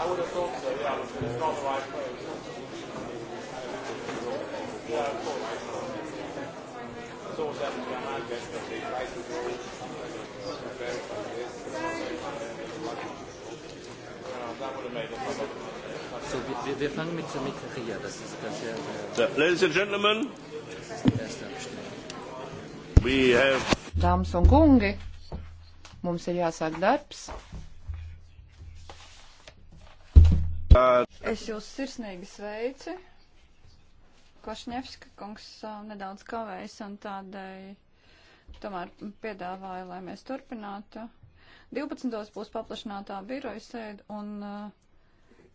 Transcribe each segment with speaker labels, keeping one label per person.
Speaker 1: I would have thought so, yeah. It's not the right place. Yeah, of course. It's always happened to my guest that they try to go prepare for this. That would have made a lot of so, wir, wir
Speaker 2: fangen mit der Mikreria, das ist ganz sehr, sehr so, Ladies and Gentlemen, we have...
Speaker 3: Dāmas un kungi, mums ir jāsāk darbs.
Speaker 2: Es
Speaker 4: jūs sirsnīgi sveicu. Košņevska kungs uh, nedaudz kavējas un tādēļ tomēr piedāvāja, lai mēs turpinātu. 12. būs paplašinātā biroja sēde un uh,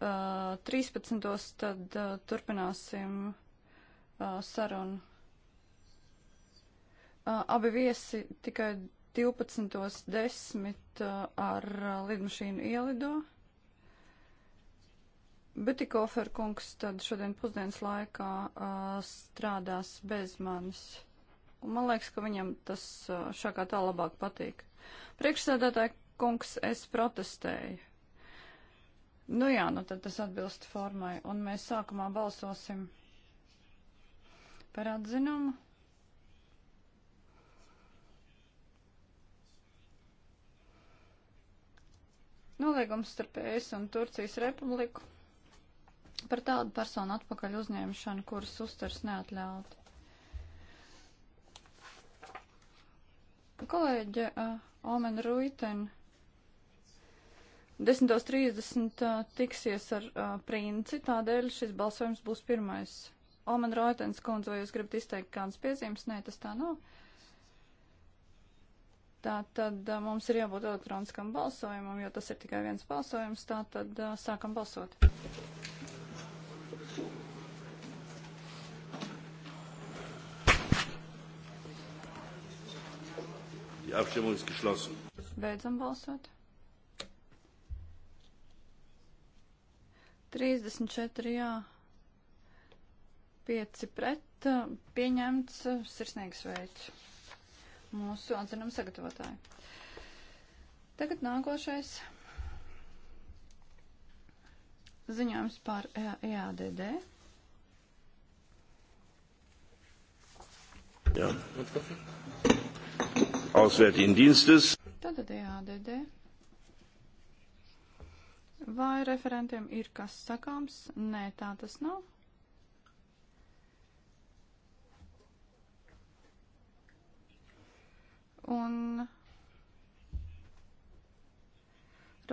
Speaker 4: 13. Uh, tad uh, turpināsim uh, sarunu. Uh, abi viesi tikai 12.10 uh, ar uh, lidmašīnu ielido. Bitikofer kungs tad šodien pusdienas laikā uh, strādās bez manis. Un man liekas, ka viņam tas uh, šā kā tā labāk patīk. Priekšsēdētāji kungs, es protestēju. Nu jā, nu tad tas atbilst formai. Un mēs sākumā balsosim par atzinumu. Nolīgums starp ES un Turcijas republiku par tādu personu atpakaļ uzņemšanu, kuras uzturs neatļauti. Kolēģe uh, Omen Ruiten 10.30 uh, eh, tiksies ar uh, princi, tādēļ šis balsojums būs pirmais. Omen Ruitens kundze, vai jūs gribat izteikt kādas piezīmes? Nē, tas tā nav. Tā tad uh, mums ir jābūt elektroniskam balsojumam, jo tas ir tikai viens balsojums. Tā tad uh, sākam balsot. Die Abstimmung ist geschlossen. Beidzam balsot. 34 jā, 5 pret, pieņemts sirsnīgs veids mūsu atzinumu sagatavotāju. Tagad nākošais ziņojums par EADD.
Speaker 1: E jā. Ja.
Speaker 2: Auswärtigen Dienstes.
Speaker 4: Tātad EADD. Vai referentiem ir kas sakāms? Nē, tā tas nav. Un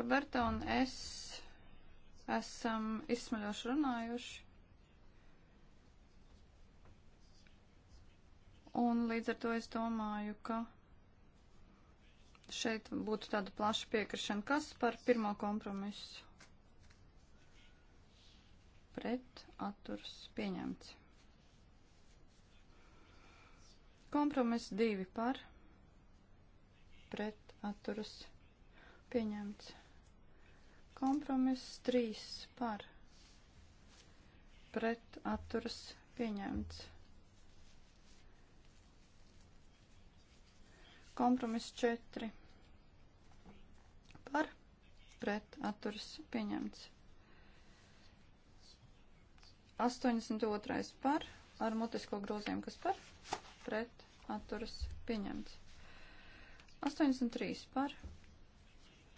Speaker 4: Roberta un es esam izsmaļoši runājuši. Un līdz ar to es domāju, ka Šeit būtu tāda plaša piekrišana. Kas par pirmo kompromisu? Pret atturs pieņemts. Kompromiss divi par pret atturs pieņemts. Kompromiss trīs par pret atturas pieņemts. Kompromiss 4 pret atturas pieņemts. 82. par ar mutisko grozījumu, kas par pret atturas pieņemts. 83 par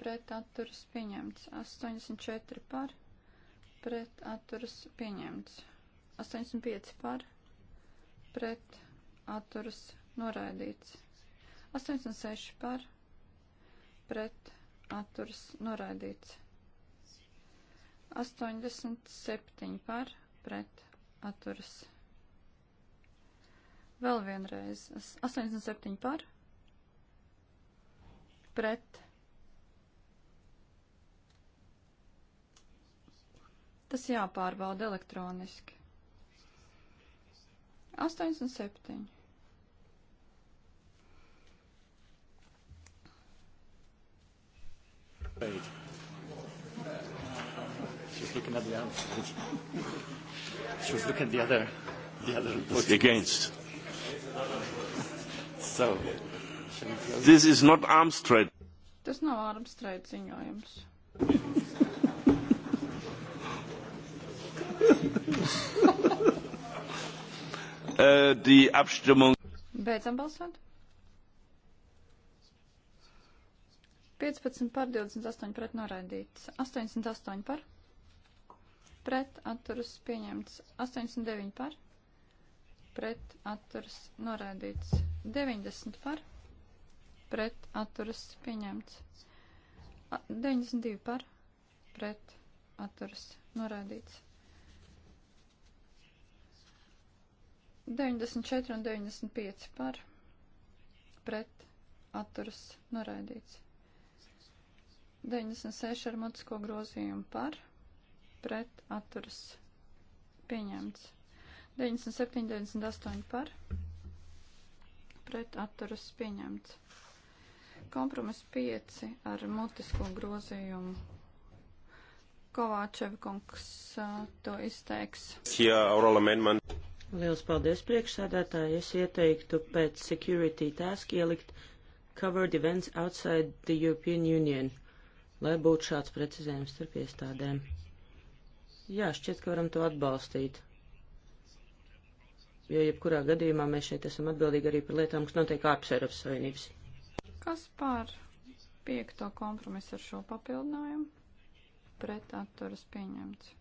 Speaker 4: pret atturas pieņemts. 84 par pret atturas pieņemts. 85 par pret atturas noraidīts. 86 par pret atturas noraidīts. 87 par pret atturas. Vēl vienreiz. 87 par pret. Tas jāpārbauda elektroniski. 87.
Speaker 1: page. She's looking at the other page.
Speaker 2: She was looking at the other, the other report. Against. So, this is not arms trade.
Speaker 4: Tas nav arms trade ziņojums.
Speaker 2: Die uh, Abstimmung.
Speaker 4: Beidzam balsot. 15 par 28 pret noraidīts. 88 par. Pret atturas pieņemts. 89 par. Pret atturas noraidīts. 90 par. Pret atturas pieņemts. 92 par. Pret atturas noraidīts. 94 un 95 par. Pret atturas noraidīts. 96 ar mutisko grozījumu par, pret atturas pieņemts. 97, 98 par, pret atturas pieņemts. Kompromis 5 ar mutisko grozījumu.
Speaker 1: Kovāčev kungs to izteiks.
Speaker 2: Yeah, oral amendment.
Speaker 1: Liels paldies priekšsādātāji. Es ieteiktu pēc security task ielikt covered events outside the European Union lai būtu šāds precizējums starp iestādēm. Jā, šķiet, ka varam to atbalstīt. Jo jebkurā gadījumā mēs šeit esam atbildīgi arī par lietām, kas notiek ārpus Eiropas Savienības.
Speaker 4: Kas pār piekto kompromisu ar šo papildinājumu? Pret atturas pieņemts.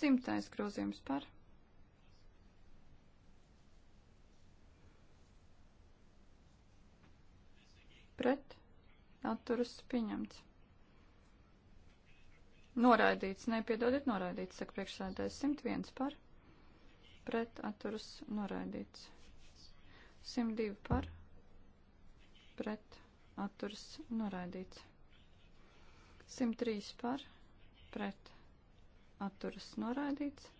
Speaker 4: Simtais grozījums par pret, atturas pieņemts. Noraidīts, nepiedodiet, noraidīts, saka priekšsēdājs 101 par, pret, atturas noraidīts. 102 par, pret, atturas noraidīts. 103 par, pret, atturas noraidīts.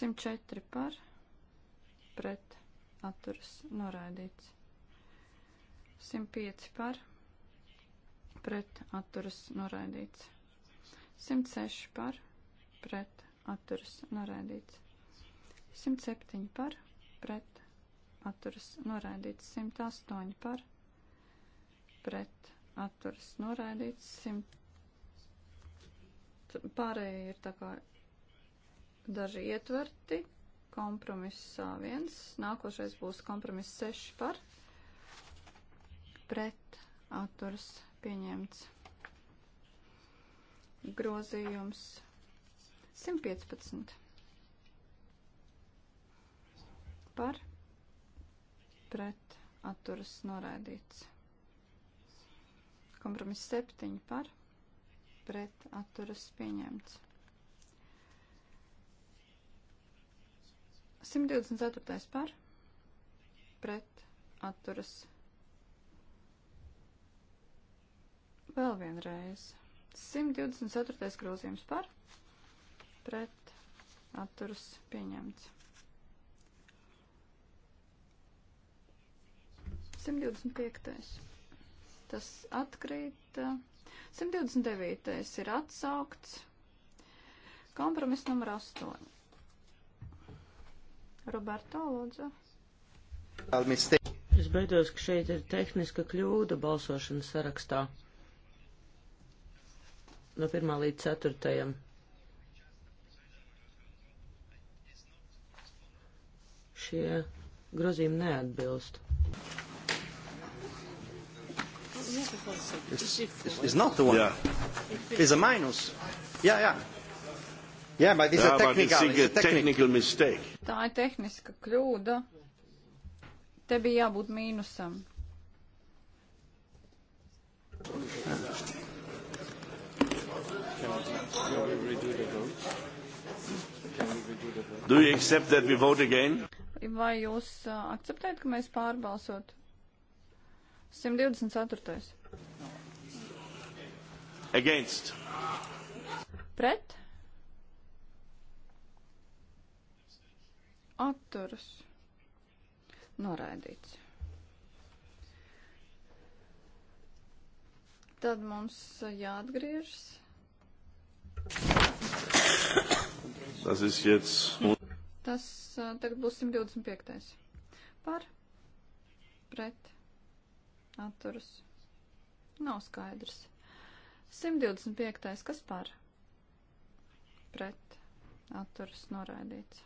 Speaker 4: 104 par, pret, atturas noraidīts. 105 par pret atturas noraidīts. 106 par pret atturas noraidīts. 107 par pret atturas noraidīts. 108 par pret atturas noraidīts. 100 pārējie ir tā kā daži ietverti. Kompromiss 1. Nākošais būs kompromiss 6 par pret pret atturas pieņemts. Grozījums 115 par pret atturas noraidīts. Kompromiss 7 par pret atturas pieņemts. 124. par pret atturas pieņemts Vēl vienreiz. 124. grozījums par pret atturas pieņemts. 125. Tas atkrīt. 129. ir atsaukts. Kompromiss numur 8. Roberto
Speaker 1: Lodza. Es beidos, ka šeit ir tehniska kļūda balsošanas sarakstā no 1. līdz 4. Šie grozījumi neatbilst. It's, it's not the one. Yeah. It's a minus. Yeah, yeah.
Speaker 2: Yeah, but it's yeah, a technical, it's a technical, technical mistake.
Speaker 4: Tā ir tehniska kļūda. Te bija jābūt mīnusam.
Speaker 2: Yeah. Do you accept that we vote again?
Speaker 4: Vai jūs uh, akceptējat, ka mēs pārbalsot? 124. Against. Pret. Atturas. Noraidīts. Tad mums jāatgriežas.
Speaker 2: Tas ir jetzt.
Speaker 4: Tas uh, tagad būs 125. Par, pret, atturas. Nav skaidrs. 125. Kas par? Pret, atturas, noraidīts.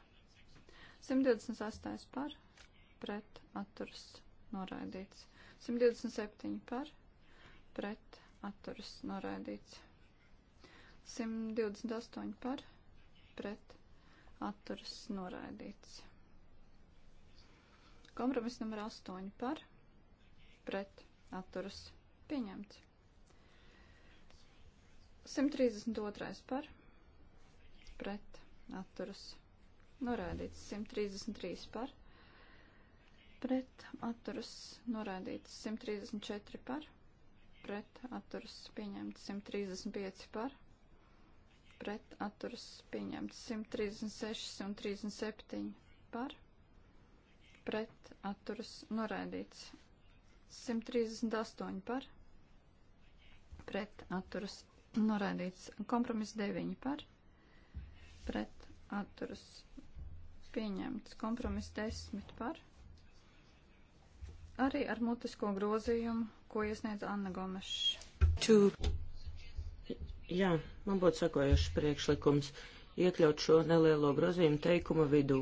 Speaker 4: 128. par, pret, atturas, noraidīts. 127. par, pret, atturas, noraidīts. 128 par pret atturas noraidīts. Kompromiss numur 8 par pret atturas pieņemts. 132 par pret atturas noraidīts. 133 par pret atturas noraidīts. 134 par pret atturas pieņemts. 135 par pret pret atturas pieņemts 136 un 37 par pret atturas noraidīts 138 par pret atturas noraidīts kompromiss 9 par pret atturas pieņemts kompromiss 10 par arī ar mutisko grozījumu, ko iesniedz Anna Gomeša.
Speaker 1: Two. Jā, man būtu sakojuši priekšlikums iekļaut šo nelielo grozījumu teikuma vidū.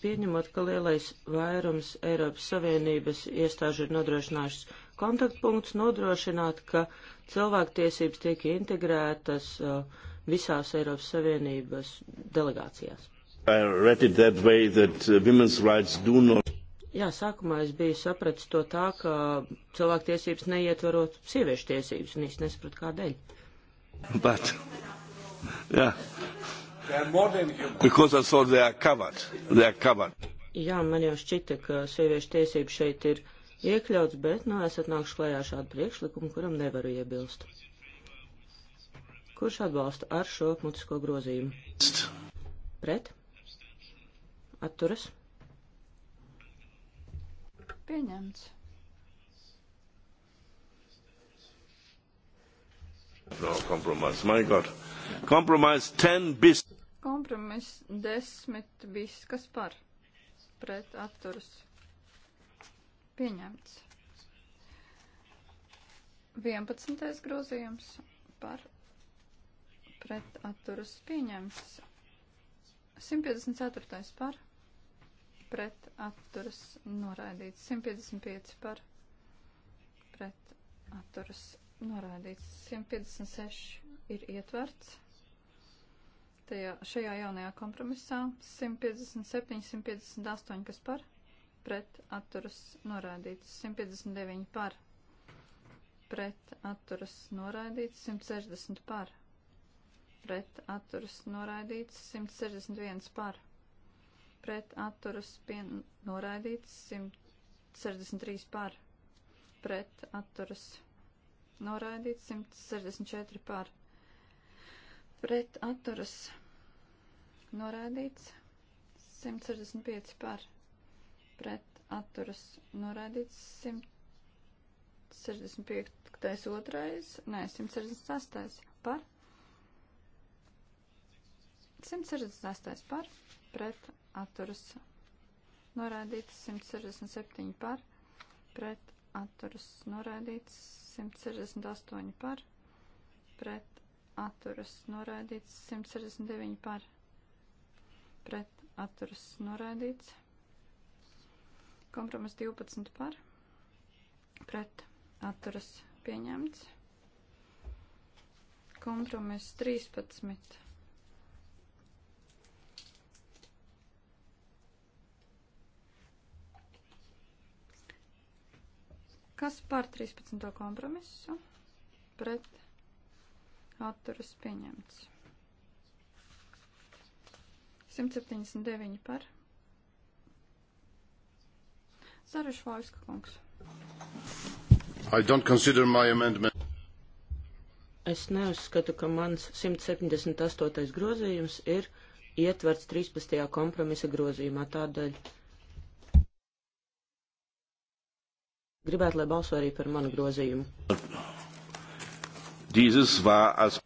Speaker 1: Pieņemot, ka lielais vairums Eiropas Savienības iestāžu ir nodrošinājušas kontaktpunkts, nodrošināt, ka cilvēktiesības tiek integrētas uh, visās Eiropas Savienības delegācijās.
Speaker 2: That that uh, not...
Speaker 1: Jā, sākumā es biju sapratis to tā, ka cilvēktiesības neietverot sieviešu tiesības, un īsti nesapratu, kādēļ.
Speaker 2: But, yeah. Because I saw they are covered. They are covered.
Speaker 1: Jā, man jau šķita, ka sieviešu tiesības šeit ir iekļauts, bet, nu, es atnākšu klajā šādu priekšlikumu, kuram nevaru iebilst. Kurš atbalsta ar šo mutisko grozījumu? Pret? Atturas?
Speaker 4: Pieņemts.
Speaker 2: No compromise. My God. Compromise 10 bis.
Speaker 4: Kompromis 10 bis. Kas par? Pret atturas. Pieņemts. 11. grozījums par pret atturas pieņemts. 154. par pret atturas noraidīts. 155 par pret atturas noraidīts. 156 ir ietverts. Tajā, šajā jaunajā kompromisā 157, 158, kas par pret atturas noraidīts. 159 par pret atturas noraidīts. 160 par pret atturas noraidīts. 161 par pret pret atturas pien noraidīts 163 par pret atturas noraidīts 164 par pret atturas noraidīts 165 par pret atturas noraidīts 165 otrais, nē, 168 par 168 par pret atturas noraidīts, 167 par, pret atturas noraidīts, 168 par, pret atturas noraidīts, 169 par, pret atturas noraidīts, kompromis 12 par, pret atturas pieņemts, kompromis 13 par Kas par 13. kompromisu? Pret atturas pieņemts. 179 par.
Speaker 1: Zariš Vaiska kungs.
Speaker 2: I don't consider my amendment.
Speaker 1: Es neuzskatu, ka mans 178. grozījums ir ietverts 13. kompromisa grozījumā, tādēļ Gribētu, lai balso arī par manu grozījumu.
Speaker 2: As...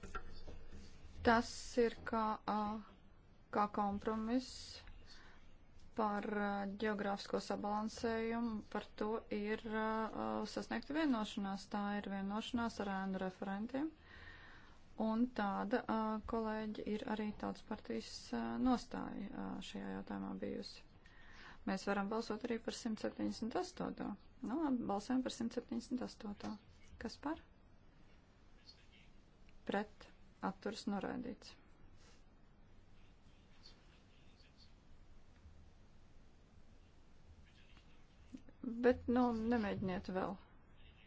Speaker 4: Tas ir kā, kā kompromiss par geogrāfisko sabalansējumu. Par to ir sasniegta vienošanās. Tā ir vienošanās ar ēnu referentiem. Un tāda kolēģi ir arī tautas partijas nostāja šajā jautājumā bijusi. Mēs varam balsot arī par 178. Nu, labi, balsojam par 178. Kas par? Pret atturs noraidīts. Bet, nu, nemēģiniet vēl.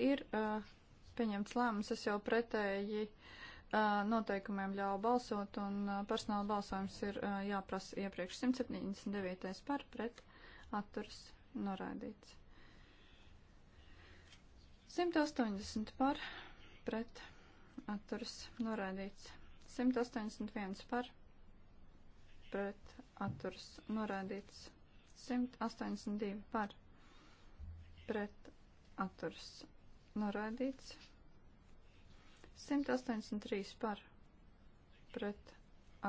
Speaker 4: Ir uh, pieņemts lēmums, es jau pretēji uh, noteikumiem ļāvu balsot, un uh, personāla balsojums ir uh, jāprasa iepriekš 179. par pret atturas noraidīts. 180 par pret atturas noraidīts. 181 par pret atturas noraidīts. 182 par pret atturas noraidīts. 183 par pret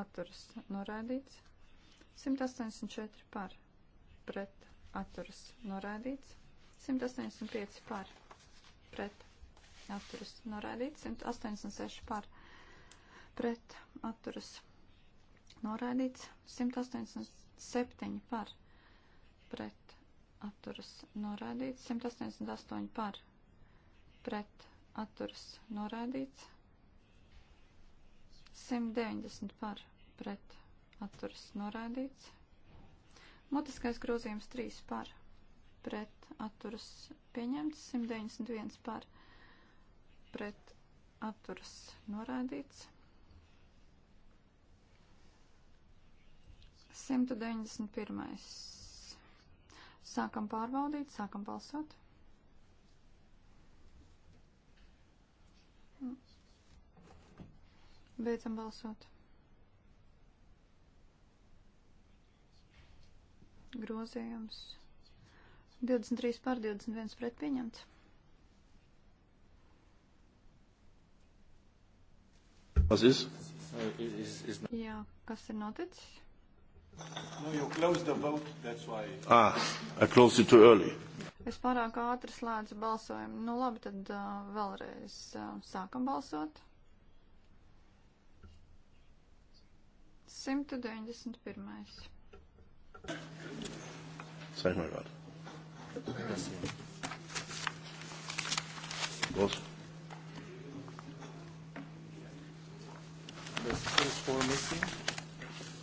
Speaker 4: atturas noraidīts. 184 par pret atturas norādīts. 185 par pret atturas norādīts. 186 par pret atturas norādīts. 187 par pret atturas norādīts. 188 par pret atturas norādīts. 190 par pret atturas norādīts. Mutiskais grozījums 3 par pret atturas pieņemts, 191 par pret atturas noraidīts, 191. Sākam pārbaudīt, sākam balsot. Beidzam balsot. grozījums 23 pār 21 pret pieņemts. Kas ir? Jā, kas ir noticis?
Speaker 2: No, you closed the vote, that's why. Ah, I closed it too early.
Speaker 4: Es pārāk ātri slēdzu balsojumu. Nu labi, tad uh, vēlreiz uh, sākam balsot. 191.
Speaker 2: Zeig mal gerade. Los.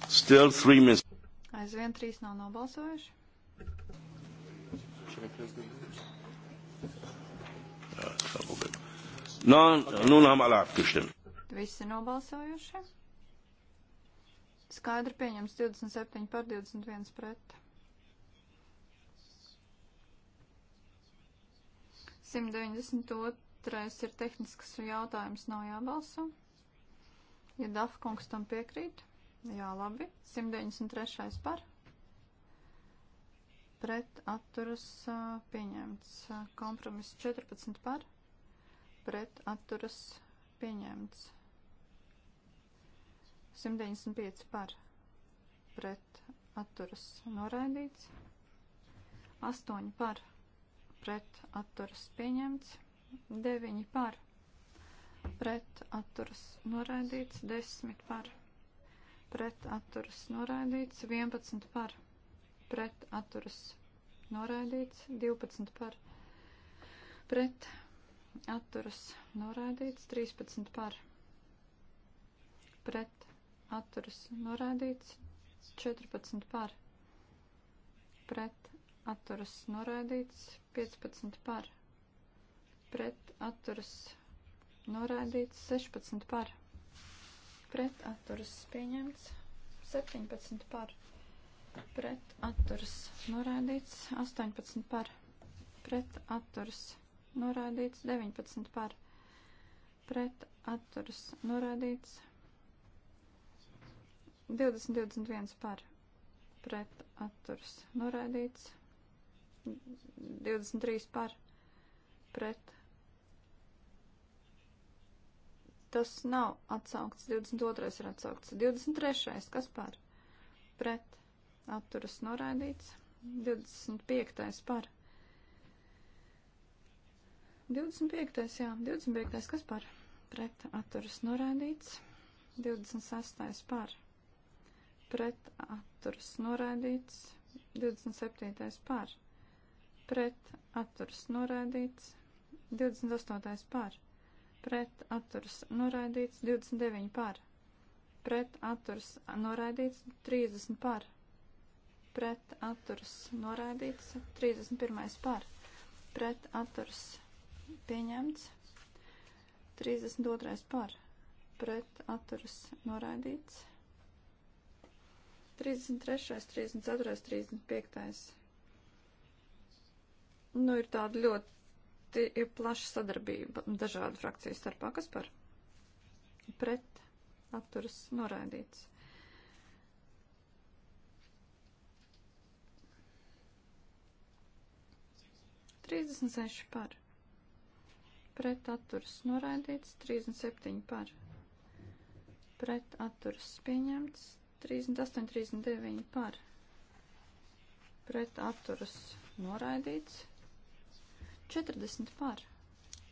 Speaker 2: Still three missing.
Speaker 4: Aizvien trīs nav nobalsojuši.
Speaker 2: Ja, kein Problem. Nun, nun haben alle abgestimmt.
Speaker 4: Visi nobalsojuši. Skaidri pieņems 27 par 21 pret. 192 ir tehnisks jautājums, nav jābalso. Ja Dafkungs tam piekrīt, jā, labi. 193 par pret atturas pieņemts. Kompromiss 14 par, pret atturas pieņemts. 195 par pret atturas noraidīts. 8 par pret atturas pieņemts. 9 par pret atturas noraidīts. 10 par pret atturas noraidīts. 11 par pret atturas noraidīts. 12 par pret atturas noraidīts. 13 par pret atturas noraidīts. 14 par pret atturas noraidīts. 15 par pret atturas noraidīts. 16 par pret atturas pieņemts. 17 par pret atturas noraidīts. 18 par pret atturas noraidīts. 19 par pret atturas noraidīts. 20, 21 par pret atturs noraidīts. 23 par pret. Tas nav atsaukts. 22 ir atsaukts. 23. Kas par? Pret. Atturas noraidīts. 25. par. 25. jā. 25. kas par? Pret. Atturas noraidīts. 26. par pret atturas noraidīts. 27. par pret atturas noraidīts. 28. par pret atturas noraidīts. 29. par pret atturas noraidīts. 30. par pret atturas noraidīts. 31. par pret atturas pieņemts. 32. par pret atturas noraidīts. 33, 34, 35. Nu, ir tāda ļoti plaša sadarbība dažādu frakciju starpā. Kas par? Pret atturas noraidīts. Trīsdesmit seši par. Pret atturas noraidīts. Trīsdesmit septiņi par. Pret atturas pieņemts. 38, 39 par pret atturas noraidīts, 40 par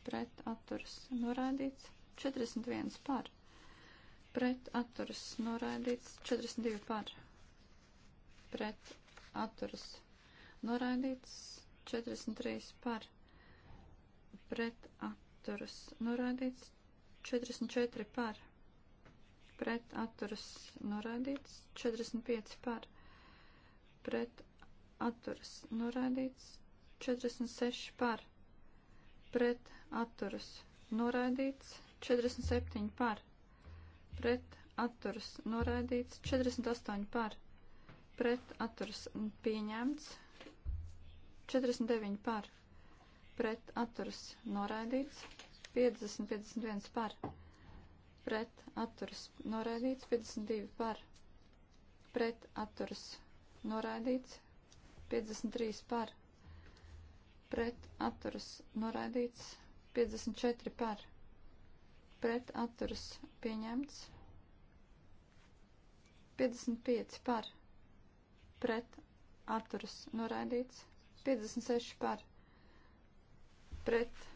Speaker 4: pret atturas noraidīts, 41 par pret atturas noraidīts, 42 par pret atturas noraidīts, 43 par pret atturas noraidīts, 44 par pret atturas noraidīts, 45 par pret atturas noraidīts, 46 par pret atturas noraidīts, 47 par pret atturas noraidīts, 48 par pret atturas pieņemts, 49 par pret atturas noraidīts, 50-51 par pret pret atturas noraidīts, 52 par pret atturas noraidīts, 53 par pret atturas noraidīts, 54 par pret atturas pieņemts, 55 par pret atturas noraidīts, 56 par pret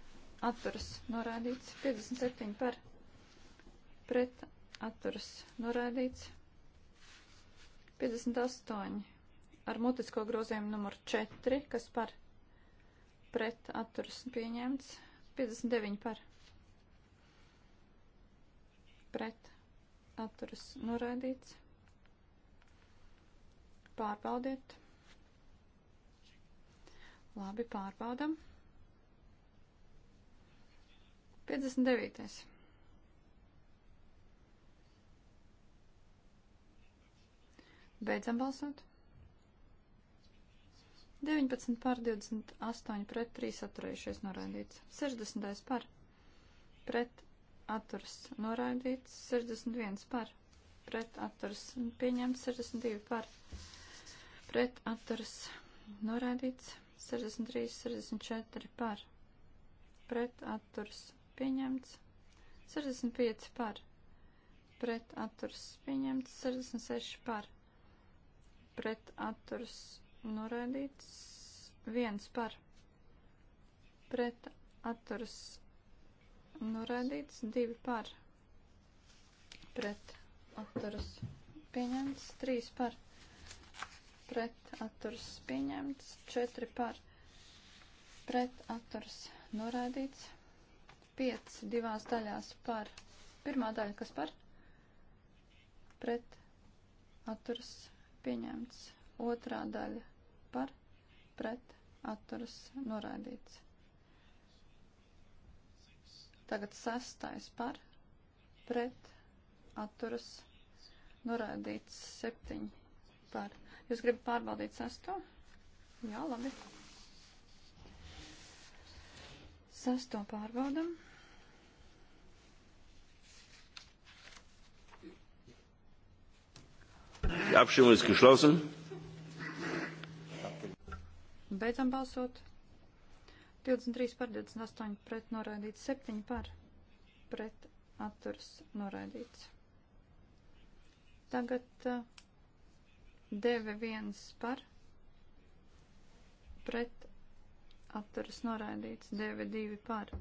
Speaker 4: atturas noraidīts, 57 par pret pret atturas norādīts. 58 ar mutisko grozījumu numur 4, kas par pret atturas pieņemts. 59 par pret atturas norādīts. Pārbaudiet. Labi, pārbaudam. 59. Beidzam balsot. 19 pār 28 pret 3 atturējušies noraidīts. 60 par pret atturs noraidīts. 61 par pret atturs pieņemts. 62 par pret atturs noraidīts. 63, 64 par pret atturs pieņemts. 65 par pret atturs pieņemts. 66 par pret pret atturas noraidīts, viens par pret atturas noraidīts, divi par pret atturas pieņemts, trīs par pret atturas pieņemts, četri par pret atturas noraidīts, pieci divās daļās par pirmā daļa, kas par pret atturas noraidīts pieņemts. Otrā daļa par pret atturas noraidīts. Tagad sastais par pret atturas noraidīts septiņi par. Jūs gribat pārbaudīt sesto? Jā, labi. Sesto pārbaudam.
Speaker 2: Die Abstimmung ist geschlossen.
Speaker 4: Beidzam balsot. 23 par 28 pret noraidīts, 7 par pret atturs noraidīts. Tagad uh, DV1 par pret atturs noraidīts, DV2 par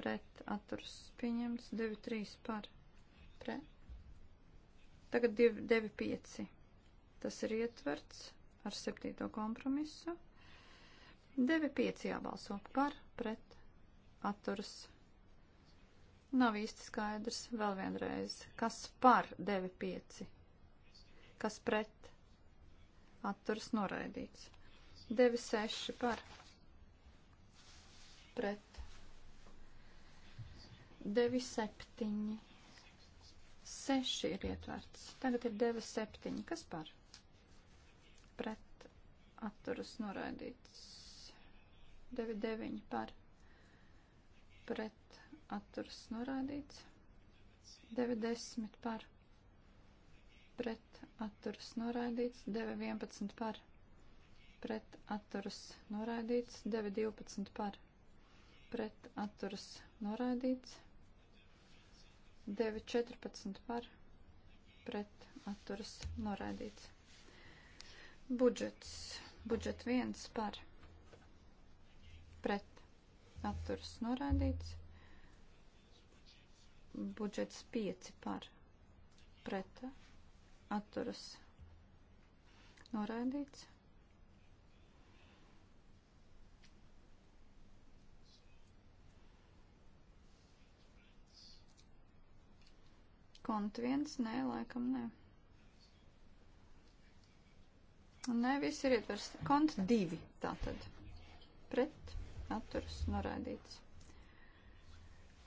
Speaker 4: pret atturs pieņemts, DV3 par pret Tagad 295. Tas ir ietverts ar 7. kompromisu. 95 jābalso par, pret, atturas. Nav īsti skaidrs. Vēl vienreiz. Kas par 95? Kas pret? Atturas noraidīts. 96 par. Pret. 97 6 ir ietverts. Tagad ir 9, 7. Kas par? Pret atturas noraidīts. 9, 9 par. Pret atturas noraidīts. 9, 10 par. Pret atturas noraidīts. 9, 11 par. Pret atturas noraidīts. 9, 12 par. Pret atturas noraidīts. 9, 9.14 par pret atturas noraidīts. Budžets. Budžet 1 par pret atturas noraidīts. Budžets 5 par pret atturas noraidīts. Kont viens, nē, laikam nē. Nē, viss ir ietvers. Kont divi, tātad. Pret, atturas, norādīts.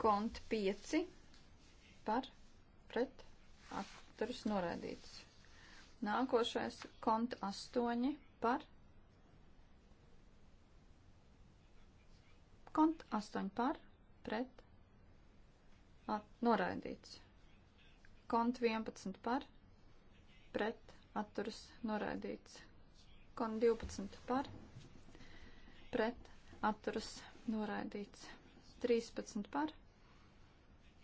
Speaker 4: Kont pieci, par, pret, atturas, norādīts. Nākošais kont astoņi, par, kont 8 par, pret, at, noraidīts. Kont 11 par, pret, atturas noraidīts. Kont 12 par, pret, atturas noraidīts. 13 par,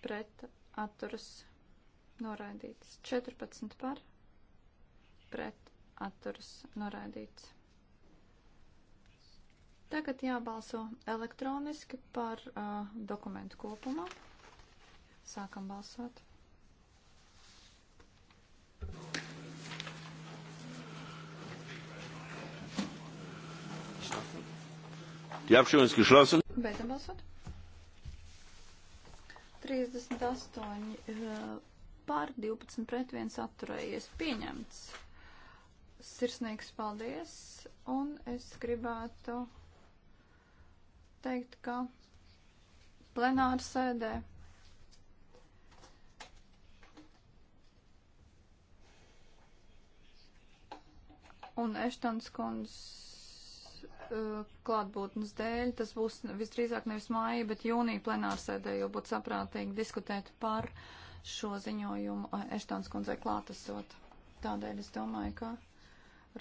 Speaker 4: pret, atturas noraidīts. 14 par, pret, atturas noraidīts. Tagad jābalso elektroniski par uh, dokumentu kopumā. Sākam balsot.
Speaker 2: Die Abstimmung ist geschlossen.
Speaker 4: Beidzam balsot. 38 eh, pār 12 pret 1 atturējies pieņemts. Sirsnīgs paldies. Un es gribētu teikt, ka plenāra sēdē un Eštons kundzes Eh, klātbūtnes dēļ. Tas būs visdrīzāk nevis māja, bet jūnija plenārsēdē jau būtu saprātīgi diskutēt par šo ziņojumu eh, Eštāns kundzei klātesot. Tādēļ es domāju, ka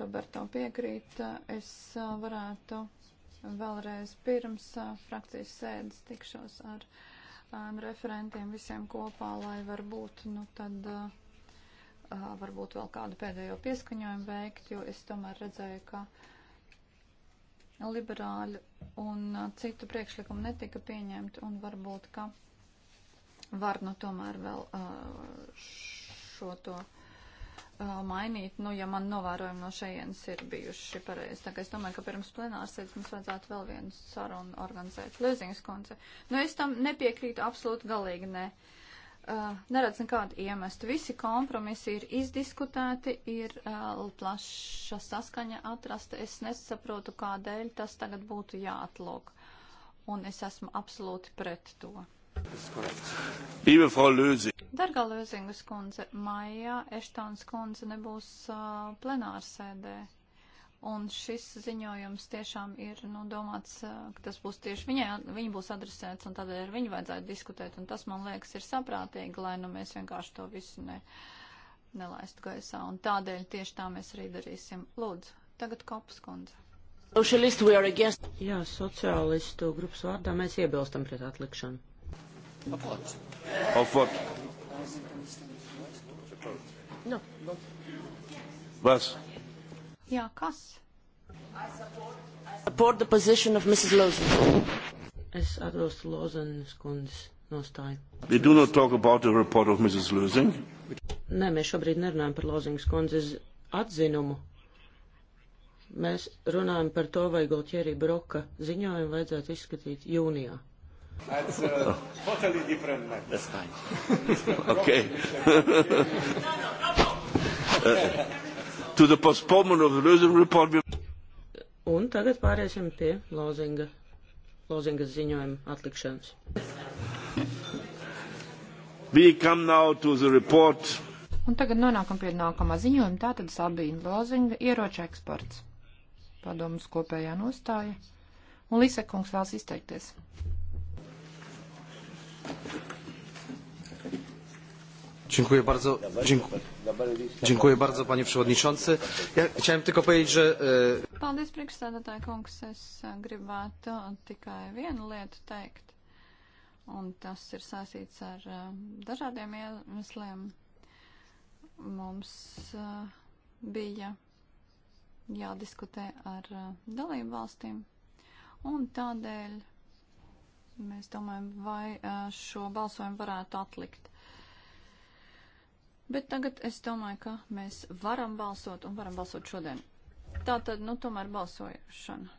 Speaker 4: Roberto piekrīt, es eh, varētu vēlreiz pirms frakcijas sēdes tikšos ar referentiem visiem kopā, lai varbūt, nu tad. Uh, varbūt vēl kādu pēdējo pieskaņojumu veikt, jo es tomēr redzēju, ka liberāļu un uh, citu priekšlikumu netika pieņemti un varbūt, ka var nu tomēr vēl uh, šo to uh, mainīt, nu, ja man novērojumi no šejienes ir bijuši pareizi. Tā kā es domāju, ka pirms plenārsēdes mums vajadzētu vēl vienu sarunu organizēt. Lēziņas konce. Nu, es tam nepiekrītu absolūti galīgi, nē. Ne Uh, neredz nekādu iemestu. Visi kompromisi ir izdiskutēti, ir uh, plaša saskaņa atrasta. Es nesaprotu, kādēļ tas tagad būtu jāatlūk. Un es esmu absolūti pret to. Dargā Lūzingas kundze, maijā Eštons kundze nebūs uh, plenārsēdē. Un šis ziņojums tiešām ir nu, domāts, ka tas būs tieši viņai, viņa būs adresēts, un tādēļ ar viņu vajadzētu diskutēt. Un tas, man liekas, ir saprātīgi, lai nu, mēs vienkārši to visu ne, nelaistu gaisā. Un tādēļ tieši tā mēs arī darīsim. Lūdzu, tagad
Speaker 1: kopas kundze. Jā, sociālistu grupas vārdā mēs iebilstam pret atlikšanu. Apvot. Apvot. No. Vas? No. Jā, kas? Es atbalstu Lozenes kundzes nostāju. Nē, mēs šobrīd nerunājam par Lozingas kundzes atzinumu. Mēs runājam par to, vai Golķerī Broka ziņojumu vajadzētu izskatīt jūnijā. That's uh, oh.
Speaker 2: totally different man. That's fine. okay. no, no, no, no. Uh, to the postponement of the Lozing report.
Speaker 1: Un tagad pāriesim pie Lozinga, Lozinga ziņojuma atlikšanas.
Speaker 2: We come now to the report.
Speaker 3: Un tagad nonākam pie nākamā ziņojuma, tātad Sabīna Lozinga ieroča eksports. Padomus kopējā nostāja. Un Lisekungs vēlas izteikties. Thank
Speaker 4: you. Dziękuję bardzo,
Speaker 2: dziękuję, dziękuję
Speaker 3: bardzo panie przewodniczący. Ja chciałem tylko powiedzieć, że...
Speaker 4: E, Paldies, priekšsēdētāji kungs. Es e, gribētu tikai vienu lietu teikt. Un tas ir saistīts ar e, dažādiem iemesliem. Mums bija jādiskutē ar dalību valstīm. Un tādēļ mēs domājam, vai šo balsojumu varētu atlikt. Bet tagad es domāju, ka mēs varam balsot un varam balsot šodien. Tā tad, nu, tomēr balsošana.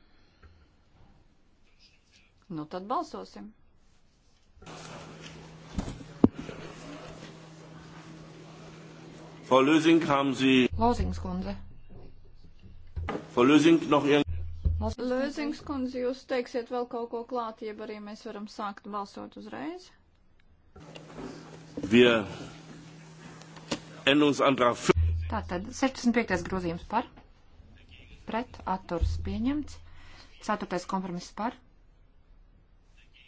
Speaker 4: Nu, tad balsosim.
Speaker 2: Frau Lösing, haben Sie...
Speaker 4: Losingskundze.
Speaker 2: Frau Lösing, noch irgend...
Speaker 4: Lēzingskundze, jūs teiksiet vēl kaut ko klāt, jeb arī mēs varam sākt balsot uzreiz?
Speaker 2: Wir Änderungsantrag 5.
Speaker 3: Tātad 65. grozījums par, pret, atturs pieņemts. 4. kompromiss par,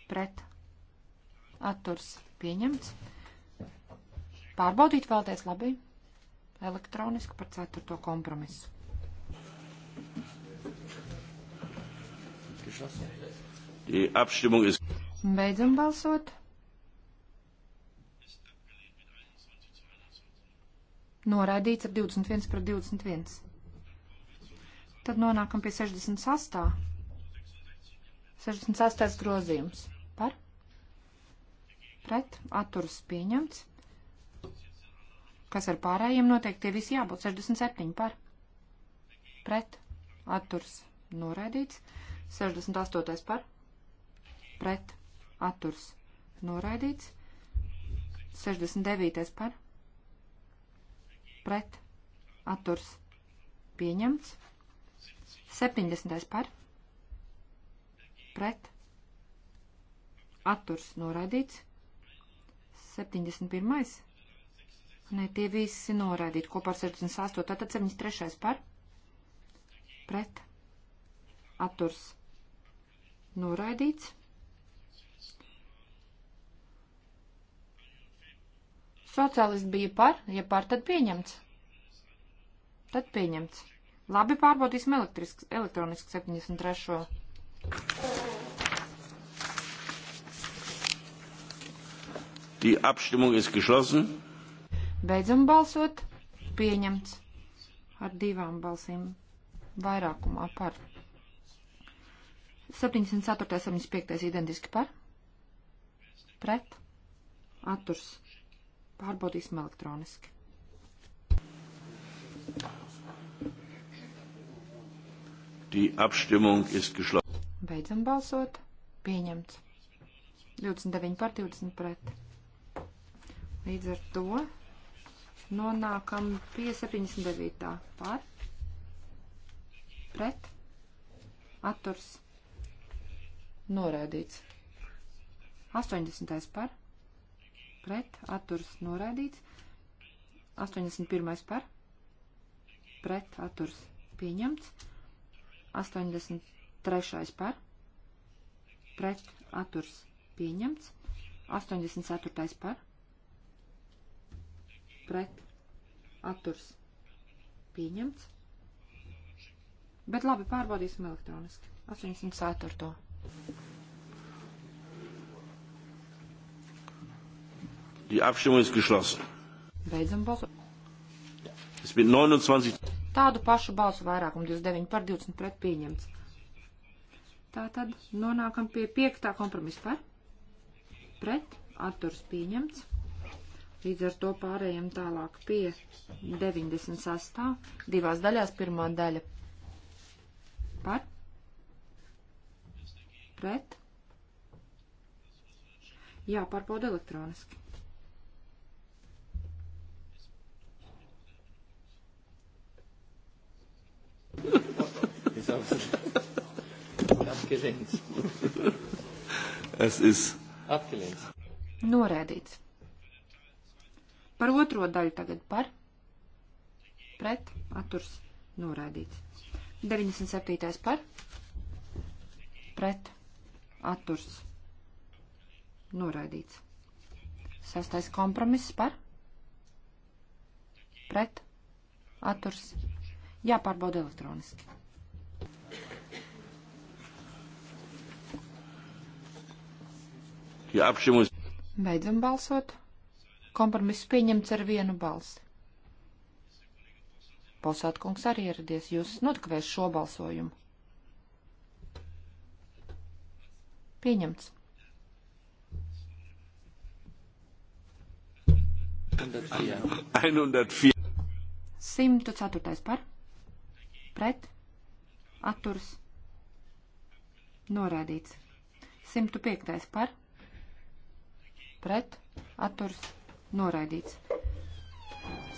Speaker 3: pret, atturs pieņemts. Pārbaudīt vēlties labi elektroniski par 4. kompromisu. Beidzam balsot. Noraidīts ar 21 pret 21. Tad nonākam pie 68. 68. grozījums. Par? Pret? Atturas pieņemts. Kas ar pārējiem noteikti tie visi jābūt 67 par? Pret? Atturs noraidīts. 68. par? Pret? Atturs noraidīts. 69. par? pret atturs pieņemts. 70. par pret atturs noraidīts. 71. Nē, tie visi noraidīti kopā ar 68. Tātad 73. par pret atturs noraidīts. Sociālisti bija par, ja par, tad pieņemts. Tad pieņemts. Labi, pārbaudīsim elektroniski 73.
Speaker 2: Die Abstimmung ist geschlossen.
Speaker 3: Beidzam balsot. Pieņemts. Ar divām balsīm vairākumā par. 74. 75. identiski par. Pret. Atturs Pārbaudīsim elektroniski.
Speaker 2: Die Abstimmung ist geschlossen.
Speaker 3: Beidzam balsot. Pieņemts. 29 par 20 pret. Līdz ar to nonākam pie 79. par pret atturs noraidīts. 80. par pret, atturs noraidīts. 81. par, pret, atturs pieņemts. 83. par, pret, atturs pieņemts. 84. par, pret, atturs pieņemts. Bet labi, pārbaudīsim elektroniski. 84.
Speaker 2: Die Abstimmung ist geschlossen. Beidzam balsot. Es bija 29.
Speaker 3: Tādu pašu balsu vairākumu 29 par 20 pret pieņemts. Tātad nonākam pie piektā kompromisa par. Pret atturs pieņemts. Līdz ar to pārējiem tālāk pie 96. divās daļās pirmā daļa par. Pret. Jāpārbauda elektroniski.
Speaker 2: Abgelehnt. Es ist. Abgelehnt.
Speaker 3: Norēdīts. Par otro daļu tagad par. Pret. Atturs. Norēdīts. 97. par. Pret. Atturs. Norēdīts. Sastais kompromiss par. Pret. Atturs jāpārbauda elektroniski. Ja apšimus. Beidzam balsot. Kompromiss pieņemts ar vienu balsi. Posātkungs arī ieradies. Jūs notkavēs šo balsojumu. Pieņemts. Simt ceturtais par pret, atturs, norādīts. 105. par, pret, atturs, noraidīts.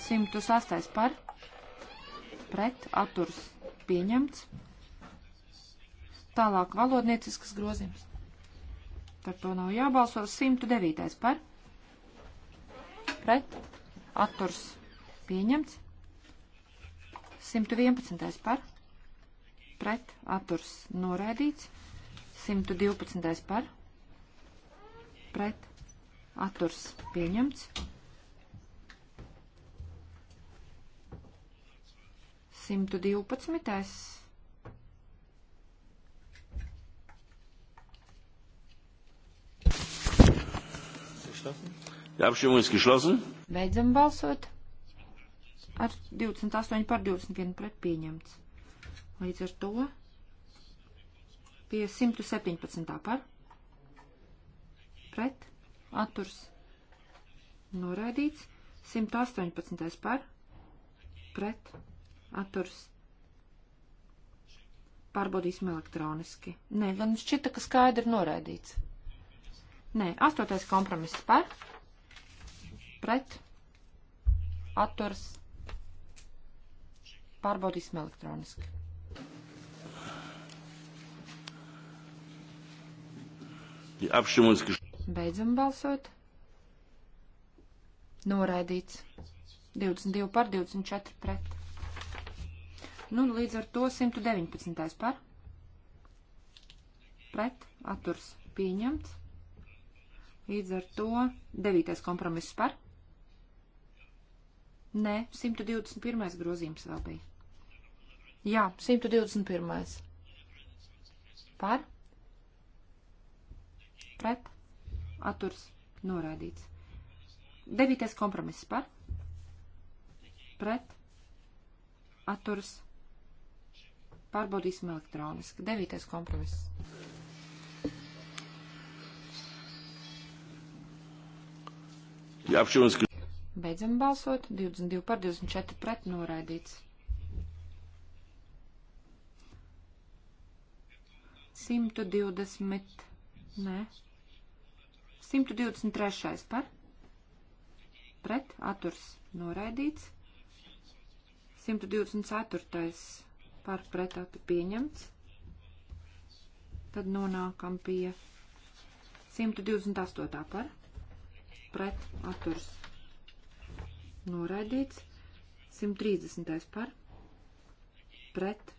Speaker 3: 108. par, pret, atturs, pieņemts. Tālāk valodnieciskas grozījums. Par to nav jābalso. 109. par, pret, atturs, pieņemts. 111. par pret atturs noraidīts. 112. par pret atturs pieņemts. 112.
Speaker 2: Die Abstimmung ist geschlossen. Beidzam balsot
Speaker 3: ar 28 par 21 pret pieņemts. Līdz ar to pie 117 par pret atturs noraidīts, 118 par pret atturs. Pārbaudīsim elektroniski. Nē, gan šķita, ka skaidri noraidīts. Nē, astotais kompromiss par pret atturs pārbaudīsim elektroniski. Beidzam balsot. Noraidīts. 22 par 24 pret. Nu, līdz ar to 119 par. Pret. Atturs pieņemts. Līdz ar to 9. kompromiss par. Nē, 121. grozījums vēl bija. Jā, 121. Par? Pret? Atturs noraidīts. Devītais kompromiss par? Pret? Atturs. Pārbaudīsim elektroniski. Devītais kompromiss. Beidzam balsot. 22 par 24 pret noraidīts. 120, nē, 123 par, pret, atturs noraidīts, 124 par pretatu pieņemts, tad nonākam pie 128 par, pret, atturs noraidīts, 130 par, pret,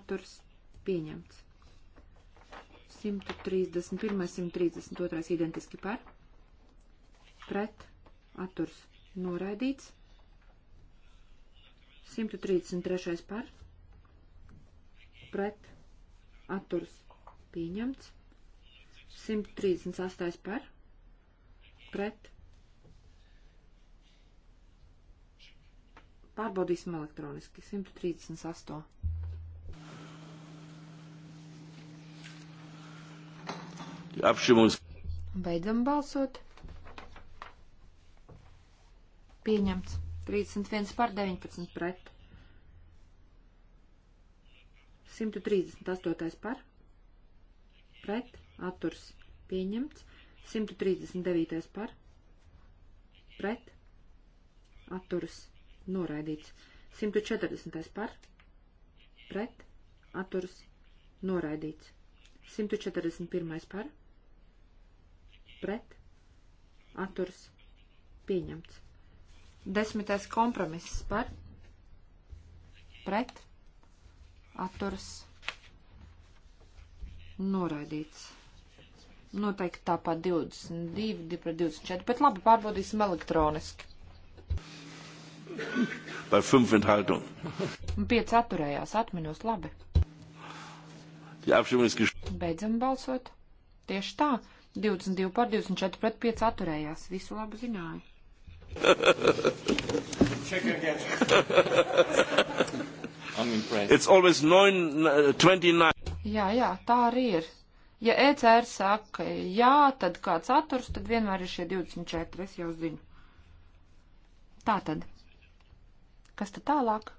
Speaker 3: atturs pieņemts. 131, 132 identiski par, pret, atturs noraidīts, 133 par, pret, atturs pieņemts, 138 par, pret. Pārbaudīsim elektroniski. 138. Apšimums. Beidzam balsot. Pieņemts. 31 par 19 pret. 138 par. Pret. Atturs. Pieņemts. 139 par. Pret. Atturs. Noraidīts. 140 par. Pret. Atturs. Noraidīts. 141 par pret, atturs, pieņemts. Desmitais kompromiss par, pret, atturs, noraidīts. Noteikti tāpat 22, 2 pret 24, bet labi pārbaudīsim elektroniski.
Speaker 2: Par 5 enthaltung.
Speaker 3: 5 atturējās, atminos labi. Beidzam balsot. Tieši tā. 22 par 24 pret 5 atturējās. Visu labu zināju.
Speaker 2: It's always 9, 29. Uh,
Speaker 3: jā, jā, tā arī ir. Ja ECR saka jā, tad kāds atturs, tad vienmēr ir šie 24, es jau zinu. Tā tad. Kas tad tālāk?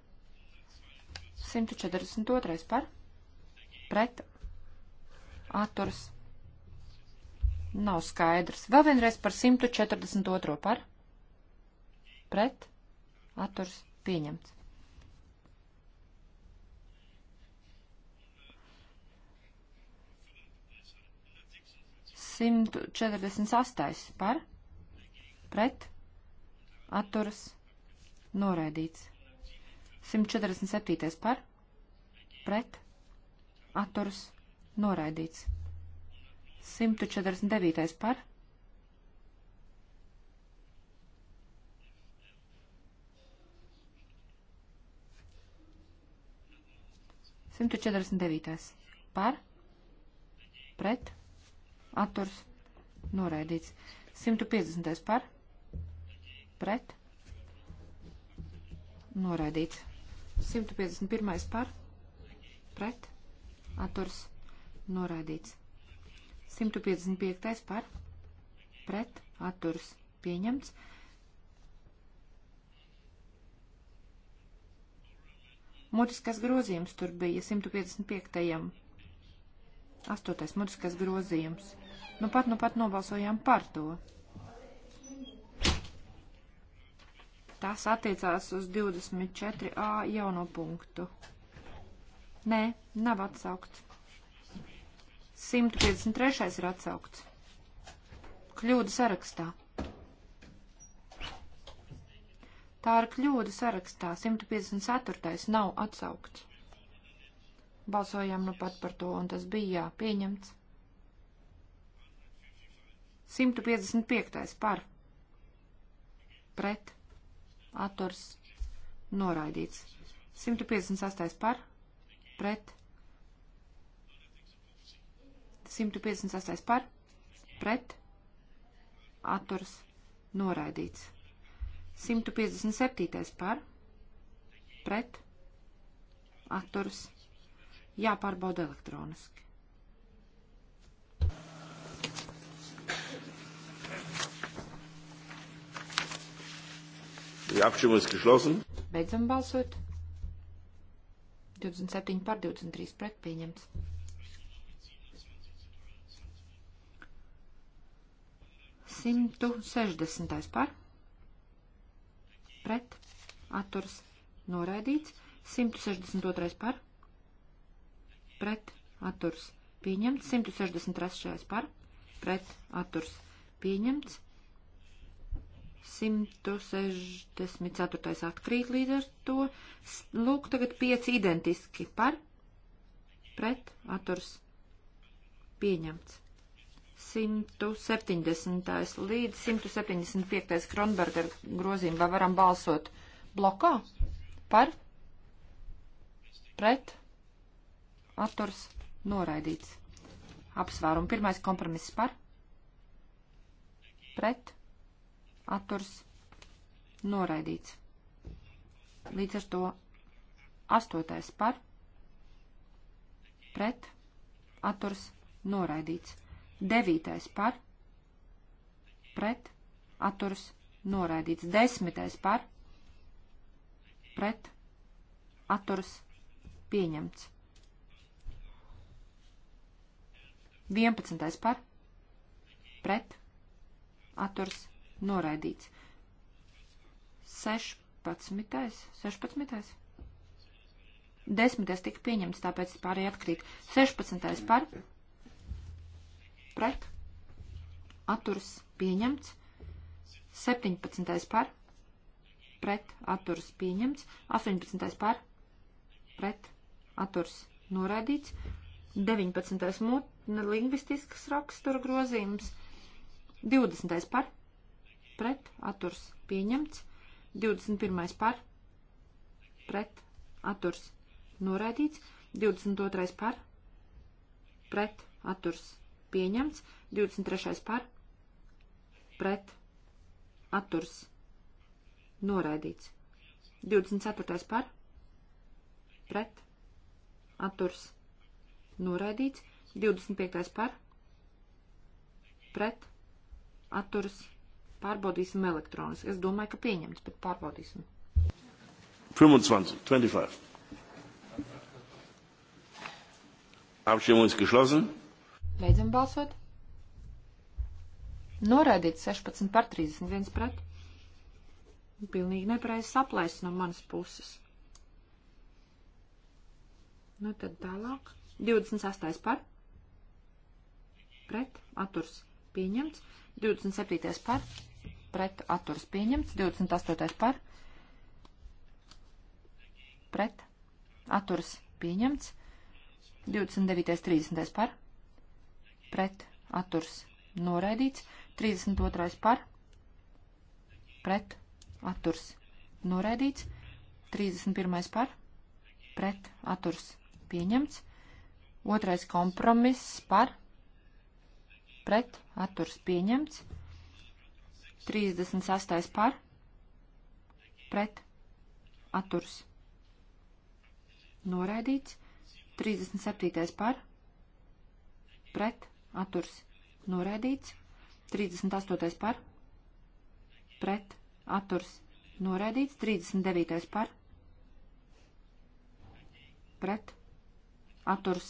Speaker 3: 142 par? Pret? Atturs. Nav skaidrs. Vēl vienreiz par 142. par. Pret. Atturs pieņemts. Simt četrdesmit astais par. Pret. Atturs. Noraidīts. 147. par. Pret. Atturs. Noraidīts. 149. par. Simtu četrdesmit devītais par, pret, atturs, noraidīts. Simtu piecdesmitais par, pret, noraidīts. 151. par, pret, atturs, noraidīts. 155. par pret atturs pieņemts. Mutiskas grozījums tur bija 155. 8. mutiskas grozījums. Nu pat, nu pat nobalsojām par to. Tas attiecās uz 24a jauno punktu. Nē, nav atsaukts. 153. ir atsaukts. Kļūda sarakstā. Tā ir kļūda sarakstā. 154. nav atsaukts. Balsojām nu pat par to, un tas bija jāpieņemts. 155. par. Pret. Atturs. Noraidīts. 158. par. Pret 158 par, pret, atturs, noraidīts. 157 par, pret, atturs, jāpārbauda elektroniski.
Speaker 2: Die Abstimmung ist geschlossen.
Speaker 3: Beidzam balsot. 27 par 23 pret pieņemts. 160. par pret atturas noraidīts, 162. par pret atturas pieņemts, 163. par pret atturas pieņemts, 164. atkrīt līdz ar to. Lūk, tagad 5 identiski par pret atturas pieņemts. 170. līdz 175. Kronberger grozījumā varam balsot blokā par, pret, atturs, noraidīts. Apsvērumu pirmais kompromiss par, pret, atturs, noraidīts. Līdz ar to astotais par, pret, atturs, noraidīts. Devītais par, pret, atturas, noraidīts. Desmitais par, pret, atturas, pieņemts. Vienpadsmitais par, pret, atturas, noraidīts. Sešpadsmitais, sešpadsmitais. Desmitais tika pieņemts, tāpēc pārējie atkrīt. Sešpadsmitais par, pret pret, atturas pieņemts, 17. par, pret, atturas pieņemts, 18. par, pret, atturas noraidīts, 19. mutne lingvistisks rakstura grozījums, 20. par, pret, atturas pieņemts, 21. par, pret, atturas noraidīts, 22. par, pret, atturas pieņemts, 23. par, pret, atturs, noraidīts, 24. par, pret, atturs, noraidīts, 25. par, pret, atturs, pārbaudīsim elektroniski. Es domāju, ka pieņemts, bet pārbaudīsim.
Speaker 2: 25, 25. Abstimmung ist geschlossen.
Speaker 3: Beidzam balsot. Noraidīts 16 par 31 pret. Pilnīgi nepareizs aplēs no manas puses. Nu tad tālāk. 28 par. Pret. Aturs pieņemts. 27 par. Pret. Aturs pieņemts. 28 par. Pret. Aturs pieņemts. 29. 30 par pret atturs noraidīts, 32. par pret atturs noraidīts, 31. par pret atturs pieņemts, 2. kompromiss par pret atturs pieņemts, 36. par pret atturs noraidīts, 37. par pret atturs noraidīts. 38. par pret atturs noraidīts. 39. par pret atturs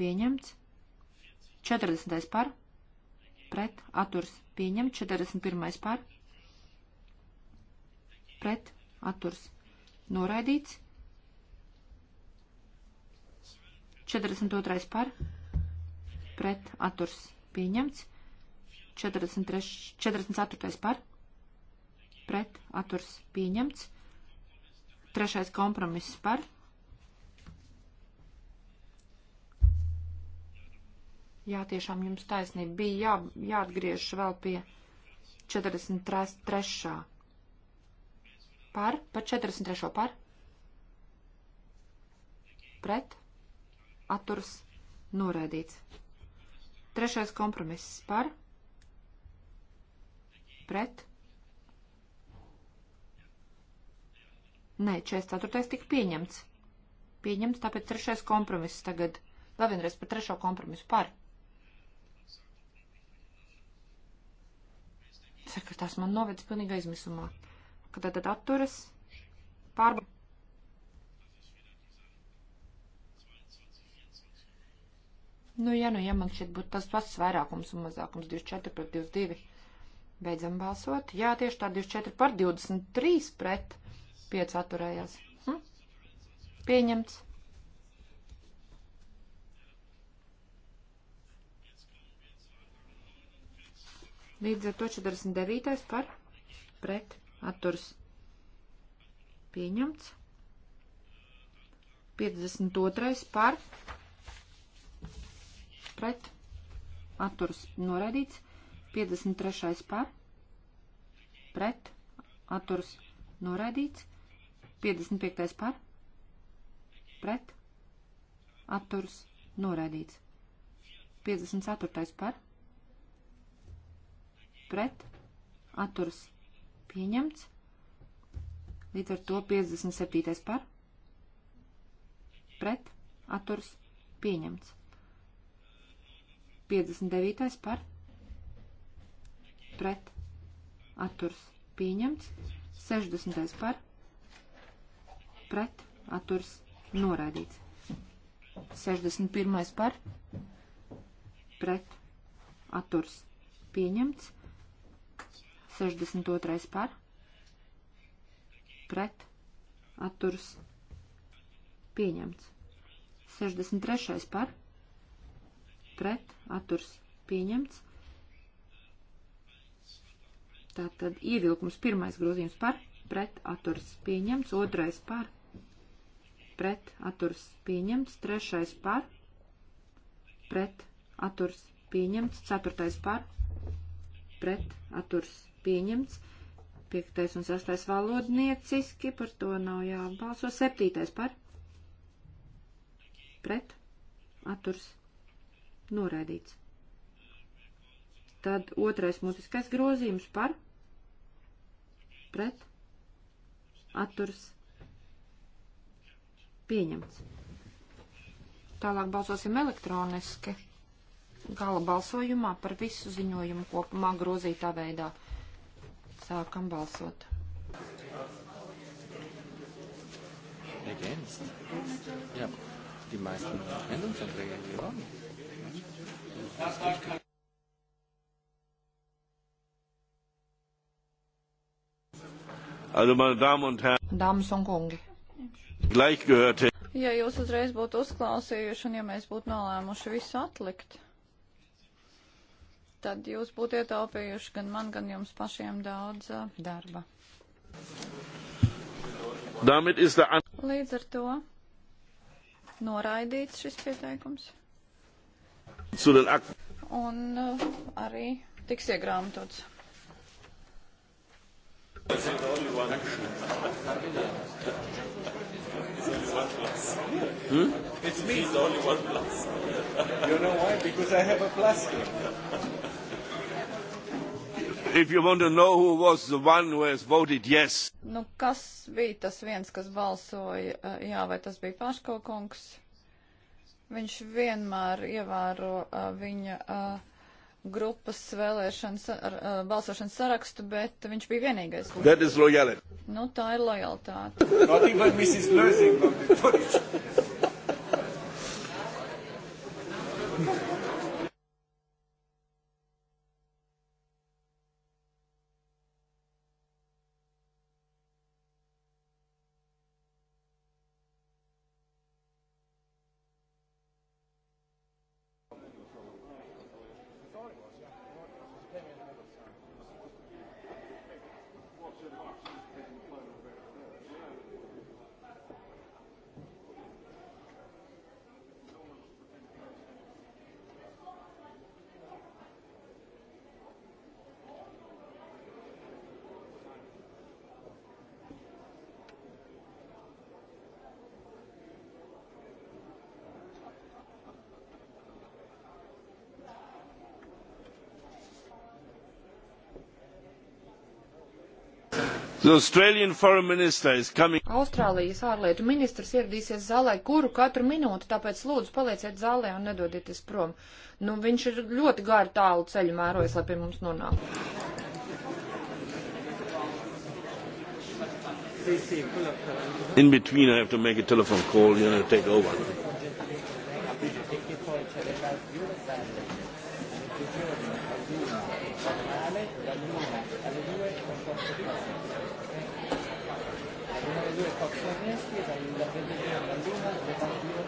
Speaker 3: pieņemts. 40. par pret atturs pieņemts. 41. par pret atturs noraidīts. 42. par pret pret atturs pieņemts. 43, 44. par pret atturs pieņemts. Trešais kompromiss par. Jā, tiešām jums taisnība bija jā, jāatgriež vēl pie 43. par, par 43. par pret, atturs, noraidīts. Trešais kompromiss par, pret. Nē, 44. tika pieņemts. Pieņemts, tāpēc trešais kompromiss tagad. Vēl vienreiz par trešo kompromisu par. Sekretārs man noveda pilnīgi aizmisumā. Kad tad atturas pārbaudīt. Nu, ja, nu, ja man šeit būtu tas pats vairākums un mazākums 24 pret 22. Beidzam balsot. Jā, tieši tā 24 par 23 pret 5 atturējās. Hm? Pieņemts. Līdz ar to 49. par pret atturs. Pieņemts. 52. par pret pret, atturas noraidīts, 53. par, pret, atturas noraidīts, 55. par, pret, atturas noraidīts, 54. par, pret, atturas pieņemts, līdz ar to 57. par, pret, atturas pieņemts. 59. par pret atturs pieņemts. 60. par pret atturs noraidīts. 61. par pret atturs pieņemts. 62. par pret atturs pieņemts. 63. par pret pret atturs pieņemts. Tātad ievilkums pirmais grozījums par pret atturs pieņemts, otrais par pret atturs pieņemts, trešais par pret atturs pieņemts, ceturtais par pret atturs pieņemts, piektais un sastais valodnieciski, par to nav jābalso, septītais par pret atturs pieņemts Noraidīts. Tad otrais mutiskais grozījums par pret atturs pieņemts. Tālāk balsosim elektroniski gala balsojumā par visu ziņojumu kopumā grozītā veidā. Sākam balsot.
Speaker 2: Against. Ja, die meisten Änderungsanträge haben gewonnen. Also, meine Damen und Herren,
Speaker 4: Dāmas un kungi,
Speaker 2: gleichgehörte.
Speaker 4: Ja jūs uzreiz būtu uzklausījuši un ja mēs būtu nolēmuši visu atlikt, tad jūs būtu ietaupījuši gan man, gan jums pašiem daudz uh, darba. Līdz ar to noraidīts šis pieteikums.
Speaker 2: Un
Speaker 4: uh, arī tiks iegrāmatots.
Speaker 2: Hmm? It's me. He's only one plus. you know why? Because I have a plus here. If you want to know who was the one who has voted yes.
Speaker 4: Nu, kas bija tas viens, kas balsoja? Uh, jā, vai tas bija Paško kungs? Viņš vienmēr ievēro uh, viņa uh, grupas vēlēšanas, ar, uh, balsošanas sarakstu, bet viņš bija vienīgais. That is loyalty. Nu, tā ir lojalitāte.
Speaker 2: Austrālijas
Speaker 3: ārlietu ministrs ieradīsies zālē kuru katru minūti, tāpēc lūdzu palieciet zālē un nedodieties prom. Nu, viņš ir ļoti gāri tālu ceļu mērojas, lai pie mums nonāktu.
Speaker 2: In between I have to make a telephone call, you know, take over.
Speaker 4: Thank you una delle due fazioni estiva independentemente l'una del partito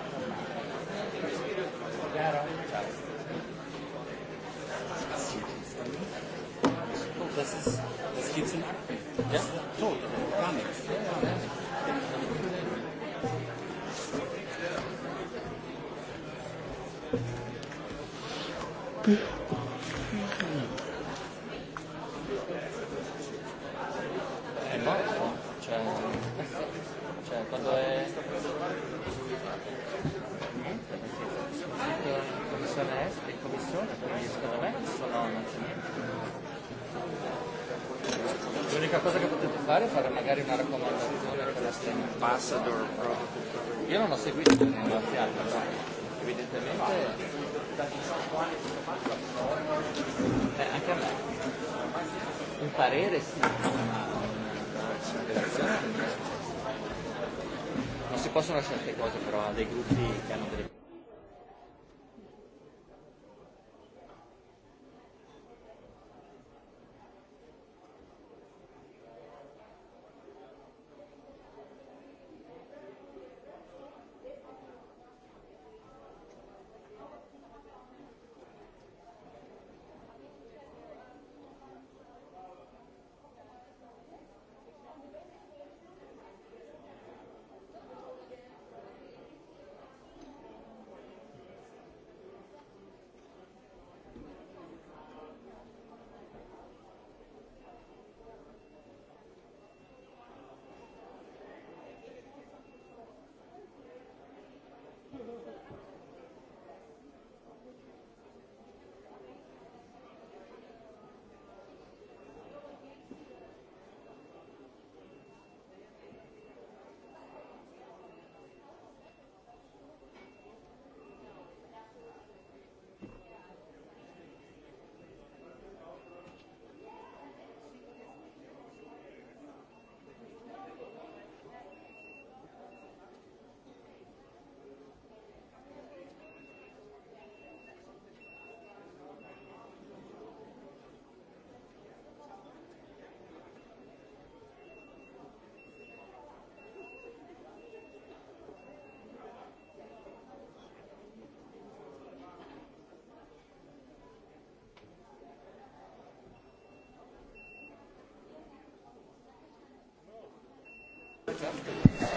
Speaker 4: chiaro?
Speaker 1: Oh, das ist, das geht zum Akten. Ja? Tot, gar nichts. Eres.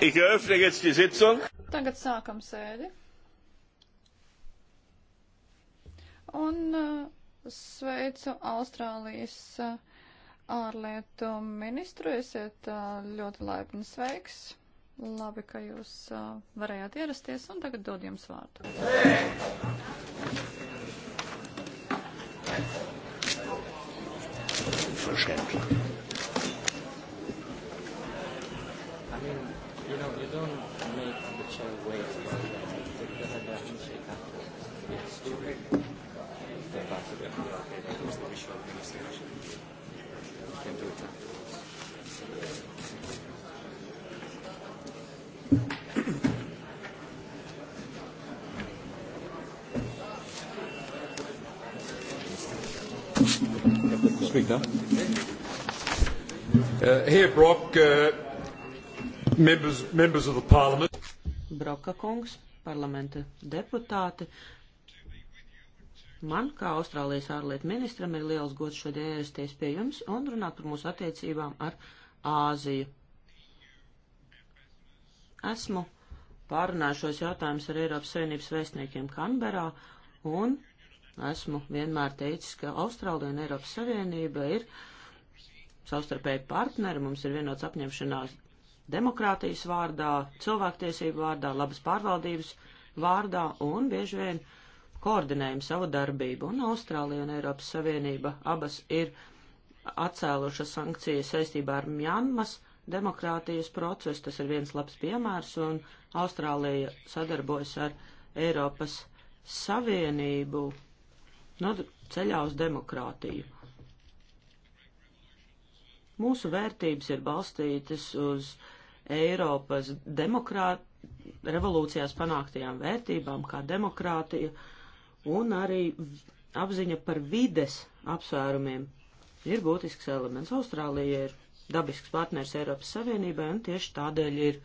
Speaker 2: Ich eröffne jetzt die Sitzung.
Speaker 4: Tagad sākam sēdi. Un uh, sveicu Austrālijas uh, ārlietu ministru. Esiet uh, ļoti laipni sveiks. Labi, ka jūs uh, varējāt ierasties un tagad dod jums vārdu.
Speaker 2: Verständlich.
Speaker 4: don't make the chair wait for a minute because I don't usually have to. It's stupid. They have to be okay. That was the issue of administration. You can do it
Speaker 1: afterwards. Speak now. Uh, here, Brock. Uh, Members, members of the parliament. Broka kungs, parlamenta deputāti. Man, kā Austrālijas ārlietu ministram, ir liels gods šodien ierasties pie jums un runāt par mūsu attiecībām ar Āziju. Esmu pārunājušos jautājumus ar Eiropas Savienības vēstniekiem Kanberā un esmu vienmēr teicis, ka Austrālija un Eiropas Savienība ir savstarpēji partneri, mums ir vienots apņemšanās demokrātijas vārdā, cilvēktiesību vārdā, labas pārvaldības vārdā un bieži vien koordinējam savu darbību. Un Austrālija un Eiropas Savienība abas ir atcēlušas sankcijas saistībā ar Mjanmas demokrātijas procesu. Tas ir viens labs piemērs, un Austrālija sadarbojas ar Eiropas Savienību no ceļā uz demokrātiju. Mūsu vērtības ir balstītas uz Eiropas demokrāt, revolūcijās panāktajām vērtībām, kā demokrātija, un arī apziņa par vides apsvērumiem ir būtisks elements. Austrālija ir dabisks partners Eiropas Savienībai, un tieši tādēļ ir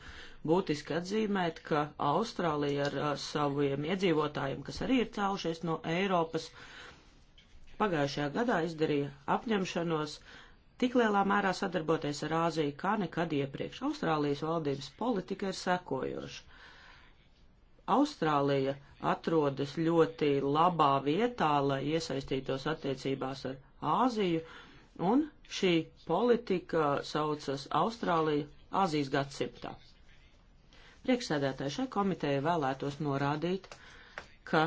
Speaker 1: būtiski atzīmēt, ka Austrālija ar, ar saviem iedzīvotājiem, kas arī ir cēlušies no Eiropas, pagājušajā gadā izdarīja apņemšanos tik lielā mērā sadarboties ar Āziju kā nekad iepriekš. Austrālijas valdības politika ir sekojoša. Austrālija atrodas ļoti labā vietā, lai iesaistītos attiecībās ar Āziju, un šī politika saucas Austrālija Āzijas gadsimtā. Priekšsēdētāji šai komitejai vēlētos norādīt, ka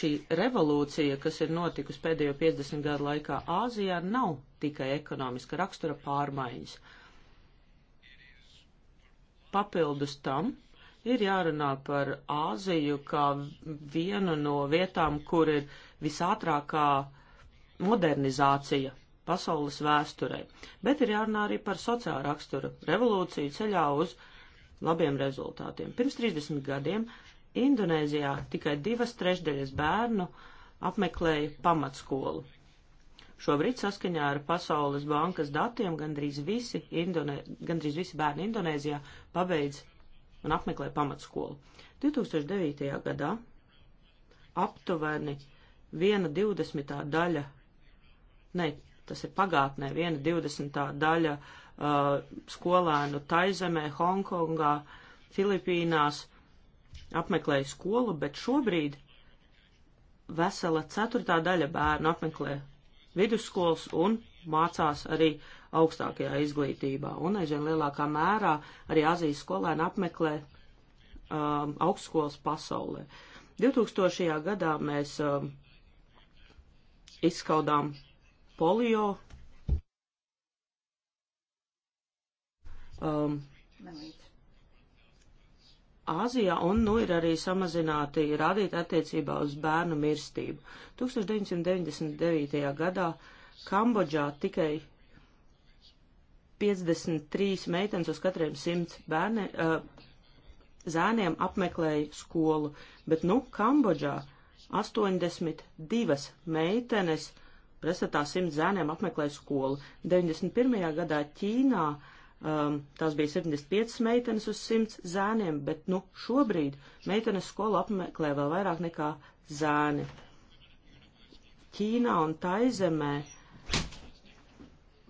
Speaker 1: šī revolūcija, kas ir notikusi pēdējo 50 gadu laikā Āzijā, nav tikai ekonomiska rakstura pārmaiņas. Papildus tam ir jārunā par Āziju kā vienu no vietām, kur ir visātrākā modernizācija pasaules vēsturē, bet ir jārunā arī par sociālu raksturu revolūciju ceļā uz labiem rezultātiem. Pirms 30 gadiem Indonēzijā tikai divas trešdaļas bērnu apmeklēja pamatskolu. Šobrīd saskaņā ar Pasaules bankas datiem gandrīz visi, Indone gandrīz visi bērni Indonēzijā pabeidz un apmeklē pamatskolu. 2009. gadā aptuveni 1,20 daļa, ne, tas ir pagātnē, 1,20 daļa uh, skolēnu Taizemē, Hongkongā, Filipīnās apmeklēja skolu, bet šobrīd vesela ceturtā daļa bērnu apmeklē vidusskolas un mācās arī augstākajā izglītībā. Un aizvien lielākā mērā arī Azijas skolēni apmeklē um, augstskolas pasaulē. 2000. gadā mēs um, izskaudām polio. Um, Melīt. Āzijā, un nu ir arī samazināti rādītāji attiecībā uz bērnu mirstību. 1999. gadā Kambodžā tikai 53 meitenes uz katriem 100 bērni, uh, zēniem apmeklēja skolu, bet nu Kambodžā 82 meitenes prestatā 100 zēniem apmeklēja skolu. 91. gadā Ķīnā uh, um, tās bija 75 meitenes uz 100 zēniem, bet, nu, šobrīd meitenes skolu apmeklē vēl vairāk nekā zēni. Ķīnā un Taizemē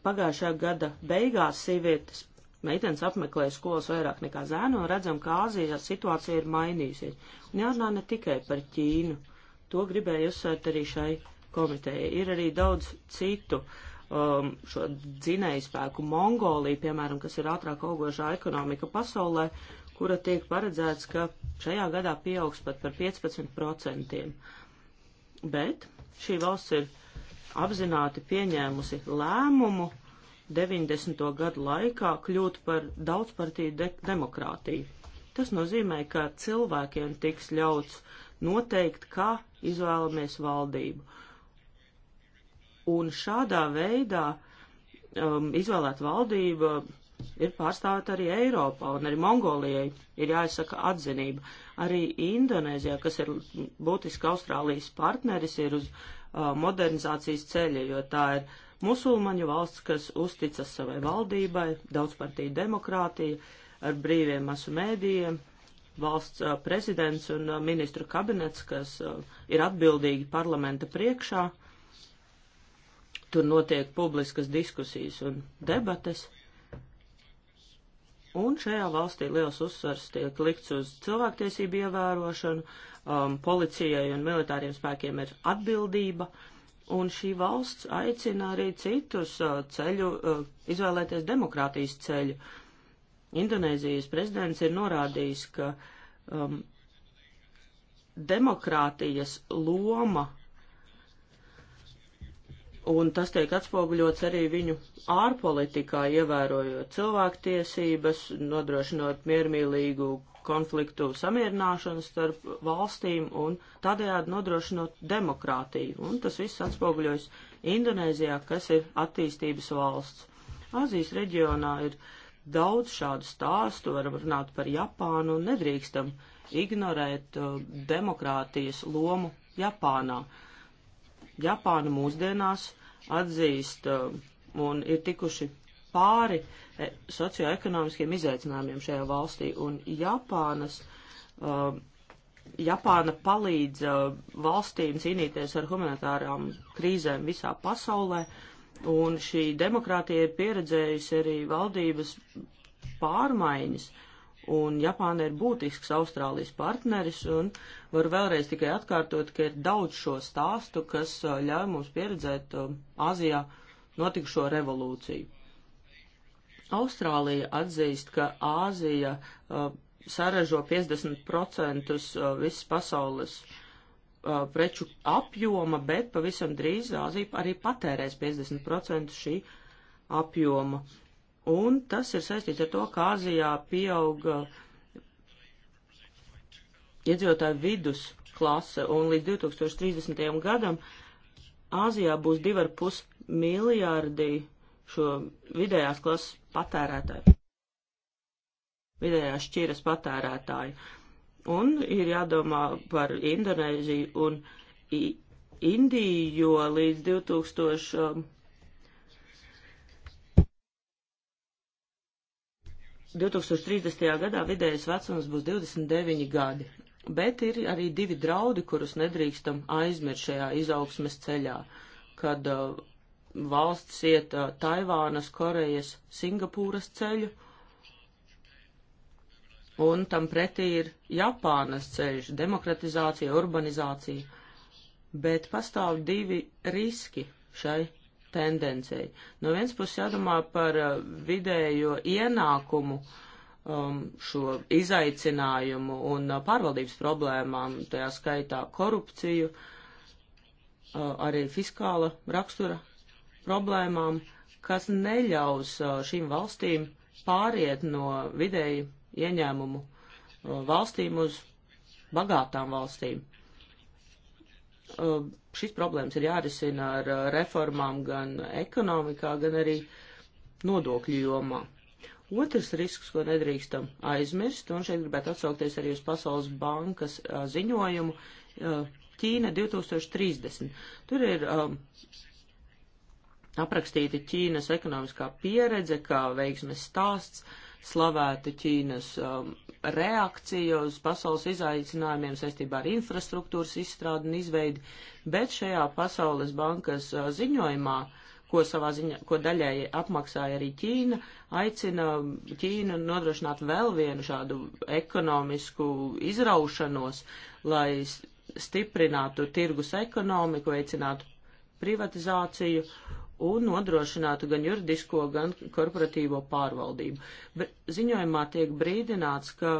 Speaker 1: pagājušā gada beigās sievietes meitenes apmeklē skolas vairāk nekā zēnu un redzam, ka Āzijā situācija ir mainījusies. Un jārunā ne tikai par Ķīnu. To gribēju uzsvērt arī šai komitejai. Ir arī daudz citu uh, um, šo dzinēju spēku Mongoliju, piemēram, kas ir ātrāk augošā ekonomika pasaulē, kura tiek paredzēts, ka šajā gadā pieaugs pat par 15%. Bet šī valsts ir apzināti pieņēmusi lēmumu 90. gadu laikā kļūt par daudzpartiju de demokrātiju. Tas nozīmē, ka cilvēkiem tiks ļauts noteikt, kā izvēlamies valdību. Uh, Un šādā veidā um, izvēlēta valdība ir pārstāvēta arī Eiropā, un arī Mongolijai ir jāizsaka atzinība. Arī Indonēzijā, kas ir būtiski Austrālijas partneris, ir uz uh, modernizācijas ceļa, jo tā ir musulmaņu valsts, kas uzticas savai valdībai, daudzpartija demokrātija, ar brīviem masu mēdījiem, valsts uh, prezidents un uh, ministru kabinets, kas uh, ir atbildīgi parlamenta priekšā. Uh, Tur notiek publiskas diskusijas un debates. Un šajā valstī liels uzsvars tiek likts uz cilvēktiesību ievērošanu, um, policijai un militāriem spēkiem ir atbildība, un šī valsts aicina arī citus uh, ceļu, uh, izvēlēties demokrātijas ceļu. Indonēzijas prezidents ir norādījis, ka um, demokrātijas loma Un tas tiek atspoguļots arī viņu ārpolitikā, ievērojot cilvēktiesības, nodrošinot miermīlīgu konfliktu samierināšanu starp valstīm un tādējādi nodrošinot demokrātiju. Un tas viss atspoguļojas Indonēzijā, kas ir attīstības valsts. Azijas reģionā ir daudz šādu stāstu, varam runāt par Japānu un nedrīkstam ignorēt uh, demokrātijas lomu Japānā. Japāna mūsdienās atzīst um, un ir tikuši pāri eh, socioekonomiskiem izaicinājumiem šajā valstī. Un Japānas, um, Japāna palīdz um, valstīm cīnīties ar humanitārām krīzēm visā pasaulē. Un šī demokrātija ir pieredzējusi arī valdības pārmaiņas, uh, un Japāna ir būtisks Austrālijas partneris, un varu vēlreiz tikai atkārtot, ka ir daudz šo stāstu, kas uh, ļauj mums pieredzēt um, Āzijā notikušo revolūciju. Austrālija atzīst, ka Āzija uh, saražo 50% uh, visas pasaules uh, preču apjoma, bet pavisam drīz Āzija arī patērēs 50% šī apjoma. Un tas ir saistīts ar to, ka Āzijā pieauga iedzīvotāju vidus klase, un līdz 2030. gadam Āzijā būs 2,5 miljārdi šo vidējās klases patērētāju, vidējās šķiras patērētāju. Un ir jādomā par Indonēziju un I Indiju, jo līdz 2000. 2030. gadā vidējais vecums būs 29 gadi, bet ir arī divi draudi, kurus nedrīkstam aizmirst šajā izaugsmes ceļā, kad uh, valsts iet uh, Taivānas, Korejas, Singapūras ceļu, un tam pretī ir Japānas ceļš - demokratizācija, urbanizācija, bet pastāv divi riski šai tendencei. No viens puses jādomā par uh, vidējo ienākumu um, šo izaicinājumu un uh, pārvaldības problēmām, tajā skaitā korupciju, uh, arī fiskāla rakstura problēmām, kas neļaus uh, šīm valstīm pāriet no vidēji ieņēmumu uh, valstīm uz bagātām valstīm. Um, šīs problēmas ir jārisina ar uh, reformām gan ekonomikā, gan arī nodokļu jomā. Otrs risks, ko nedrīkstam aizmirst, un šeit gribētu atsaukties arī uz Pasaules bankas uh, ziņojumu, uh, Ķīna 2030. Tur ir um, aprakstīta Ķīnas ekonomiskā pieredze, kā veiksmes stāsts, slavēta Ķīnas um, reakcija uz pasaules izaicinājumiem saistībā ar infrastruktūras izstrādi un izveidi, bet šajā Pasaules bankas ziņojumā, ko, savā ziņā, ko daļai apmaksāja arī Ķīna, aicina Ķīnu nodrošināt vēl vienu šādu ekonomisku izraušanos, lai stiprinātu tirgus ekonomiku, veicinātu privatizāciju un nodrošinātu gan juridisko, gan korporatīvo pārvaldību. Bet ziņojumā tiek brīdināts, ka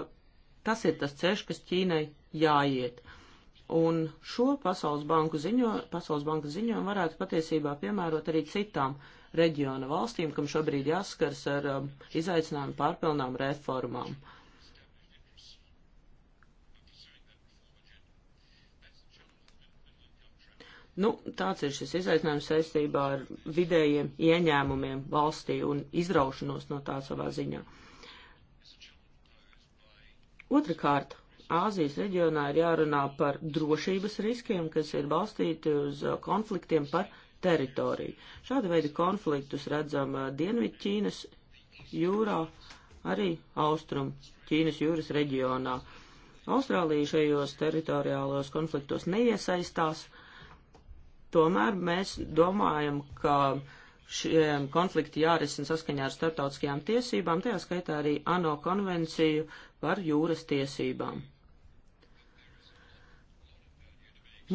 Speaker 1: tas ir tas ceļš, kas Ķīnai jāiet. Un šo Pasaules banku ziņo, Pasaules banku ziņojumu varētu patiesībā piemērot arī citām reģiona valstīm, kam šobrīd jāskars ar um, izaicinājumu pārpilnām reformām. Uh, Nu, tāds ir šis izaicinājums saistībā ar vidējiem ieņēmumiem valstī un izraušanos no tā savā ziņā. Otrakārt, Āzijas reģionā ir jārunā par drošības riskiem, kas ir balstīti uz uh, konfliktiem par teritoriju. Šāda veida konfliktus redzam uh, Dienvidu Ķīnas jūrā, arī Austrum Ķīnas jūras reģionā. Austrālija šajos teritoriālos konfliktos neiesaistās Tomēr mēs domājam, ka šie konflikti jārisina saskaņā ar starptautiskajām tiesībām, tajā skaitā arī ANO konvenciju par jūras tiesībām.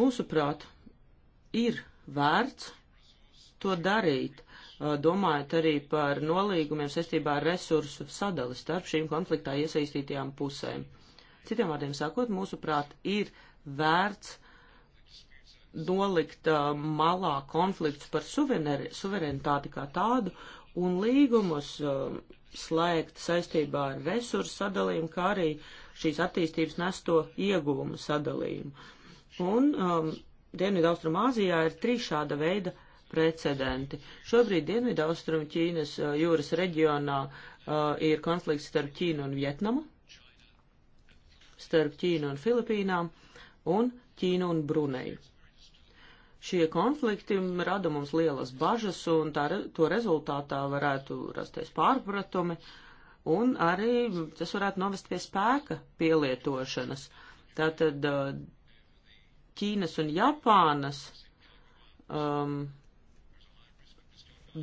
Speaker 1: Mūsuprāt, ir vērts to darīt, domājot arī par nolīgumiem saistībā ar resursu sadali starp šīm konfliktā iesaistītajām pusēm. Citiem vārdiem sakot, mūsuprāt, ir vērts nolikt uh, malā konflikts par suverenitāti kā tādu un līgumus uh, slēgt saistībā ar resursu sadalījumu, kā arī šīs attīstības nesto ieguvumu sadalījumu. Un um, Dienvidaustrumāzijā ir trīs šāda veida precedenti. Šobrīd Dienvidaustrumu Ķīnas uh, jūras reģionā uh, ir konflikts starp Ķīnu un Vietnamu, starp Ķīnu un Filipīnām un Ķīnu un Bruneju. Šie konflikti rada mums lielas bažas, un tā, to rezultātā varētu rasties pārpratumi, un arī tas varētu novest pie spēka pielietošanas. Tātad Ķīnas un Japānas um,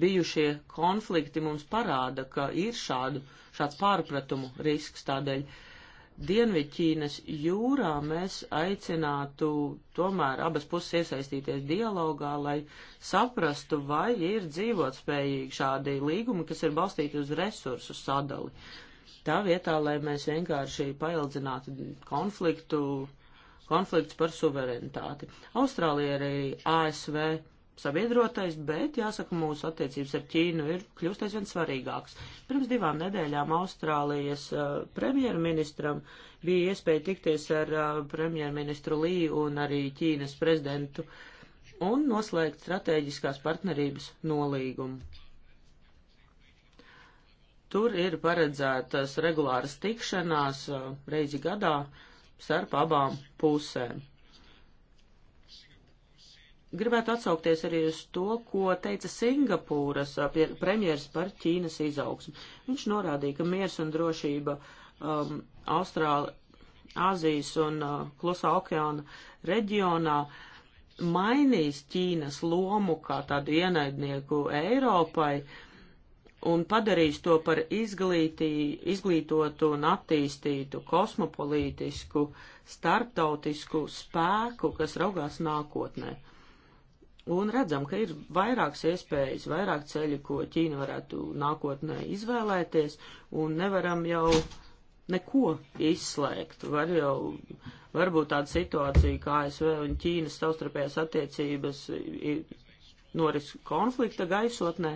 Speaker 1: bijušie konflikti mums parāda, ka ir šādu, šāds pārpratumu risks, tādēļ uh, Dienvidķīnas jūrā mēs aicinātu tomēr abas puses iesaistīties dialogā, lai saprastu, vai ir dzīvotspējīgi šādi līgumi, kas ir balstīti uz resursu sadali. Tā vietā, lai mēs vienkārši paildzinātu konfliktu, konflikts par suverenitāti. Austrālija ir arī ASV sabiedrotais, bet, jāsaka, mūsu attiecības ar Ķīnu ir kļūst aizvien svarīgāks. Pirms divām nedēļām Austrālijas uh, premjerministram bija iespēja tikties ar uh, premjerministru Lī un arī Ķīnas prezidentu un noslēgt strateģiskās partnerības nolīgumu. Tur ir paredzētas regulāras tikšanās uh, reizi gadā starp abām pusēm. Gribētu atsaukties arī uz to, ko teica Singapūras uh, premjeras par Ķīnas izaugsmu. Viņš norādīja, ka miers un drošība um, Austrāla, Azijas un uh, Klusā okeāna reģionā mainīs Ķīnas lomu kā tādu ienaidnieku Eiropai un padarīs to par izglītī, izglītotu un attīstītu kosmopolītisku, startautisku spēku, kas raugās nākotnē. Uh, Un redzam, ka ir vairākas iespējas, vairāk ceļu, ko Ķīna varētu nākotnē izvēlēties, un nevaram jau neko izslēgt. Var jau, varbūt tāda situācija, kā ASV un Ķīnas savstarpējās attiecības noris konflikta gaisotnē,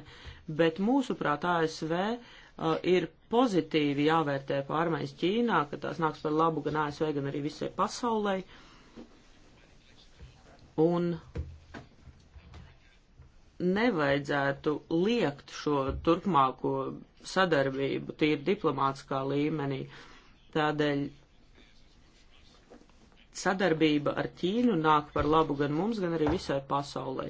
Speaker 1: bet mūsuprāt ASV uh, ir pozitīvi jāvērtē pārmaiņas Ķīnā, ka tās nāks par labu gan ASV, gan arī visai pasaulē. Un nevajadzētu liekt šo turpmāko sadarbību tīri diplomātiskā līmenī. Tādēļ sadarbība ar Ķīnu nāk par labu gan mums, gan arī visai pasaulē.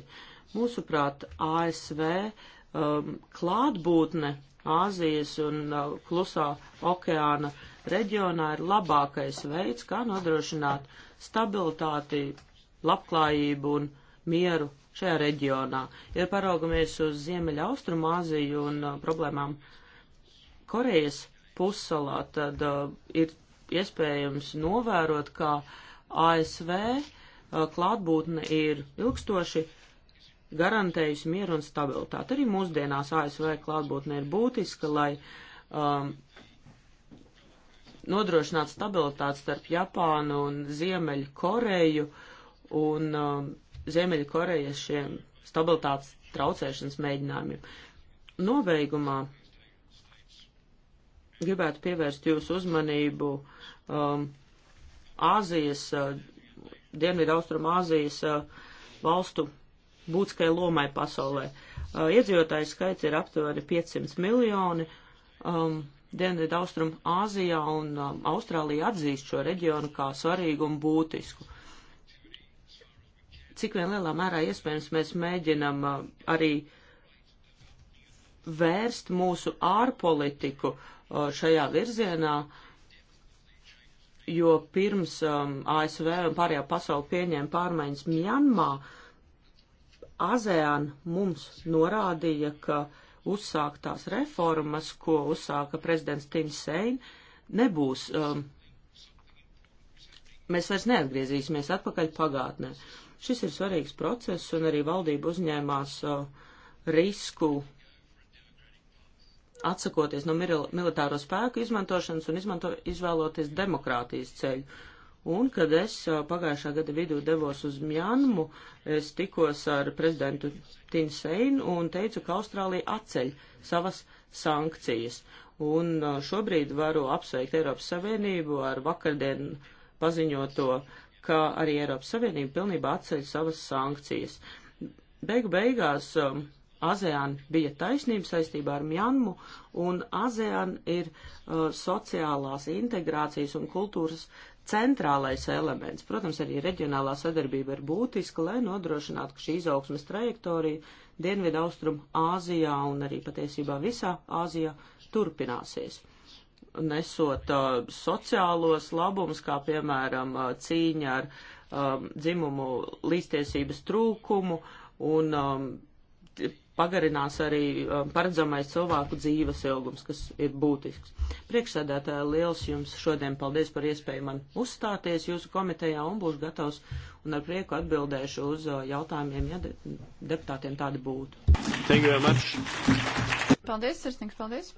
Speaker 1: Mūsuprāt, ASV um, klātbūtne Āzijas un uh, Klusā okeāna reģionā ir labākais veids, kā nodrošināt stabilitāti, labklājību un mieru šajā reģionā. Ja paraugamies uz Ziemeļa Austrumāziju un uh, problēmām Korejas pussalā, tad uh, ir iespējams novērot, ka ASV uh, klātbūtne ir ilgstoši garantējusi mieru un stabilitāti. Arī mūsdienās ASV klātbūtne ir būtiska, lai um, nodrošināt stabilitāti starp Japānu un Ziemeļu Koreju un um, Ziemeļkorejas šiem stabilitātes traucēšanas mēģinājumiem. Nobeigumā gribētu pievērst jūsu uzmanību um, Āzijas, uh, Dienvidu Austrum Āzijas uh, valstu būtiskai lomai pasaulē. Uh, iedzīvotāju skaits ir aptuveni 500 miljoni. Um, Dienvidu Austrum Āzijā un um, Austrālija atzīst šo reģionu kā svarīgu un būtisku cik vien lielā mērā iespējams mēs mēģinam uh, arī vērst mūsu ārpolitiku uh, šajā virzienā, jo pirms um, ASV un pārējā pasauli pieņēma pārmaiņas Mjanmā, ASEAN mums norādīja, ka uzsāktās reformas, ko uzsāka prezidents Tims Sein, nebūs. Um, mēs vairs neatgriezīsimies atpakaļ pagātnē. Šis ir svarīgs process, un arī valdība uzņēmās risku atsakoties no militāro spēku izmantošanas un izmanto, izvēloties demokrātijas ceļu. Un, kad es pagājušā gada vidū devos uz Mjanmu, es tikos ar prezidentu Tinseinu un teicu, ka Austrālija atceļ savas sankcijas. Un šobrīd varu apsveikt Eiropas Savienību ar vakardien paziņoto uh, ka arī Eiropas Savienība pilnībā atceļ savas sankcijas. Beigu beigās um, ASEAN bija taisnība saistībā ar Mjanmu, un ASEAN ir uh, sociālās integrācijas un kultūras centrālais elements. Protams, arī reģionālā sadarbība ir būtiska, lai nodrošinātu, ka šī izaugsmas trajektorija Dienvidu Austrum Āzijā un arī patiesībā visā Āzijā turpināsies nesot uh, sociālos labumus, kā piemēram uh, cīņa ar um, dzimumu līdztiesības trūkumu un um, pagarinās arī um, paredzamais cilvēku dzīves ilgums, kas ir būtisks. Priekšsēdētāji, liels jums šodien paldies par iespēju man uzstāties jūsu komitejā un būšu gatavs un ar prieku atbildēšu uz uh, jautājumiem, ja de deputātiem tādi būtu. Paldies, sirsnīgs paldies.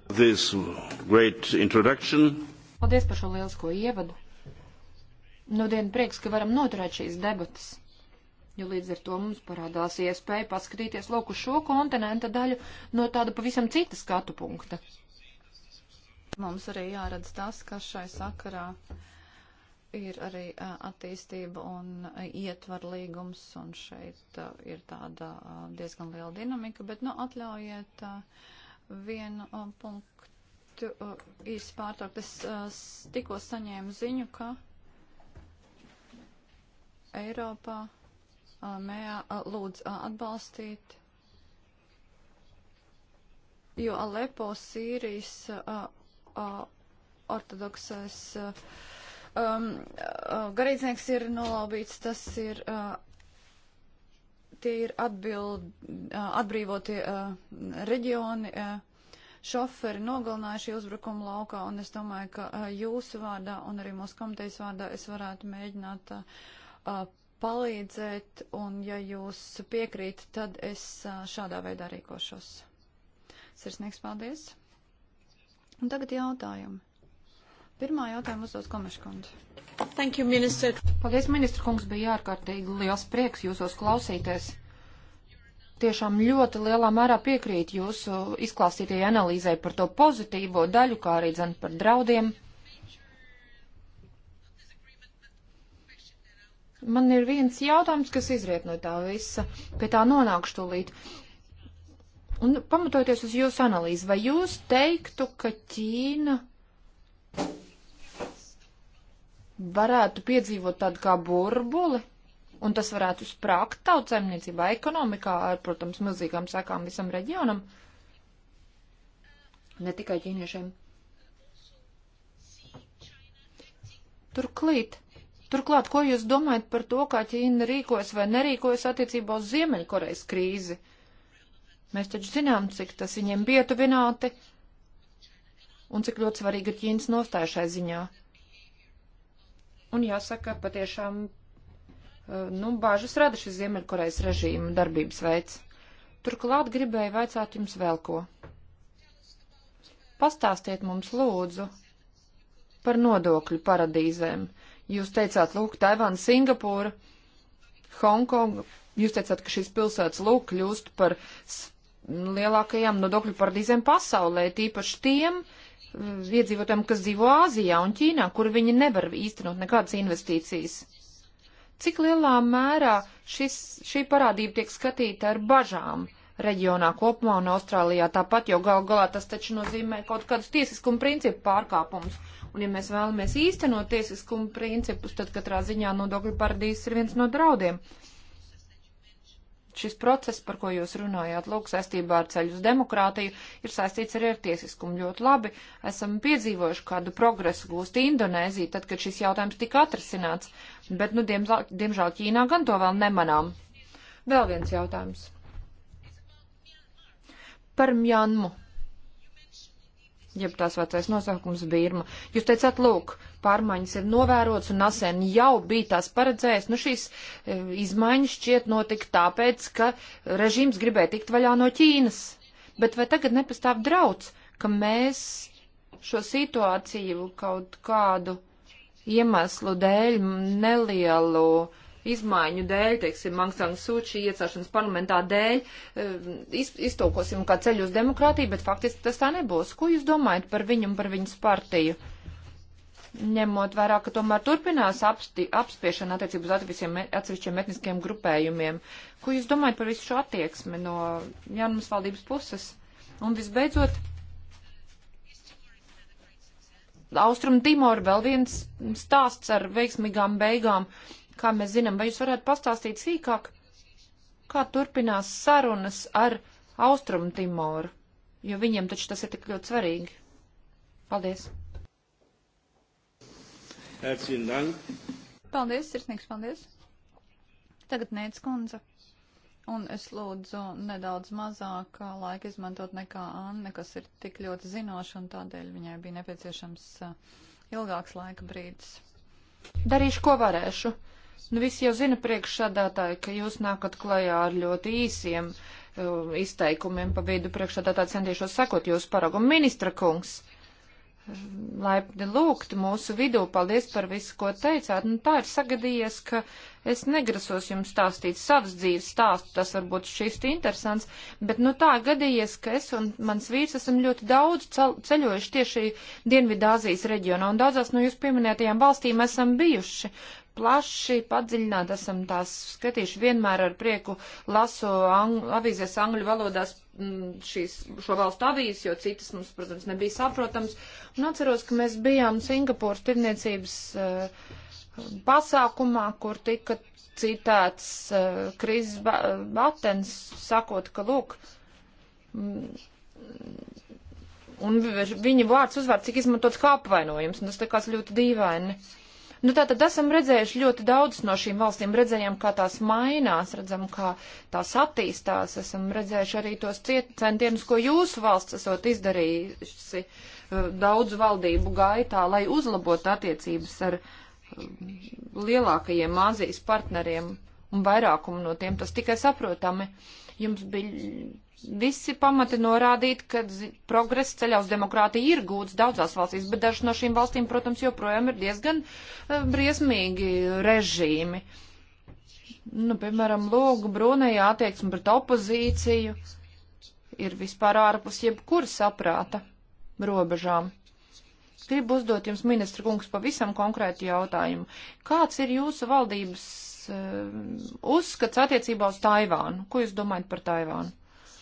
Speaker 3: Paldies par šo lielisko ievadu. Nu, dienu prieks, ka varam noturēt šīs debatas jo līdz ar to mums parādās iespēja paskatīties lūk uz šo kontinenta daļu no tāda pavisam cita skatu punkta.
Speaker 4: Mums arī jāredz tas, kas šai sakarā ir arī attīstība un ietvar līgums, un šeit ir tāda diezgan liela dinamika, bet, nu, atļaujiet vienu punktu īsi pārtraukt. Es tikko saņēmu ziņu, ka Eiropā mea lūdz atbalstīt, jo Alepo Sīrijas ortodoksais um, garīdznieks ir nolaubīts, tas ir, tie ir atbild, atbrīvotie reģioni šoferi nogalinājuši uzbrukumu laukā, un es domāju, ka jūsu vārdā un arī mūsu komitejas vārdā es varētu mēģināt uh, palīdzēt, un ja jūs piekrīt, tad es šādā veidā rīkošos. Sirsnīgs paldies! Un tagad jautājumi. Pirmā jautājuma uzdos Komeškundu. Thank you, minister. Paldies, ministra kungs,
Speaker 3: bija ārkārtīgi liels prieks jūsos klausīties. Tiešām ļoti lielā mērā piekrīt jūsu izklāstītajai analīzai par to pozitīvo daļu, kā arī dzen par draudiem Man ir viens jautājums, kas izriet no tā visa. Pie tā nonākšu tūlīt. Un pamatoties uz jūsu analīzi, vai jūs teiktu, ka Ķīna varētu piedzīvot tādu kā burbuli, un tas varētu sprākt tautsēmniecībā, ekonomikā, ar, protams, milzīgām sekām visam reģionam, ne tikai ķīniešiem. Turklīt Turklāt, ko jūs domājat par to, kā Ķīna rīkojas vai nerīkojas attiecībā uz Ziemeļkorejas krīzi? Mēs taču zinām, cik tas viņiem pietuvināti un cik ļoti svarīga ir Ķīnas nostāja šai ziņā. Un jāsaka, patiešām, eh, nu, bāžas rada šis Ziemeļkorejas režīma darbības veids. Turklāt gribēju vaicāt jums vēl ko. Pastāstiet mums, lūdzu, par nodokļu paradīzēm. Jūs teicāt, lūk, Taivāna, Singapūra, Hongkonga. Jūs teicāt, ka šīs pilsētas, lūk, kļūst par lielākajām nodokļu paradīzēm pasaulē, tīpaši tiem mm, iedzīvotājiem, kas dzīvo Āzijā un Ķīnā, kur viņi nevar īstenot nekādas investīcijas. Cik lielā mērā šis, šī parādība tiek skatīta ar bažām? reģionā kopumā un Austrālijā tāpat, jo gal galā tas taču nozīmē kaut kādus tiesiskumu principu pārkāpumus. Un ja mēs vēlamies īstenot tiesiskuma principus, tad katrā ziņā nodokļu paradīzes ir viens no draudiem. Šis process, par ko jūs runājāt, lūk, saistībā ar ceļu uz demokrātiju, ir saistīts arī ar tiesiskumu ļoti labi. Esam piedzīvojuši kādu progresu gūst Indonēzija, tad, kad šis jautājums tika atrasināts, bet, nu, diemžēl, diemžēl Ķīnā gan to vēl nemanām. Vēl viens jautājums. Par Mjanmu jeb tās vecais nosaukums Birma. Jūs teicāt, lūk, pārmaiņas ir novērots un ASEN jau bija tās paredzējis. Nu, šīs e, izmaiņas šķiet notika tāpēc, ka režīms gribēja tikt vaļā no Ķīnas. Bet vai tagad nepastāv drauds, ka mēs šo situāciju kaut kādu iemeslu dēļ nelielu uh, izmaiņu dēļ, teiksim, Mangsang Sūči iecelšanas parlamentā dēļ, eh, iz, iztūkosim kā ceļu uz demokrātiju, bet faktiski tas tā nebūs. Ko jūs domājat par viņu un par viņas partiju? Ņemot vērā, ka tomēr turpinās apsti, apspiešana attiecības atsevišķiem etniskiem grupējumiem, ko jūs domājat par visu šo attieksmi no jaunas valdības puses? Un visbeidzot. Austrum Timor vēl viens stāsts ar veiksmīgām beigām. Uh, kā mēs zinām. Vai jūs varētu pastāstīt sīkāk, kā turpinās sarunas ar Austrumu Timoru, jo viņiem taču tas ir tik ļoti svarīgi? Paldies!
Speaker 4: Paldies, sirsnīgs paldies! Tagad Nēc kundze. Un es lūdzu nedaudz mazāk uh, laika izmantot nekā Anne, kas ir tik ļoti zinoša, un tādēļ viņai bija nepieciešams uh, ilgāks laika brīdis.
Speaker 3: Darīšu, ko varēšu. Nu, visi jau zina priekšsādātāji, ka jūs nākat klajā ar ļoti īsiem uh, izteikumiem pa vidu priekšsādātāji centīšos sekot jūsu paragumu ministra kungs. Laipni lūgt mūsu vidū, paldies par visu, ko teicāt. Nu, tā ir sagadījies, ka es negrasos jums stāstīt savas dzīves stāstu, tas varbūt šis interesants, bet nu tā gadījies, ka es un mans vīrs esam ļoti daudz ceļojuši tieši Dienvidāzijas reģionā, un daudzās no nu, jūs pieminētajām valstīm esam bijuši plaši padziļināt esam tās skatījuši. Vienmēr ar prieku lasu ang avīzēs angļu valodās mm, šīs, šo valstu avīzes, jo citas mums, protams, nebija saprotams. Un atceros, ka mēs bijām Singapūras tirniecības eh, pasākumā, kur tika citēts eh, Kris Batens, sakot, ka lūk, mm, un viņa vārds uzvārds tika izmantots kā apvainojums, un tas tā kāds ļoti dīvaini. Uh, Nu, tātad esam redzējuši ļoti daudz no šīm valstīm, redzējām, kā tās mainās, redzam, kā tās attīstās, esam redzējuši arī tos centienus, ko jūsu valsts esot izdarījusi eh, daudzu valdību gaitā, lai uzlabotu attiecības ar eh, lielākajiem Āzijas partneriem un vairākumu no tiem. Tas tikai saprotami. Uh, Jums bija visi pamati norādīt, ka progress ceļā uz demokrātiju ir gūts daudzās valstīs, bet dažas no šīm valstīm, protams, joprojām ir diezgan eh, briesmīgi režīmi. Nu, piemēram, lūgu Brunejā attieksme pret opozīciju ir vispār ārpus jebkura saprāta robežām. Gribu uzdot jums, ministra kungs, pavisam konkrētu jautājumu. Kāds ir jūsu valdības Um, uzskats attiecībā uz Taivānu? Ko jūs domājat par Taivānu?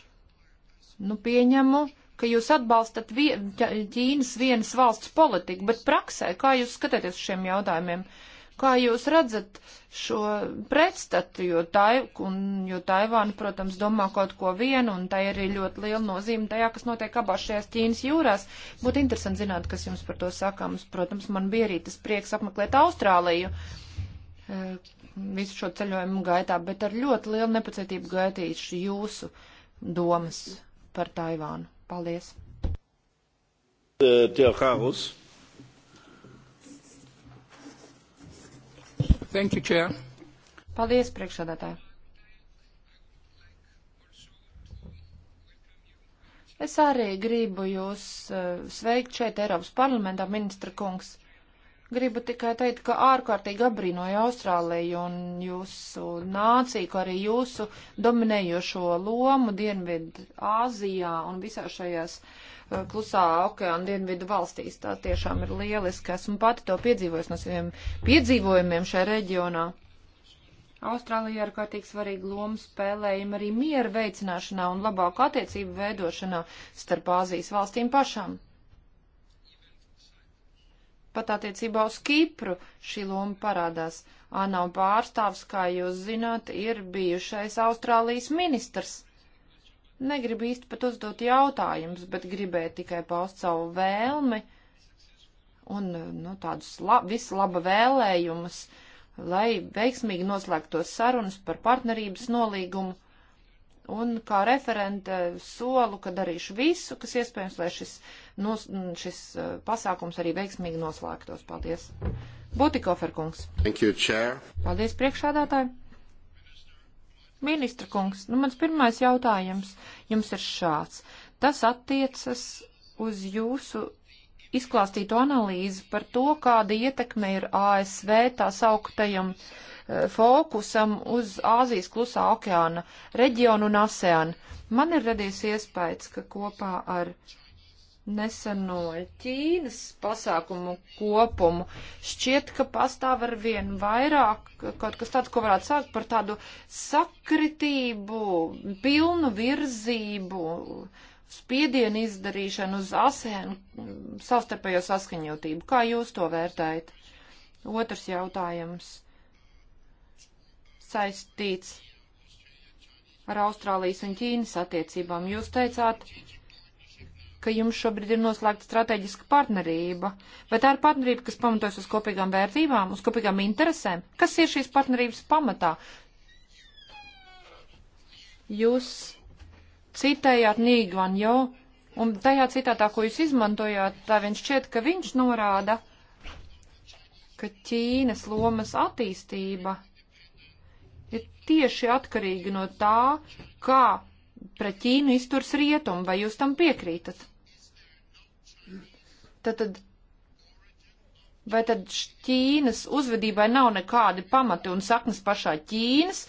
Speaker 3: Nu, pieņemu, ka jūs atbalstat vie Ķīnas vienas valsts politiku, bet praksē, kā jūs skatāties uz šiem jautājumiem? Kā jūs redzat šo pretstatu, jo, tai, un, jo Taivāna, protams, domā kaut ko vienu, un tai arī ļoti liela nozīme tajā, kas notiek abās šajās Ķīnas jūrās. Būtu interesanti zināt, kas jums par to sakāms. Protams, man bija arī tas prieks apmeklēt Austrāliju visu šo ceļojumu gaitā, bet ar ļoti lielu nepacietību gaitīšu jūsu domas par Taivānu. Paldies!
Speaker 2: Eh, Teokārus.
Speaker 3: Thank you, Chair. Paldies, priekšsādātāji. Es arī gribu jūs eh, sveikt šeit Eiropas parlamentā, ministra kungs. Gribu tikai teikt, ka ārkārtīgi apbrīnoju Austrāliju un jūsu nāciju, kā arī jūsu dominējošo lomu Dienvidu Āzijā un visā šajās uh, klusā okeāna Dienvidu valstīs. Tā tiešām ir lieliski. Esmu pati to piedzīvojusi no saviem piedzīvojumiem šajā reģionā. Austrālija ārkārtīgi svarīgu lomu spēlējam arī mieru veicināšanā un labāku attiecību veidošanā starp Āzijas valstīm pašām. Pat attiecībā uz Kipru šī loma parādās. ANO pārstāvs, kā jūs zināt, ir bijušais Austrālijas ministrs. Negribu īsti pat uzdot jautājumus, bet gribēju tikai paust savu vēlmi un nu, tādus la vislaba vēlējumus, lai veiksmīgi noslēgtos sarunas par partnerības nolīgumu. Un kā referente solu, ka darīšu visu, kas iespējams, lai šis nos, šis eh, pasākums arī veiksmīgi noslēgtos. Paldies. Butikofer kungs.
Speaker 1: Thank you, chair.
Speaker 3: Paldies priekšādātāji. Ministra kungs, nu mans pirmais jautājums jums ir šāds. Tas attiecas uz jūsu izklāstītu analīzi par to, kāda ietekme ir ASV tā sauktajam e, fokusam uz Āzijas klusā okeāna reģionu un ASEAN. Man ir radies iespējas, ka kopā ar neseno Ķīnas pasākumu kopumu, šķiet, ka pastāv ar vien vairāk kaut kas tāds, ko varētu sākt par tādu sakritību, pilnu virzību, spiedienu izdarīšanu uz asēnu, savstarpējo saskaņotību. Kā jūs to vērtējat? Otrs jautājums saistīts ar Austrālijas un Ķīnas attiecībām. Jūs teicāt, ka jums šobrīd ir noslēgta strateģiska partnerība. Vai tā ir partnerība, kas pamatojas uz kopīgām vērtībām, uz kopīgām interesēm? Kas ir šīs partnerības pamatā? Jūs citējāt Nīgvan jau, un tajā citātā, ko jūs izmantojāt, tā viņš šķiet, ka viņš norāda, ka Ķīnas lomas attīstība ir tieši atkarīga no tā, kā pret Ķīnu izturs rietumi. Vai jūs tam piekrītat? Tad, tad Vai tad Ķīnas uzvedībai nav nekādi pamati un saknes pašā Ķīnas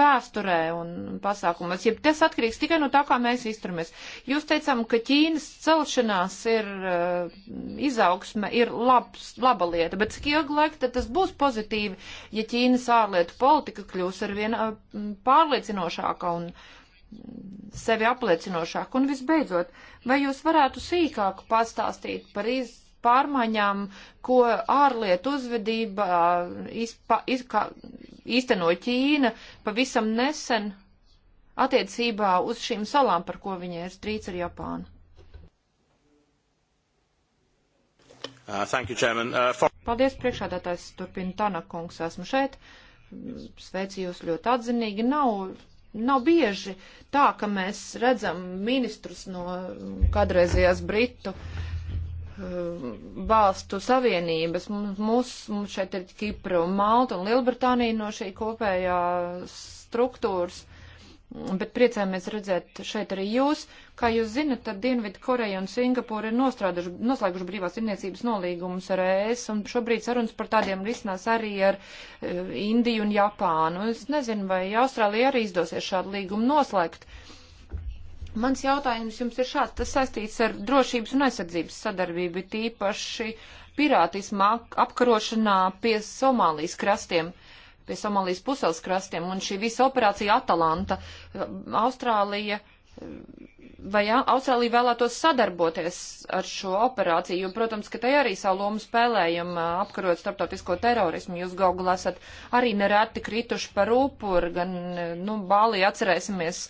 Speaker 3: vēsturē un pasākumos? Ja tas atkarīgs tikai no tā, kā mēs izturamies. Jūs teicām, ka Ķīnas celšanās ir uh, izaugsme, ir labs, laba lieta, bet cik ilgu laiku tad tas būs pozitīvi, ja Ķīnas ārlietu politika kļūs ar vien uh, pārliecinošāka un uh, sevi apliecinošāk. Un visbeidzot, vai jūs varētu sīkāk pastāstīt par iz, pārmaiņām, ko ārlietu uzvedība izpa, iz, kā, īsteno Ķīna pavisam nesen attiecībā uz šīm salām, par ko viņai ir strīds ar Japānu?
Speaker 1: Uh, you, uh, for...
Speaker 3: Paldies, priekšādātājs, turpina Tanakungs, esmu šeit. Sveicu jūs ļoti atzinīgi. Nav Nav bieži tā, ka mēs redzam ministrus no kādreizējās Britu eh, valstu savienības. Mums, mums šeit ir Kipra un Malta un Lielbritānija no šī kopējā struktūras. Uh, Bet priecājamies redzēt šeit arī jūs. Kā jūs zinat, tad Dienvidu Koreja un Singapūra ir noslēguši brīvās tirniecības nolīgumus ar ES, un šobrīd sarunas par tādiem risinās arī ar uh, Indiju un Japānu. Es nezinu, vai Austrālija arī izdosies šādu līgumu noslēgt. Mans jautājums jums ir šāds, tas saistīts ar drošības un aizsardzības sadarbību, tīpaši pirātismu apkarošanā pie Somālijas krastiem. Uh, pie Somālijas puseles krastiem, un šī visa operācija Atalanta, Austrālija, vai jā, Austrālija vēlētos sadarboties ar šo operāciju, jo, protams, ka te arī savu lomu spēlējam apkarot starptautisko terorismu. Jūs gaugulā esat arī nereti krituši par upuru, gan, nu, Bālī atcerēsimies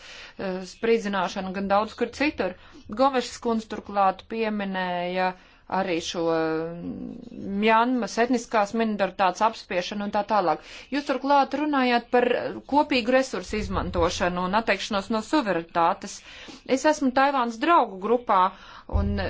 Speaker 3: sprīdzināšanu, gan daudz kur citur. Govešas kundze turklāt pieminēja uh, arī šo mm, Mjanmas etniskās minoritātes apspiešanu un tā tālāk. Jūs turklāt runājāt par kopīgu resursu izmantošanu un atteikšanos no suverenitātes. Es esmu Taivāns draugu grupā Un e,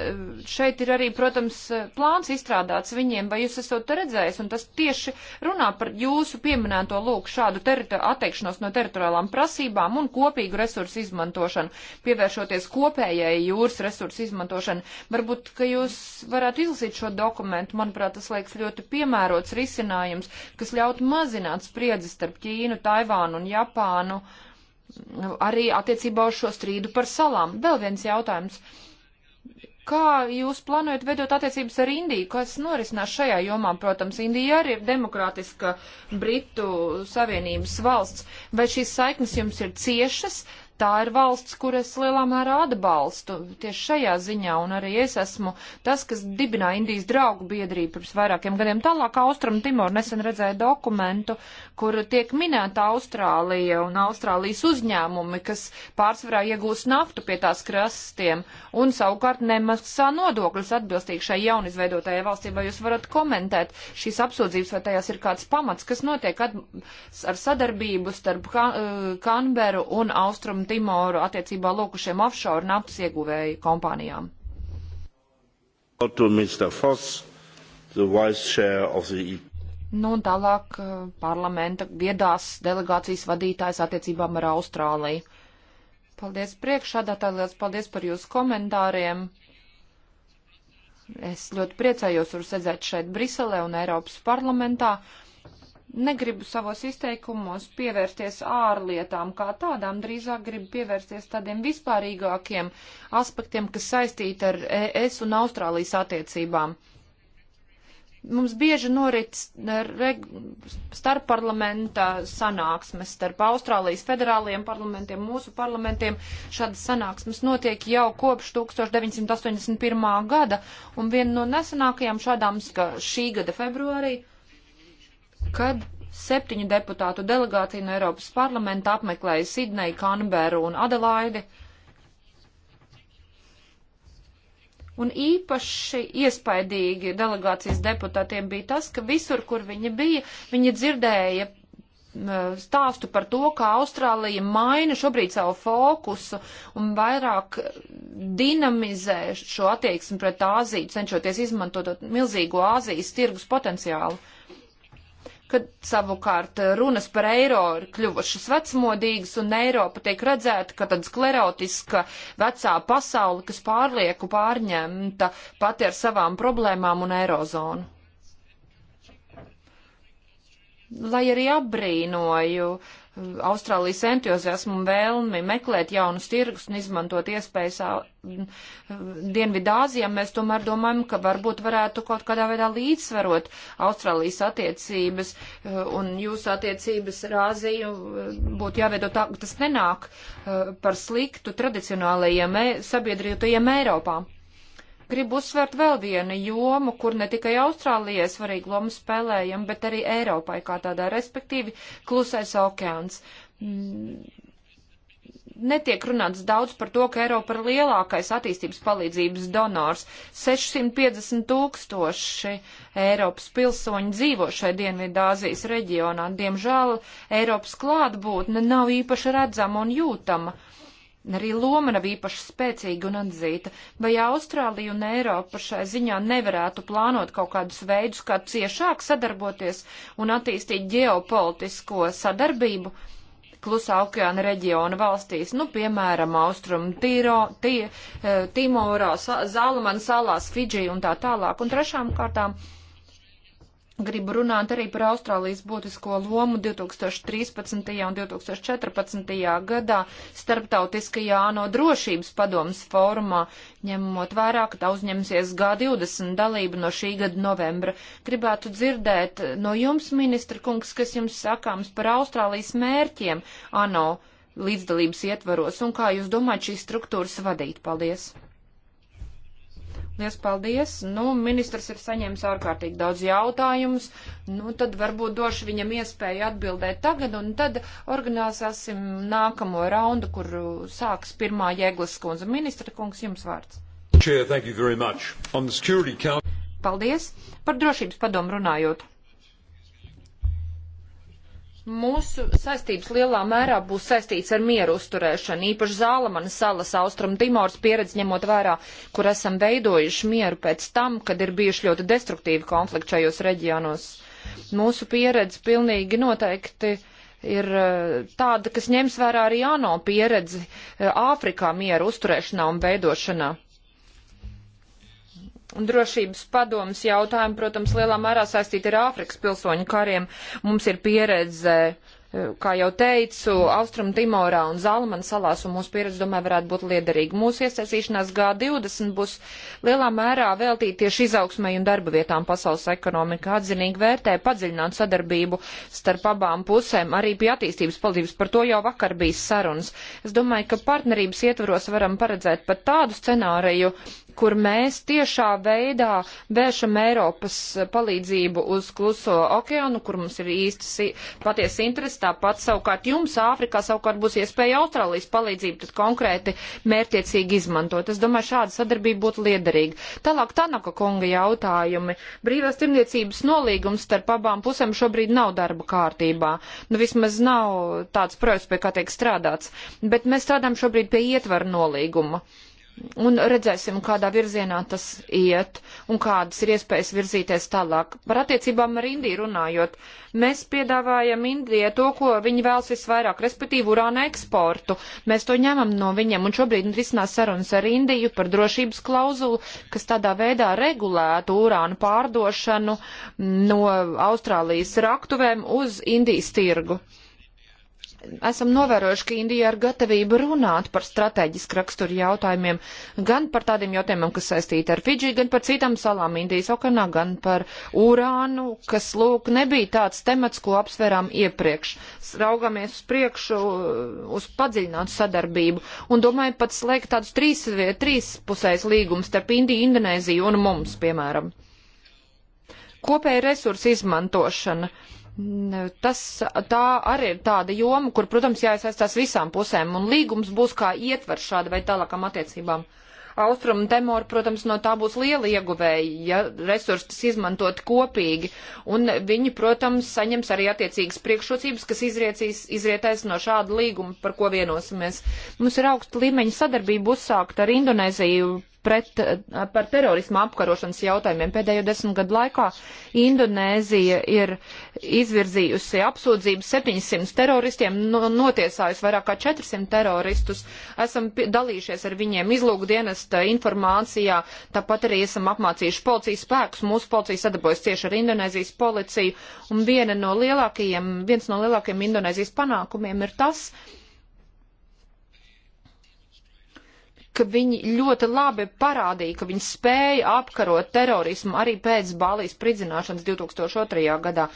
Speaker 3: šeit ir arī, protams, e, plāns izstrādāts viņiem, vai jūs esat to redzējis, un tas tieši runā par jūsu pieminēto lūk šādu atteikšanos no teritoriālām prasībām un kopīgu resursu izmantošanu, pievēršoties kopējai jūras resursu izmantošanu. Varbūt, ka jūs varētu izlasīt šo dokumentu, manuprāt, tas liekas ļoti piemērots risinājums, kas ļautu mazināt spriedzi starp Ķīnu, Taivānu un Japānu arī attiecībā uz šo strīdu par salām. Vēl viens jautājums. Kā jūs plānojat veidot attiecības ar Indiju, kas norisinās šajā jomā? Protams, Indija arī ir demokrātiska Britu Savienības valsts. Vai šīs saiknes jums ir ciešas, tā ir valsts, kur es lielā mērā atbalstu tieši šajā ziņā, un arī es esmu tas, kas dibināja Indijas draugu biedrību pirms vairākiem gadiem. Tālāk Austrum Timor nesen redzēja dokumentu, kur tiek minēta Austrālija un Austrālijas uzņēmumi, kas pārsvarā iegūst naftu pie tās krastiem un savukārt nemaksā nodokļus atbilstīgi šai jaunizveidotājai valstī. Vai jūs varat komentēt šīs apsūdzības, vai tajās ir kāds pamats, kas notiek ar sadarbību starp kan Kanberu un Austrum Timoru attiecībā lūk uz šiem offshore naftas ieguvēju kompānijām.
Speaker 2: Foss, the... E
Speaker 3: nu un tālāk eh, parlamenta viedās delegācijas vadītājs attiecībām ar Austrāliju. Paldies priekšādātāji, liels paldies par jūsu komentāriem. Es ļoti priecājos, varu sēdēt šeit Briselē un Eiropas parlamentā negribu savos izteikumos pievērsties ārlietām kā tādām, drīzāk gribu pievērsties tādiem vispārīgākiem aspektiem, kas saistīti ar ES un Austrālijas attiecībām. Mums bieži norit starpparlamenta sanāksmes starp Austrālijas federālajiem parlamentiem, mūsu parlamentiem. Šādas sanāksmes notiek jau kopš 1981. gada, un viena no nesenākajām šādām, ka šī gada februārī kad septiņu deputātu delegācija no Eiropas parlamenta apmeklēja Sidneju, Kanberu un Adelaidi. Un īpaši iespaidīgi delegācijas deputātiem bija tas, ka visur, kur viņi bija, viņi dzirdēja stāstu par to, kā Austrālija maina šobrīd savu fokusu un vairāk dinamizē šo attieksmi pret Āziju, cenšoties izmantot milzīgo Āzijas tirgus potenciālu. Uh, kad savukārt runas par eiro ir kļuvušas vecmodīgas un Eiropa tiek redzēta, ka tad sklerotiska vecā pasauli, kas pārlieku pārņemta pati ar savām problēmām un eirozonu. Lai arī apbrīnoju uh, Austrālijas entuziasmu un vēlmi meklēt jaunus tirgus un izmantot iespējas Dienvidāzijā, mēs tomēr domājam, ka varbūt varētu kaut kādā veidā līdzsvarot Austrālijas attiecības un jūsu attiecības ar Āziju būtu jāveido tā, ka tas nenāk par sliktu tradicionālajiem e, sabiedrītajiem Eiropā. Gribu uzsvērt vēl vienu jomu, kur ne tikai Austrālijai svarīgu lomu spēlējam, bet arī Eiropai kā tādā, respektīvi klusais okeāns. Mm, netiek runāts daudz par to, ka Eiropa ir lielākais attīstības palīdzības donors. 650 tūkstoši Eiropas pilsoņi dzīvo šai Dienvidāzijas reģionā. Diemžēl Eiropas klātbūtne nav īpaši redzama un jūtama. Uh, Arī loma nav īpaši spēcīga un atzīta. Vai Austrālija un Eiropa šai ziņā nevarētu plānot kaut kādus veidus, kā ciešāk sadarboties un attīstīt ģeopolitisko sadarbību klusā okeāna reģiona valstīs, nu, piemēram, Austrum, Tīro, tī, eh, Timorā, Zālamana salās, Fidži un tā tālāk. Un trešām kārtām Gribu runāt arī par Austrālijas būtisko lomu 2013. un 2014. gadā starptautiskajā ANO drošības padomas fórumā, ņemot vērā, ka tā uzņemsies G20 dalību no šī gada novembra. Gribētu dzirdēt no jums, ministra kungs, kas jums sakāms par Austrālijas mērķiem ANO līdzdalības ietvaros un kā jūs domājat šīs struktūras vadīt. Paldies! Lies paldies. Nu, ministrs ir saņēmis ārkārtīgi daudz jautājumus. Nu, tad varbūt došu viņam iespēju atbildēt tagad, un tad organizēsim nākamo raundu, kur sāks pirmā jēglas skundze. Ministra kungs, jums vārds.
Speaker 1: Chair, thank you very much. On the Security Council.
Speaker 3: Paldies. Par drošības padomu runājot. Mūsu saistības lielā mērā būs saistīts ar mieru uzturēšanu, īpaši Zālamana salas austrum Timors pieredzi ņemot vērā, kur esam veidojuši mieru pēc tam, kad ir bijuši ļoti destruktīvi konflikti šajos reģionos. Mūsu pieredze pilnīgi noteikti ir eh, tāda, kas ņems vērā arī ANO pieredzi eh, Āfrikā mieru uzturēšanā un veidošanā. Un drošības padomas jautājumi, protams, lielā mērā saistīti ar Āfrikas pilsoņu kariem. Mums ir pieredze, eh, kā jau teicu, Austrum Timorā un Zalman salās, un mūsu pieredze, domāju, varētu būt liederīga. Mūsu iesaistīšanās G20 būs lielā mērā veltīta tieši izaugsmai un darba vietām pasaules ekonomika. Atzinīgi vērtē padziļināt sadarbību starp abām pusēm, arī pie attīstības palīdzības. Par to jau vakar bija sarunas. Es domāju, ka partnerības ietvaros varam paredzēt pat tādu scenāriju, kur mēs tiešā veidā vēršam Eiropas palīdzību uz kluso okeānu, kur mums ir īsti patiesa interesi. Tāpat savukārt jums Āfrikā savukārt būs iespēja Austrālijas palīdzību tad konkrēti mērtiecīgi izmantot. Es domāju, šāda sadarbība būtu liederīga. Tālāk Tanaka kunga jautājumi. Brīvās tirniecības nolīgums starp abām pusēm šobrīd nav darba kārtībā. Nu, vismaz nav tāds projekts, pie kā tiek strādāts. Bet mēs strādājam šobrīd pie ietvaru nolīguma. Uh, un redzēsim, kādā virzienā tas iet un kādas ir iespējas virzīties tālāk. Par attiecībām ar Indiju runājot, mēs piedāvājam Indijai to, ko viņi vēlas visvairāk, respektīvi urāna eksportu. Mēs to ņemam no viņiem un šobrīd nu, risinās sarunas ar Indiju par drošības klauzulu, kas tādā veidā regulētu urāna pārdošanu no Austrālijas raktuvēm uz Indijas tirgu esam novērojuši, ka Indija ar gatavību runāt par strateģisku raksturu jautājumiem, gan par tādiem jautājumiem, kas saistīti ar Fidži, gan par citām salām Indijas okeānā, gan par urānu, kas, lūk, nebija tāds temats, ko apsverām iepriekš. Raugamies uz priekšu, uz padziļinātu sadarbību un domāju pat slēgt tādus trīs, trīs pusēs līgumus starp Indiju, Indonēziju un mums, piemēram. Kopēja resursa izmantošana Tas, tā arī ir tāda joma, kur, protams, jāiesaistās visām pusēm, un līgums būs kā ietvers šāda vai tālākam attiecībām. Austrum Temora, protams, no tā būs liela ieguvēja, ja resursus izmantot kopīgi, un viņi, protams, saņems arī attiecīgas priekšrocības, kas izriecīs, izrietēs no šāda līguma, par ko vienosimies. Mums ir augsta līmeņa sadarbība uzsākt ar Indonēziju pret, eh, par terorismu apkarošanas jautājumiem. Pēdējo desmit gadu laikā Indonēzija ir izvirzījusi apsūdzības 700 teroristiem, notiesājusi vairāk kā 400 teroristus. Esam dalījušies ar viņiem izlūkdienesta informācijā, tāpat arī esam apmācījuši policijas spēkus. Mūsu policija sadarbojas tieši ar Indonēzijas policiju. Un viena no lielākajiem, viens no lielākajiem Indonēzijas panākumiem ir tas, ka viņi ļoti labi parādīja, ka viņi spēja apkarot terorismu arī pēc Bālijas pridzināšanas 2002. gadā.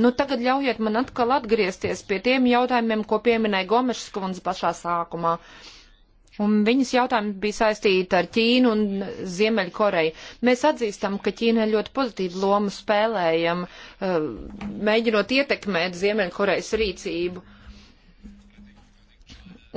Speaker 3: Nu, tagad ļaujiet man atkal atgriezties pie tiem jautājumiem, ko pieminēja Gomešs kundze pašā sākumā. Un viņas jautājumi bija saistīti ar Ķīnu un Ziemeļkoreju. Mēs atzīstam, ka Ķīna ļoti pozitīvu lomu spēlējam, eh, mēģinot ietekmēt Ziemeļkorejas rīcību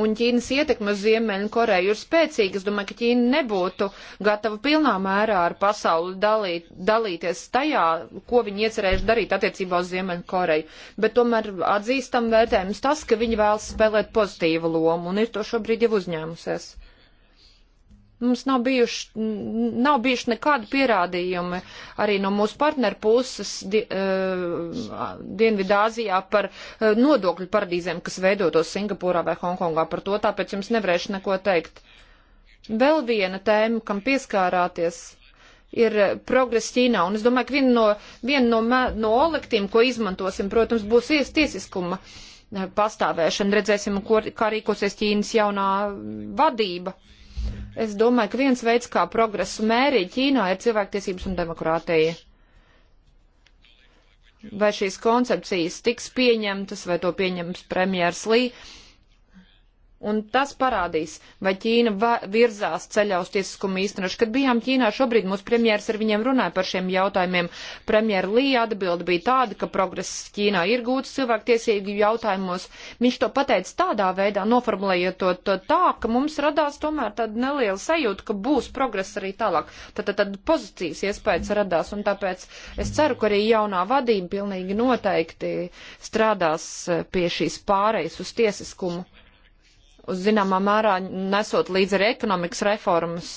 Speaker 3: un Ķīnas ietekme uz Ziemeļu Koreju ir spēcīga. Es domāju, ka Ķīna nebūtu gatava pilnā mērā ar pasauli dalīt, dalīties tajā, ko viņi iecerējuši darīt attiecībā uz Ziemeļu Koreju. Bet tomēr atzīstam vērtējums tas, ka viņi vēlas spēlēt pozitīvu lomu un ir to šobrīd jau uzņēmusies. Mums nav bijuši, nav bijuši nekādi pierādījumi arī no mūsu partneru puses di, uh, Dienvidāzijā par uh, nodokļu paradīzēm, kas veidotos Singapūrā vai Hongkongā par to, tāpēc jums nevarēšu neko teikt. Vēl viena tēma, kam pieskārāties, ir progress Ķīnā, un es domāju, ka viena no, viena no, mē, no olektiem, ko izmantosim, protams, būs tiesiskuma e, pastāvēšana. Redzēsim, ko, kā rīkosies Ķīnas jaunā vadība Es domāju, ka viens veids, kā progresu mērīt Ķīnā, ir cilvēktiesības un demokrātija. Vai šīs koncepcijas tiks pieņemtas, vai to pieņems premjers Lī, Un tas parādīs, vai Ķīna virzās ceļā uz tiesiskumu īstenošanu. Kad bijām Ķīnā šobrīd, mūsu premjeras ar viņiem runāja par šiem jautājumiem. Premjera Lī atbilda bija tāda, ka progress Ķīnā ir gūts cilvēktiesību jautājumos. Viņš to pateica tādā veidā, noformulējot to, to tā, ka mums radās tomēr tāda neliela sajūta, ka būs progress arī tālāk. Tad, tad, tad pozitīvs iespējas radās, un tāpēc es ceru, ka arī jaunā vadība pilnīgi noteikti strādās eh, pie šīs pārejas uz tiesiskumu uz zināmā mērā nesot līdz arī ekonomikas reformas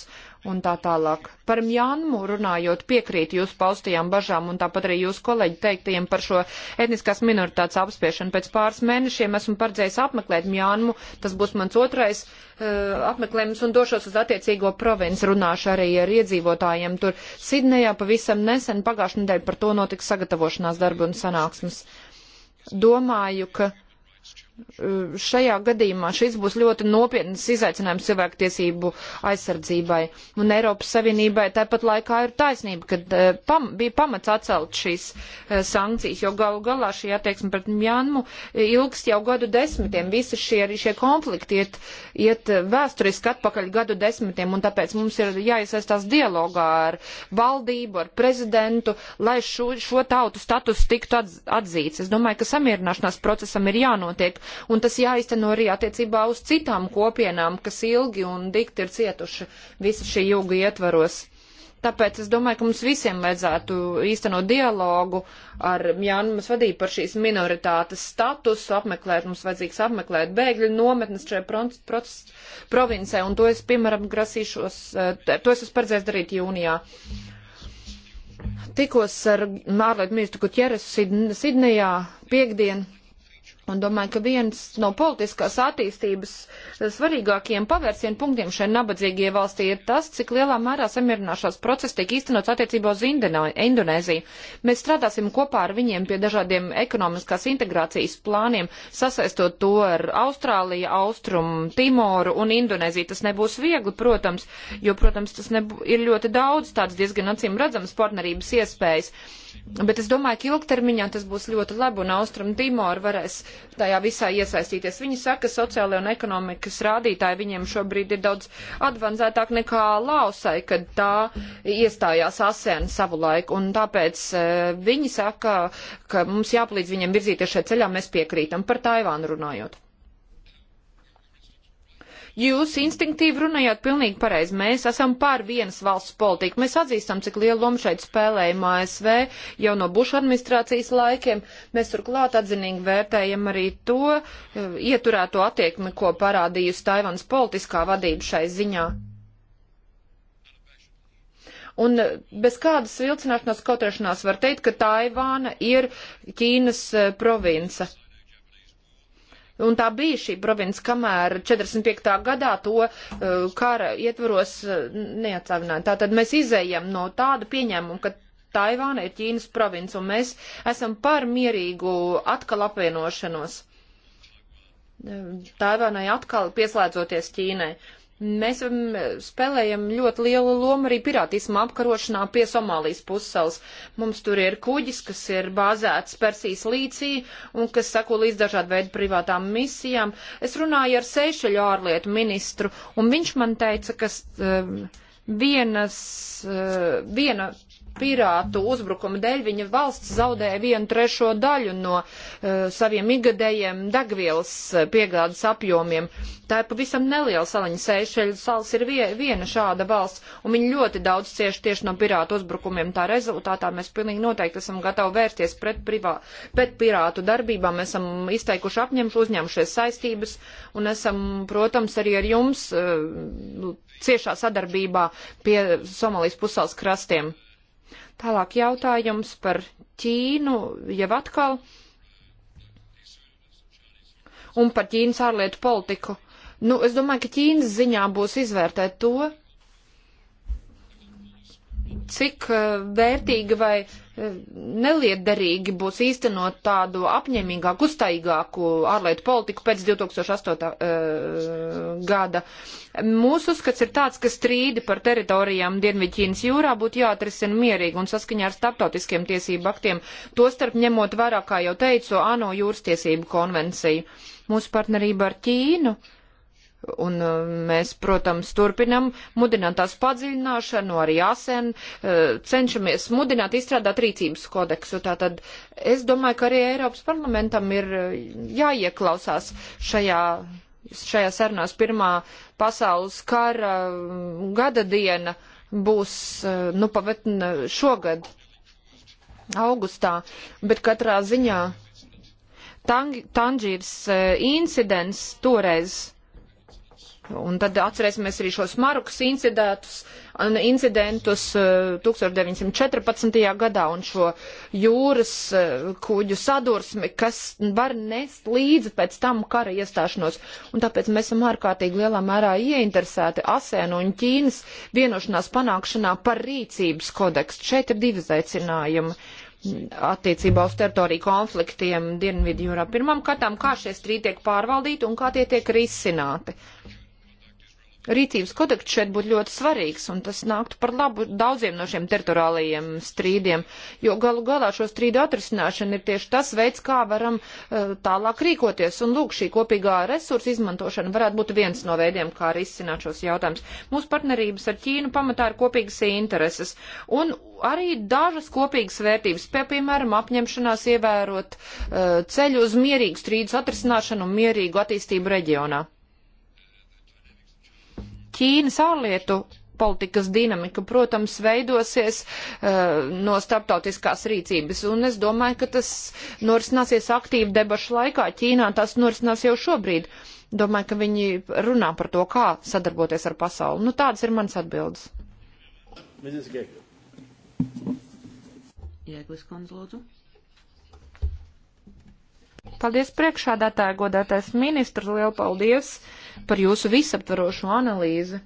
Speaker 3: un tā tālāk. Par Mjānmu runājot, piekrīt jūsu paustajām bažām un tāpat arī jūsu kolēģi teiktajiem par šo etniskās minoritātes apspiešanu. Pēc pāris mēnešiem esmu paredzējis apmeklēt Mjānmu, tas būs mans otrais uh, apmeklējums un došos uz attiecīgo provinci, runāšu arī ar iedzīvotājiem tur. Sidnejā pavisam nesen pagājušajā nedēļā par to notiks sagatavošanās darbi un sanāksmes. Domāju, ka šajā gadījumā šis būs ļoti nopietnas izaicinājums cilvēktiesību aizsardzībai. Un Eiropas Savienībai tāpat laikā ir taisnība, ka e, pam, bija pamats atcelt šīs e, sankcijas, jo galu galā šī attieksme pret Mjanmu ilgst jau gadu desmitiem. Visi šie, šie konflikti iet, iet vēsturiski atpakaļ gadu desmitiem, un tāpēc mums ir jāiesaistās dialogā ar valdību, ar prezidentu, lai šo, šo tautu status tiktu atz, atzīts. Es domāju, ka samierināšanās procesam ir jānotiek un tas jāizteno arī attiecībā uz citām kopienām, kas ilgi un dikti ir cietuši visu šī jūga ietvaros. Tāpēc es domāju, ka mums visiem vajadzētu īstenot dialogu ar Jānumas vadību par šīs minoritātes statusu, apmeklēt, mums vajadzīgs apmeklēt bēgļu nometnes šajā provincē, un to es, piemēram, grasīšos, eh, to es esmu paredzējis darīt jūnijā. Tikos ar Mārlietu ministru Kuķeresu Sidnejā piekdien Un domāju, ka viens no politiskās attīstības svarīgākajiem pavērsienu punktiem šai nabadzīgajai valstī ir tas, cik lielā mērā samierināšās process tiek īstenots attiecībā uz Indonēziju. Mēs strādāsim kopā ar viņiem pie dažādiem ekonomiskās integrācijas plāniem, sasaistot to ar Austrāliju, Austrumu, Timoru un Indonēziju. Tas nebūs viegli, protams, jo, protams, tas nebū, ir ļoti daudz tādas diezgan acīm redzamas partnerības iespējas. Uh, Bet es domāju, ka ilgtermiņā tas būs ļoti labi un Austrum Timor varēs tajā visā iesaistīties. Viņi saka, ka sociālajie un ekonomikas rādītāji viņiem šobrīd ir daudz advancētāk nekā Lausai, kad tā iestājās ASEAN savu laiku. Un tāpēc e, viņi saka, ka mums jāpalīdz viņiem virzīties šajā ceļā, mēs piekrītam par Taivānu runājot. Jūs instinktīvi runājāt pilnīgi pareizi. Mēs esam pār vienas valsts politiku. Mēs atzīstam, cik lielu lomu šeit spēlējama ASV jau no Buša administrācijas laikiem. Mēs turklāt atzinīgi vērtējam arī to uh, ieturēto attieksmi, ko parādījusi Taivans politiskā vadība šai ziņā un e, bez kādas vilcināšanās kautrēšanās var teikt, ka Taivāna ir Ķīnas e, province. Un tā bija šī province, kamēr 45. gadā to uh, kara ietvaros uh, neatsavināja. Tātad mēs izējam no tāda pieņēmuma, ka Taivāna ir Ķīnas province, un mēs esam par mierīgu atkal apvienošanos. Taivānai atkal pieslēdzoties Ķīnai. Uh, Mēs um, spēlējam ļoti lielu lomu arī pirātismu apkarošanā pie Somālijas pussalas. Mums tur ir kuģis, kas ir bāzēts Persijas līcī un kas sako līdz dažādu veidu privātām misijām. Es runāju ar Seišeļu ārlietu ministru un viņš man teica, ka. Um, vienas, uh, viena pirātu uzbrukuma dēļ viņa valsts zaudēja vienu trešo daļu no uh, saviem igadējiem degvielas eh, piegādes apjomiem. Tā ir pavisam neliela salaņa sēšeļu salas ir vie, viena šāda valsts, un viņi ļoti daudz cieši tieši no pirātu uzbrukumiem. Tā rezultātā mēs pilnīgi noteikti esam gatavi vērsties pret, privā, pret pirātu darbībām. Mēs esam izteikuši apņemšu, uzņemšies saistības, un esam, protams, arī ar jums uh, ciešā sadarbībā pie Somālijas pusēlas krastiem. Tālāk jautājums par Ķīnu, jau atkal, un par Ķīnas ārlietu politiku. Nu, es domāju, ka Ķīnas ziņā būs izvērtēt to, cik eh, vērtīgi vai eh, neliederīgi būs īstenot tādu apņēmīgāku, uztaigāku ārlietu politiku pēc 2008. Eh, gada. Mūsu uzskats ir tāds, ka strīdi par teritorijām Dienvidķīnas jūrā būtu jāatrisina mierīgi un saskaņā ar starptautiskiem tiesību aktiem, tostarp ņemot vērā, kā jau teicu, ANO jūras tiesību konvenciju. Mūsu partnerība ar Ķīnu Un uh, mēs, protams, turpinam mudināt tās padziļināšanu, arī ASEN uh, cenšamies mudināt izstrādāt rīcības kodeksu. Tātad es domāju, ka arī Eiropas parlamentam ir uh, jāieklausās šajā, šajā sarunās pirmā pasaules kara um, gada diena būs, nu, pavetn šogad, augustā, bet katrā ziņā Tang, Tanžīras incidents toreiz Un tad atcerēsimies arī šos Marukas incidentus, incidentus eh, 1914. gadā un šo jūras eh, kuģu sadursmi, kas var nest līdzi pēc tam kara iestāšanos. Un tāpēc mēs esam ārkārtīgi lielā mērā ieinteresēti ASEANu un Ķīnas vienošanās panākšanā par rīcības kodeksu. Šeit ir divi aicinājumi attiecībā uz teritoriju konfliktiem Dienvidjūrā. Pirmam kārtām, kā šie strīdi tiek pārvaldīti un kā tie tiek risināti rīcības kodeks šeit būtu ļoti svarīgs, un tas nāktu par labu daudziem no šiem teritoriālajiem strīdiem, jo galu galā šo strīdu atrisināšana ir tieši tas veids, kā varam uh, tālāk rīkoties, un lūk, šī kopīgā resursa izmantošana varētu būt viens no veidiem, kā arī izsināt šos jautājumus. Mūsu partnerības ar Ķīnu pamatā ir kopīgas intereses, un arī dažas kopīgas vērtības, pie, piemēram, apņemšanās ievērot uh, ceļu uz mierīgu strīdus atrisināšanu un mierīgu attīstību reģionā. Ķīnas ārlietu politikas dinamika, protams, veidosies uh, no starptautiskās rīcības. Un es domāju, ka tas norisināsies aktīvi debašu laikā. Ķīnā tas norisinās jau šobrīd. Domāju, ka viņi runā par to, kā sadarboties ar pasauli. Nu, tādas ir manas atbildes.
Speaker 1: Jēglis Kondz, lūdzu.
Speaker 3: Paldies priekšādātāja godātais ministrs, liela paldies! Uh, par jūsu visaptvarošo analīzi.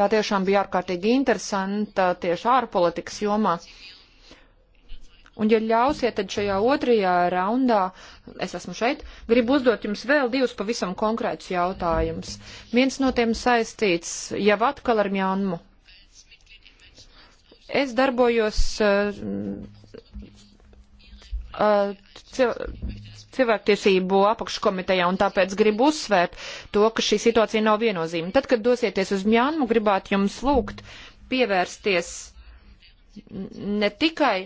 Speaker 3: Tā tiešām bija ārkārtīgi interesanta tieši ārpolitikas jomā. Un, ja ļausiet, tad šajā otrajā raundā, es esmu šeit, gribu uzdot jums vēl divus pavisam konkrētus jautājumus. Viens no tiem saistīts jau atkal ar Mjānmu. Es darbojos uh, uh, cilvēktiesību apakškomitejā, un tāpēc gribu uzsvērt to, ka šī situācija nav viennozīma. Tad, kad dosieties uz Mjānmu, gribētu jums lūgt pievērsties ne tikai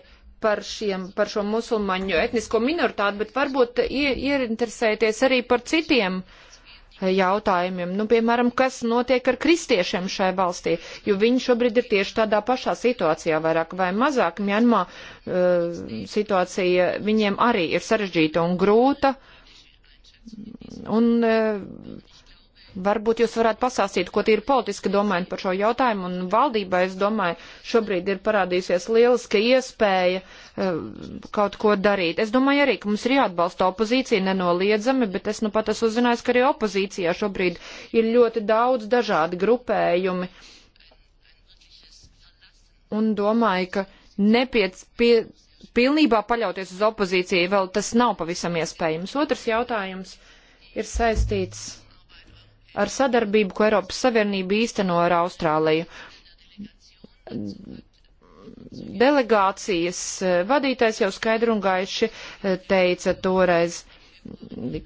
Speaker 3: par, šiem, par šo musulmaņu etnisko minoritāti, bet varbūt ierinteresēties arī par citiem uh, jautājumiem. Nu, piemēram, kas notiek ar kristiešiem šai valstī, jo viņi šobrīd ir tieši tādā pašā situācijā, vairāk vai mazāk. Mjanmā eh, situācija viņiem arī ir sarežģīta un grūta. Un eh, Varbūt jūs varētu pasāstīt, ko tīri politiski domājat par šo jautājumu, un valdībai, es domāju, šobrīd ir parādījusies lieliska iespēja uh, kaut ko darīt. Es domāju arī, ka mums ir jāatbalsta opozīcija nenoliedzami, bet es nu pat esmu uzzinājis, ka arī opozīcijā šobrīd ir ļoti daudz dažādi grupējumi. Un domāju, ka nepiec, pie, pilnībā paļauties uz opozīciju vēl tas nav pavisam iespējams. Otrs jautājums ir saistīts ar sadarbību, ko Eiropas Savienība īsteno ar Austrāliju. Delegācijas e, vadītājs jau skaidri un gaiši e, teica toreiz, e,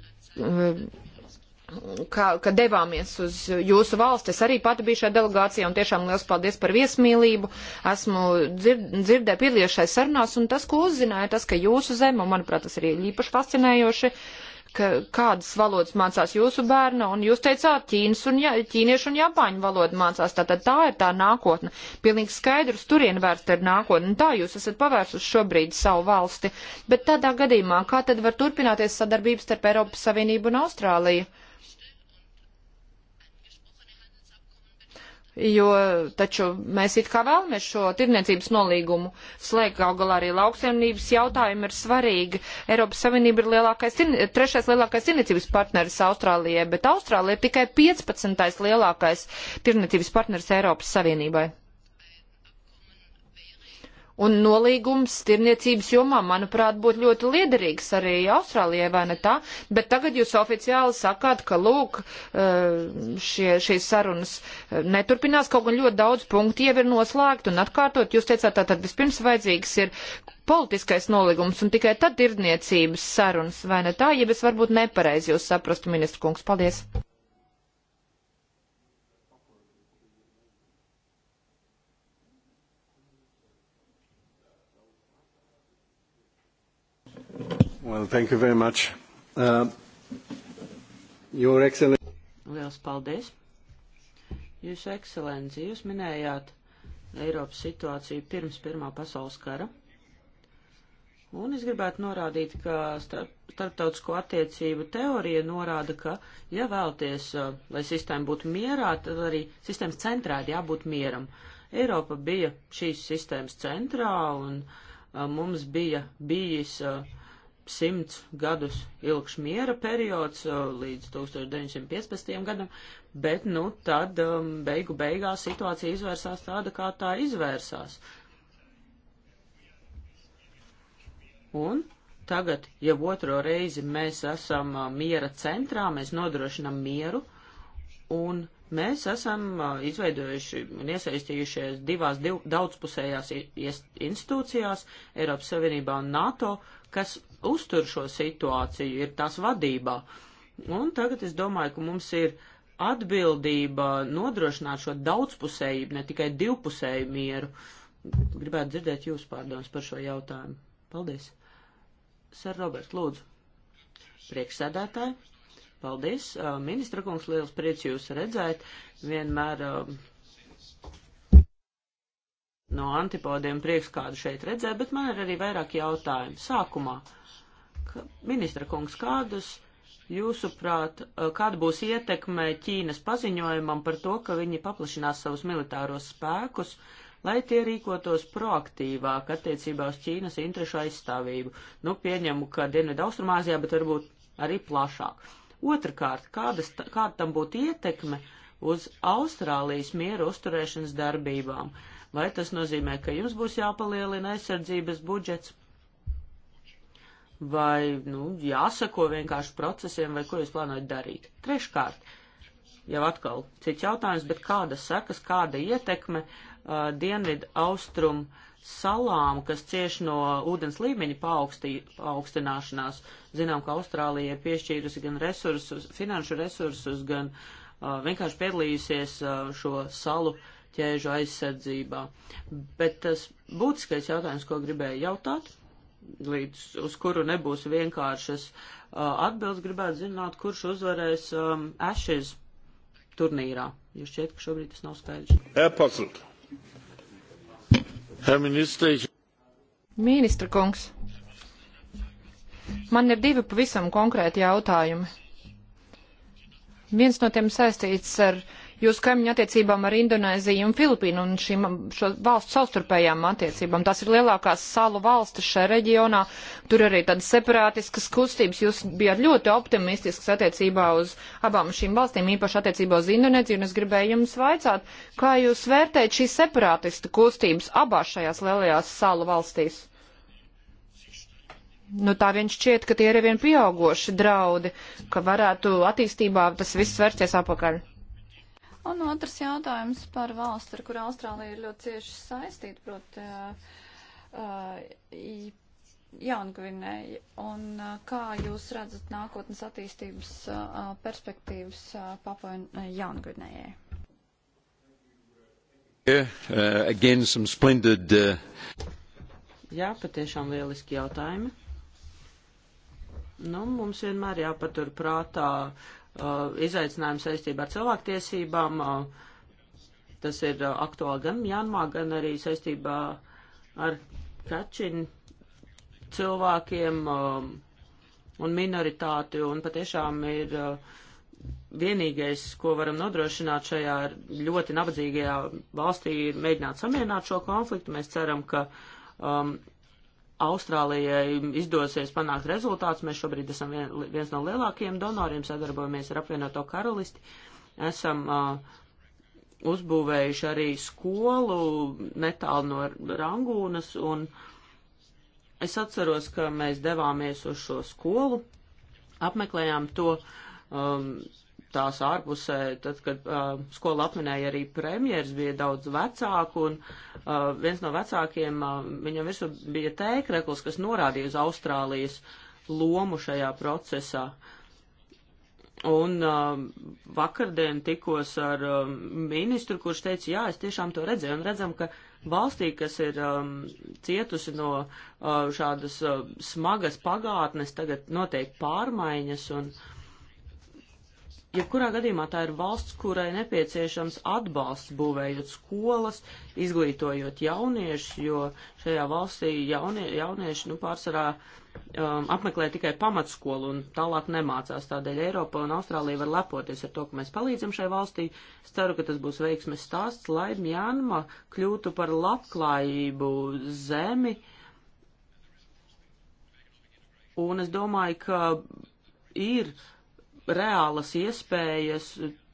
Speaker 3: ka, ka devāmies uz jūsu valsti. Es arī pati biju šajā delegācijā un tiešām liels paldies par viesmīlību. Esmu dzird, dzirdē piedalījušies sarunās un tas, ko uzzināju, tas, ka jūsu zeme, un manuprāt, tas arī īpaši fascinējoši, uh, ka, kādas valodas mācās jūsu bērna, un jūs teicāt, ķīnas un, ja, ķīniešu un japāņu valodu mācās, tātad tā ir tā nākotne. Pilnīgi skaidrs, turien vērsta ir nākotne, tā jūs esat pavērsus šobrīd savu valsti. Bet tādā gadījumā, kā tad var turpināties sadarbības starp Eiropas Savienību un Austrāliju? jo taču mēs it kā vēlamies šo tirniecības nolīgumu slēgt. Gal galā arī lauksaimnības jautājumi ir svarīgi. Eiropas Savienība ir lielākais, trešais lielākais tirniecības partneris Austrālijai, bet Austrālija ir tikai 15. lielākais tirniecības partneris Eiropas Savienībai. Un nolīgums tirniecības jomā, manuprāt, būtu ļoti liederīgs arī Austrālijai, vai ne tā? Bet tagad jūs oficiāli sakāt, ka, lūk, eh, šie, šīs sarunas eh, neturpinās, kaut gan ļoti daudz punktu jau ir noslēgt un atkārtot. Jūs teicāt, tātad vispirms vajadzīgs ir politiskais nolīgums un tikai tad tirniecības sarunas, vai ne tā? Ja es varbūt nepareizi jūs saprastu, ministru kungs. Paldies!
Speaker 2: Well, thank you very much. Uh, your excellent...
Speaker 1: Liels paldies. Jūsu ekscelenci, jūs minējāt Eiropas situāciju pirms Pirmā pasaules kara. Un es gribētu norādīt, ka starp, starptautisko attiecību teorija norāda, ka, ja vēlties, uh, lai sistēma būtu mierā, tad arī sistēmas centrā ir jābūt mieram. Eiropa bija šīs sistēmas centrā, un a, uh, mums bija bijis a, uh, simts gadus ilgs miera periods uh, līdz 1915. gadam, bet nu tad um, beigu beigās situācija izvērsās tāda, kā tā izvērsās. Un tagad, ja otro reizi mēs esam uh, miera centrā, mēs nodrošinam mieru un Mēs esam uh, izveidojuši un iesaistījušies divās div, daudzpusējās institūcijās, Eiropas Savienībā un NATO, kas uztur šo situāciju, ir tās vadībā. Un tagad es domāju, ka mums ir atbildība nodrošināt šo daudzpusējību, ne tikai divpusēju mieru. Gribētu dzirdēt jūsu pārdomas par šo jautājumu. Paldies. Sir Robert, lūdzu. Priekšsēdētāji. Paldies. Uh, ministra kungs, liels prieks jūs redzēt. Vienmēr uh, no antipodiem prieks kādu šeit redzēt, bet man ir arī vairāk jautājumu. Sākumā Ministra kungs, kādus jūsuprāt, eh, kāda būs ietekme Ķīnas paziņojumam par to, ka viņi paplašinās savus militāros spēkus, lai tie rīkotos proaktīvāk attiecībā uz Ķīnas interešu aizstāvību? Nu, pieņemu, ka Dienvidu Austrumāzijā, bet varbūt arī plašāk. Otrakārt, kādas, kāda tam būtu ietekme uz Austrālijas mieru uzturēšanas darbībām? Vai tas nozīmē, ka jums būs jāpalielina aizsardzības budžets? vai nu, jāsako vienkārši procesiem, vai ko jūs plānojat darīt. Treškārt, jau atkal cits jautājums, bet kāda sekas, kāda ietekme uh, dienvidu austrumu salām, kas cieš no ūdens līmeņa paaugstī, paaugstināšanās. Zinām, ka Austrālija ir piešķīrusi gan resursus, finanšu resursus, gan uh, vienkārši piedalījusies uh, šo salu ķēžu aizsardzībā. Bet tas būtiskais jautājums, ko gribēju jautāt, līdz uz kuru nebūs vienkāršas uh, atbildes, gribētu zināt, kurš uzvarēs um, Ashes turnīrā. Jo šķiet, ka šobrīd tas nav skaidrs.
Speaker 2: Epazut. Herr Minister, ich...
Speaker 3: Ministra kungs, man ir divi pavisam konkrēti jautājumi. Viens no tiem saistīts ar uh, jūsu kaimiņu attiecībām ar Indonēziju un Filipīnu un šīm šo valstu savstarpējām attiecībām. Tās ir lielākās salu valstis šajā reģionā, tur arī tādas separātiskas kustības. Jūs bijāt ļoti optimistisks attiecībā uz abām šīm valstīm, īpaši attiecībā uz Indonēziju, un es gribēju jums vaicāt, kā jūs vērtējat šīs separātista kustības abās šajās lielajās salu valstīs? Nu, tā vien šķiet, ka tie ir vien pieaugoši draudi, ka varētu attīstībā tas viss vērsties apakaļ.
Speaker 4: Un otrs jautājums par valsts, ar kuru Austrālija ir ļoti cieši saistīta, proti, uh, Jaungvinēja. Un uh, kā jūs redzat nākotnes attīstības uh, perspektīvas
Speaker 1: uh, Papai Jaungvinējai? Uh, again, some splendid. Uh... Jā, patiešām lieliski jautājumi. Nu, mums vienmēr jāpatur prātā Uh, izaicinājumi saistībā ar cilvēktiesībām. Uh, tas ir uh, aktuāli gan Mjanmā, gan arī saistībā ar Kačinu cilvēkiem un minoritāti. Un patiešām ir vienīgais, ko varam nodrošināt šajā ļoti nabadzīgajā valstī, ir mēģināt samierināt šo konfliktu. Mēs ceram, ka um, Austrālijai izdosies panākt rezultāts. Mēs šobrīd esam vien, viens no lielākajiem donoriem, sadarbojamies ar apvienoto karalisti. Esam uh, uzbūvējuši arī skolu netālu no Rangūnas, un es atceros, ka mēs devāmies uz šo skolu, apmeklējām to. Um, tās ārpusē, tad, kad uh, skolu apminēja arī premjers, bija daudz vecāku, un uh, viens no vecākiem, uh, viņam virsū bija tēkrekls, kas norādīja uz Austrālijas lomu šajā procesā. Un uh, vakardien tikos ar um, ministru, kurš teica, jā, es tiešām to redzēju, un redzam, ka valstī, kas ir um, cietusi no uh, šādas uh, smagas pagātnes, tagad notiek pārmaiņas, un uh, jebkurā gadījumā tā ir valsts, kurai nepieciešams atbalsts būvējot skolas, izglītojot jauniešus, jo šajā valstī jaunie, jaunieši nu, pārsvarā um, apmeklē tikai pamatskolu un tālāk nemācās. Tādēļ Eiropa un Austrālija var lepoties ar to, ka mēs palīdzam šai valstī. Es ceru, ka tas būs veiksmes stāsts, lai Mjanma kļūtu par labklājību zemi. Un es domāju, ka ir uh, reālas iespējas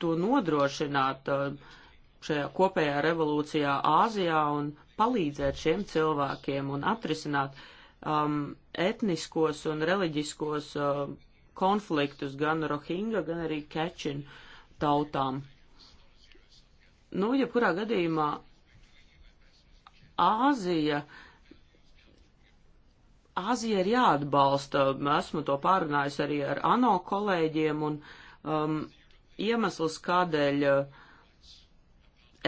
Speaker 1: to nodrošināt uh, šajā kopējā revolūcijā Āzijā un palīdzēt šiem cilvēkiem un atrisināt um, etniskos un reliģiskos uh, konfliktus gan Rohingya, gan arī Kečin tautām. Nu, jebkurā gadījumā Āzija uh, Āzija ir jāatbalsta, esmu to pārunājusi arī ar ANO kolēģiem, un um, iemesls, kādēļ uh,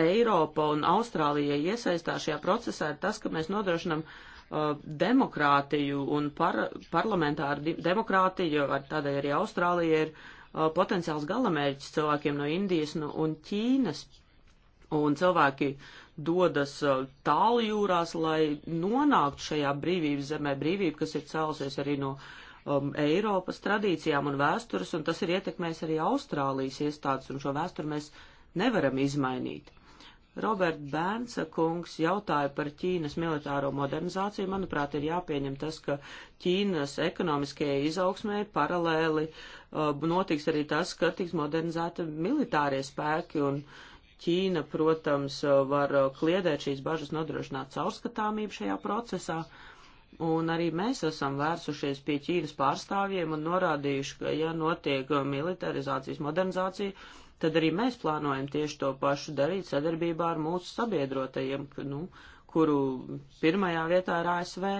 Speaker 1: Eiropa un Austrālija iesaistās šajā procesā, ir tas, ka mēs nodrošinam uh, demokrātiju un par, parlamentāru demokrātiju, ar tādēļ arī Austrālija ir uh, potenciāls galamērķis cilvēkiem no Indijas nu, un Ķīnas. Un cilvēki dodas uh, tālu jūrās, lai nonāktu šajā brīvības zemē, brīvība, kas ir cēlusies arī no um, Eiropas tradīcijām un vēstures, un tas ir ietekmējis arī Austrālijas iestādes, un šo vēsturi mēs nevaram izmainīt. Robert Bērnsa kungs jautāja par Ķīnas militāro modernizāciju. Manuprāt, ir jāpieņem tas, ka Ķīnas ekonomiskajai izaugsmē paralēli uh, notiks arī tas, ka tiks modernizēta militārie spēki un uh, Ķīna, protams, eh, var eh, kliedēt šīs bažas nodrošināt caurskatāmību šajā procesā, un arī mēs esam vērsušies pie Ķīnas pārstāvjiem un norādījuši, ka, ja notiek eh, militarizācijas modernizācija, tad arī mēs plānojam tieši to pašu darīt sadarbībā ar mūsu sabiedrotajiem, nu, kuru pirmajā vietā ir ASV.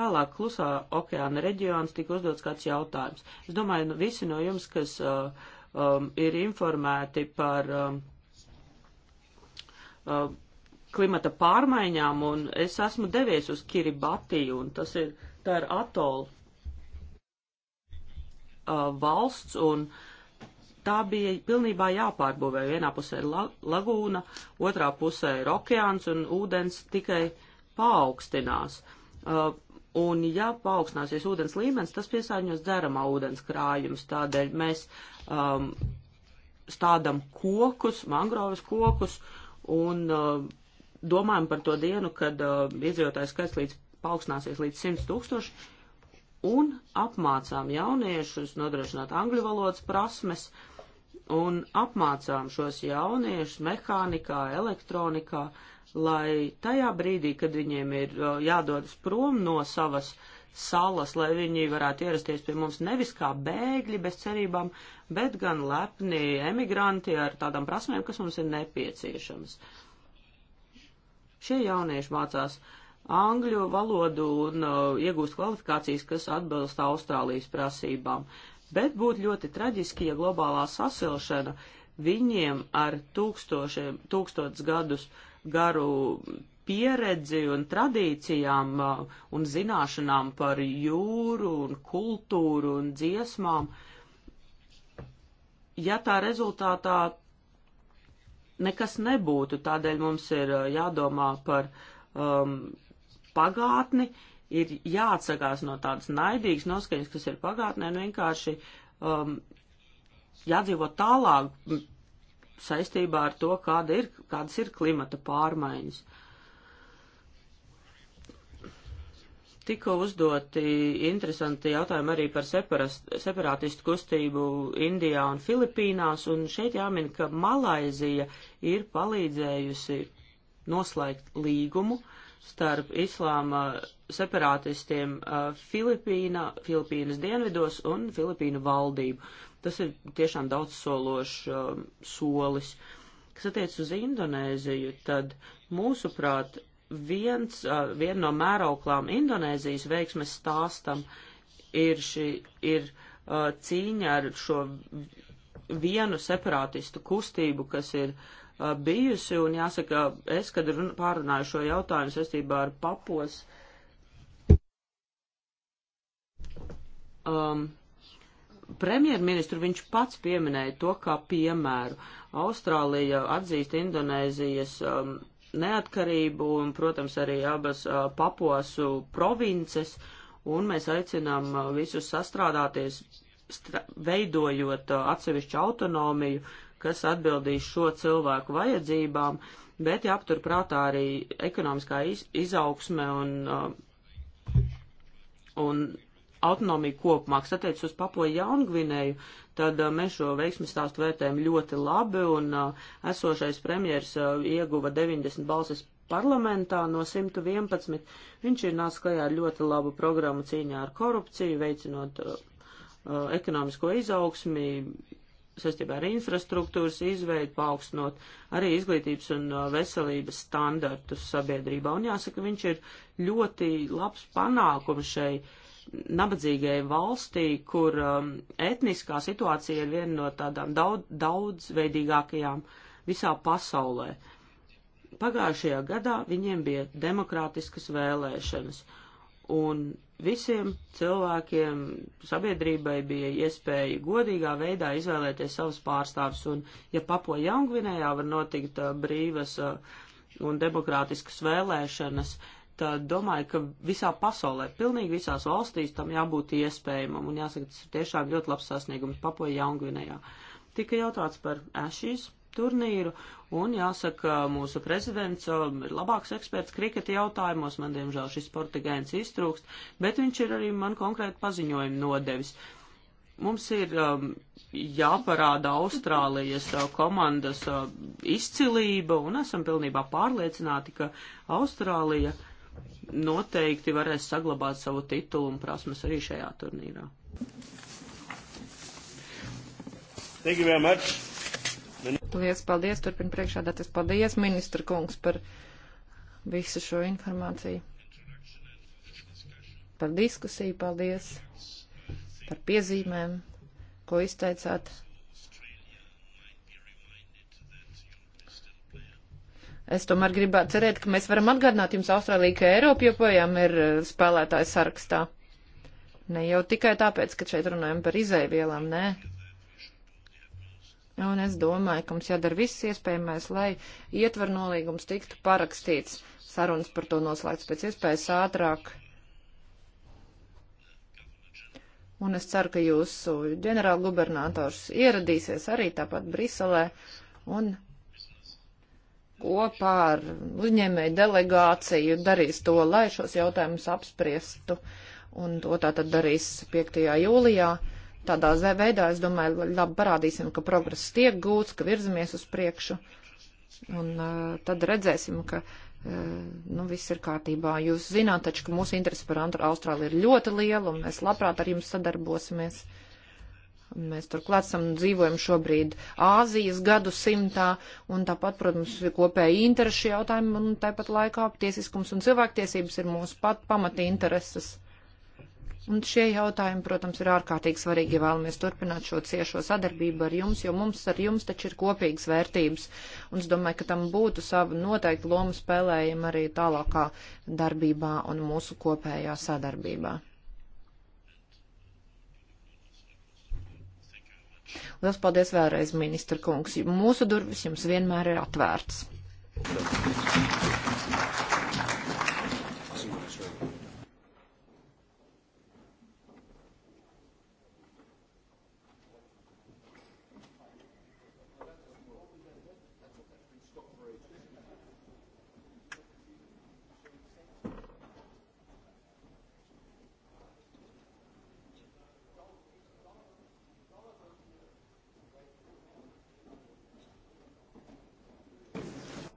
Speaker 1: Tālāk klusā okeāna reģions tika uzdots kāds jautājums. Es domāju, nu, visi no jums, kas uh, um, ir informēti par um, uh, klimata pārmaiņām, un es esmu devies uz Kiribatiju, un tas ir, tā ir atol uh, valsts, un tā bija pilnībā jāpārbūvē. Vienā pusē ir la lagūna, otrā pusē ir okeāns, un ūdens tikai paaugstinās. Uh, un ja paaugstināsies ūdens līmenis, tas piesārņos dzeramā ūdens krājums. Tādēļ mēs um, stādam kokus, mangroves kokus, uh, un uh, domājam par to dienu, kad uh, iedzīvotāju skaits līdz paaugstināsies līdz 100 tūkstoši, un apmācām jauniešus nodrošināt angļu valodas prasmes, un apmācām šos jauniešus mehānikā, elektronikā, lai tajā brīdī, kad viņiem ir uh, jādodas prom no savas uh, salas, lai viņi varētu ierasties pie mums nevis kā bēgļi bez cerībām, bet gan lepni emigranti ar tādām prasmēm, kas mums ir nepieciešamas. Šie jaunieši mācās angļu valodu un uh, iegūst kvalifikācijas, kas atbilst Austrālijas prasībām. Bet būtu ļoti traģiski, ja globālā sasilšana viņiem ar tūkstošiem, tūkstots gadus garu pieredzi un tradīcijām uh, un zināšanām par jūru un kultūru un dziesmām, ja tā rezultātā nekas nebūtu, tādēļ mums ir uh, jādomā par um, pagātni, ir jāatsakās no tādas naidīgas noskaņas, kas ir pagātnē, un nu vienkārši um, jādzīvo tālāk saistībā ar to, kāda ir, kādas ir klimata pārmaiņas. Tikko uzdoti interesanti jautājumi arī par separast, separātistu kustību Indijā un Filipīnās, un šeit jāmin, ka Malaizija ir palīdzējusi noslēgt līgumu starp islāma separātistiem uh, Filipīna, Filipīnas dienvidos un Filipīnu valdību. Tas ir tiešām daudz sološs um, solis. Kas attiec uz Indonēziju, tad mūsuprāt viens, viena no mērauklām Indonēzijas veiksmes stāstam ir, šī, ir cīņa ar šo vienu separātistu kustību, kas ir bijusi, un jāsaka, es, kad pārunāju šo jautājumu saistībā ar papos, um, premjerministru viņš pats pieminēja to kā piemēru. Austrālija atzīst Indonēzijas um, neatkarību un, protams, arī abas papuasu provinces, un mēs aicinām visus sastrādāties, veidojot atsevišķu autonomiju, kas atbildīs šo cilvēku vajadzībām, bet jāaptur prātā arī ekonomiskā iz, izaugsme un, un autonomija kopumā, kas attiec uz papoju Jaungvinēju, tad a, uh, mēs šo veiksmi stāstu vērtējam ļoti labi, un a, uh, esošais premjers a, uh, ieguva 90 balsis parlamentā no 111. Viņš ir nācis klajā ar ļoti labu programmu cīņā ar korupciju, veicinot ekonomisko izaugsmi, saistībā ar infrastruktūras izveidu, paaugstinot arī izglītības un veselības standartus sabiedrībā. Un jāsaka, viņš ir ļoti labs panākums šeit nabadzīgai valstī, kur um, etniskā situācija ir viena no tādām daudz, daudzveidīgākajām visā pasaulē. Pagājušajā gadā viņiem bija demokrātiskas vēlēšanas, un visiem cilvēkiem sabiedrībai bija iespēja godīgā veidā izvēlēties savus pārstāvus, un ja Papo Jaungvinējā var notikt uh, brīvas uh, un demokrātiskas vēlēšanas, uh, tad eh, domāju, ka visā pasaulē, pilnīgi visās valstīs tam jābūt iespējamam, un jāsaka, tas ir tiešām ļoti labs sasniegums Papoja Jaungvinējā. Tika jautāts par Ashīs turnīru, un jāsaka, mūsu prezidents um, ir labāks eksperts kriketa jautājumos, man diemžēl šis sporta gēns iztrūkst, bet viņš ir arī man konkrēti paziņojumu nodevis. Mums ir um, jāparāda Austrālijas uh, komandas uh, izcilība, un esam pilnībā pārliecināti, ka Austrālija uh, noteikti varēs saglabāt savu titulu un prasmes arī šajā turnīrā. Thank you very much.
Speaker 3: Lielas paldies, turpin priekšādāties. Paldies, ministra kungs, par visu šo informāciju. Par diskusiju, paldies. Par piezīmēm, ko izteicāt. Es tomēr gribētu cerēt, ka mēs varam atgādināt jums Austrāliju, ka Eiropa joprojām ir eh, spēlētāja sarakstā. Ne jau tikai tāpēc, ka šeit runājam par izēvielām, nē. Un es domāju, ka mums jādara viss iespējamais, lai ietver nolīgums tiktu parakstīts, sarunas par to noslēgts pēc iespējas ātrāk. Un es ceru, ka jūsu ģenerāla gubernators ieradīsies arī tāpat Briselē un kopā ar uzņēmēju delegāciju darīs to, lai šos jautājumus apspriestu. Un to tā tad darīs 5. jūlijā. Tādā veidā, es domāju, labi parādīsim, ka progress tiek gūts, ka virzamies uz priekšu. Un uh, tad redzēsim, ka uh, nu, viss ir kārtībā. Jūs zināt taču, ka mūsu interesi par Austrāliju ir ļoti liela, un mēs labprāt ar jums sadarbosimies. Uh, Mēs turklāt esam dzīvojam šobrīd Āzijas gadu simtā, un tāpat, protams, ir kopēji interešu jautājumi, un tāpat laikā tiesiskums un cilvēktiesības ir mūsu pat pamati intereses. Un šie jautājumi, protams, ir ārkārtīgi svarīgi, ja vēlamies turpināt šo ciešo sadarbību ar jums, jo mums ar jums taču ir kopīgas vērtības, un es domāju, ka tam būtu sava noteikta loma spēlējama arī tālākā darbībā un mūsu kopējā sadarbībā. Lielas paldies vēlreiz, ministra kungs. Mūsu durvis jums vienmēr ir atvērts. Thank you.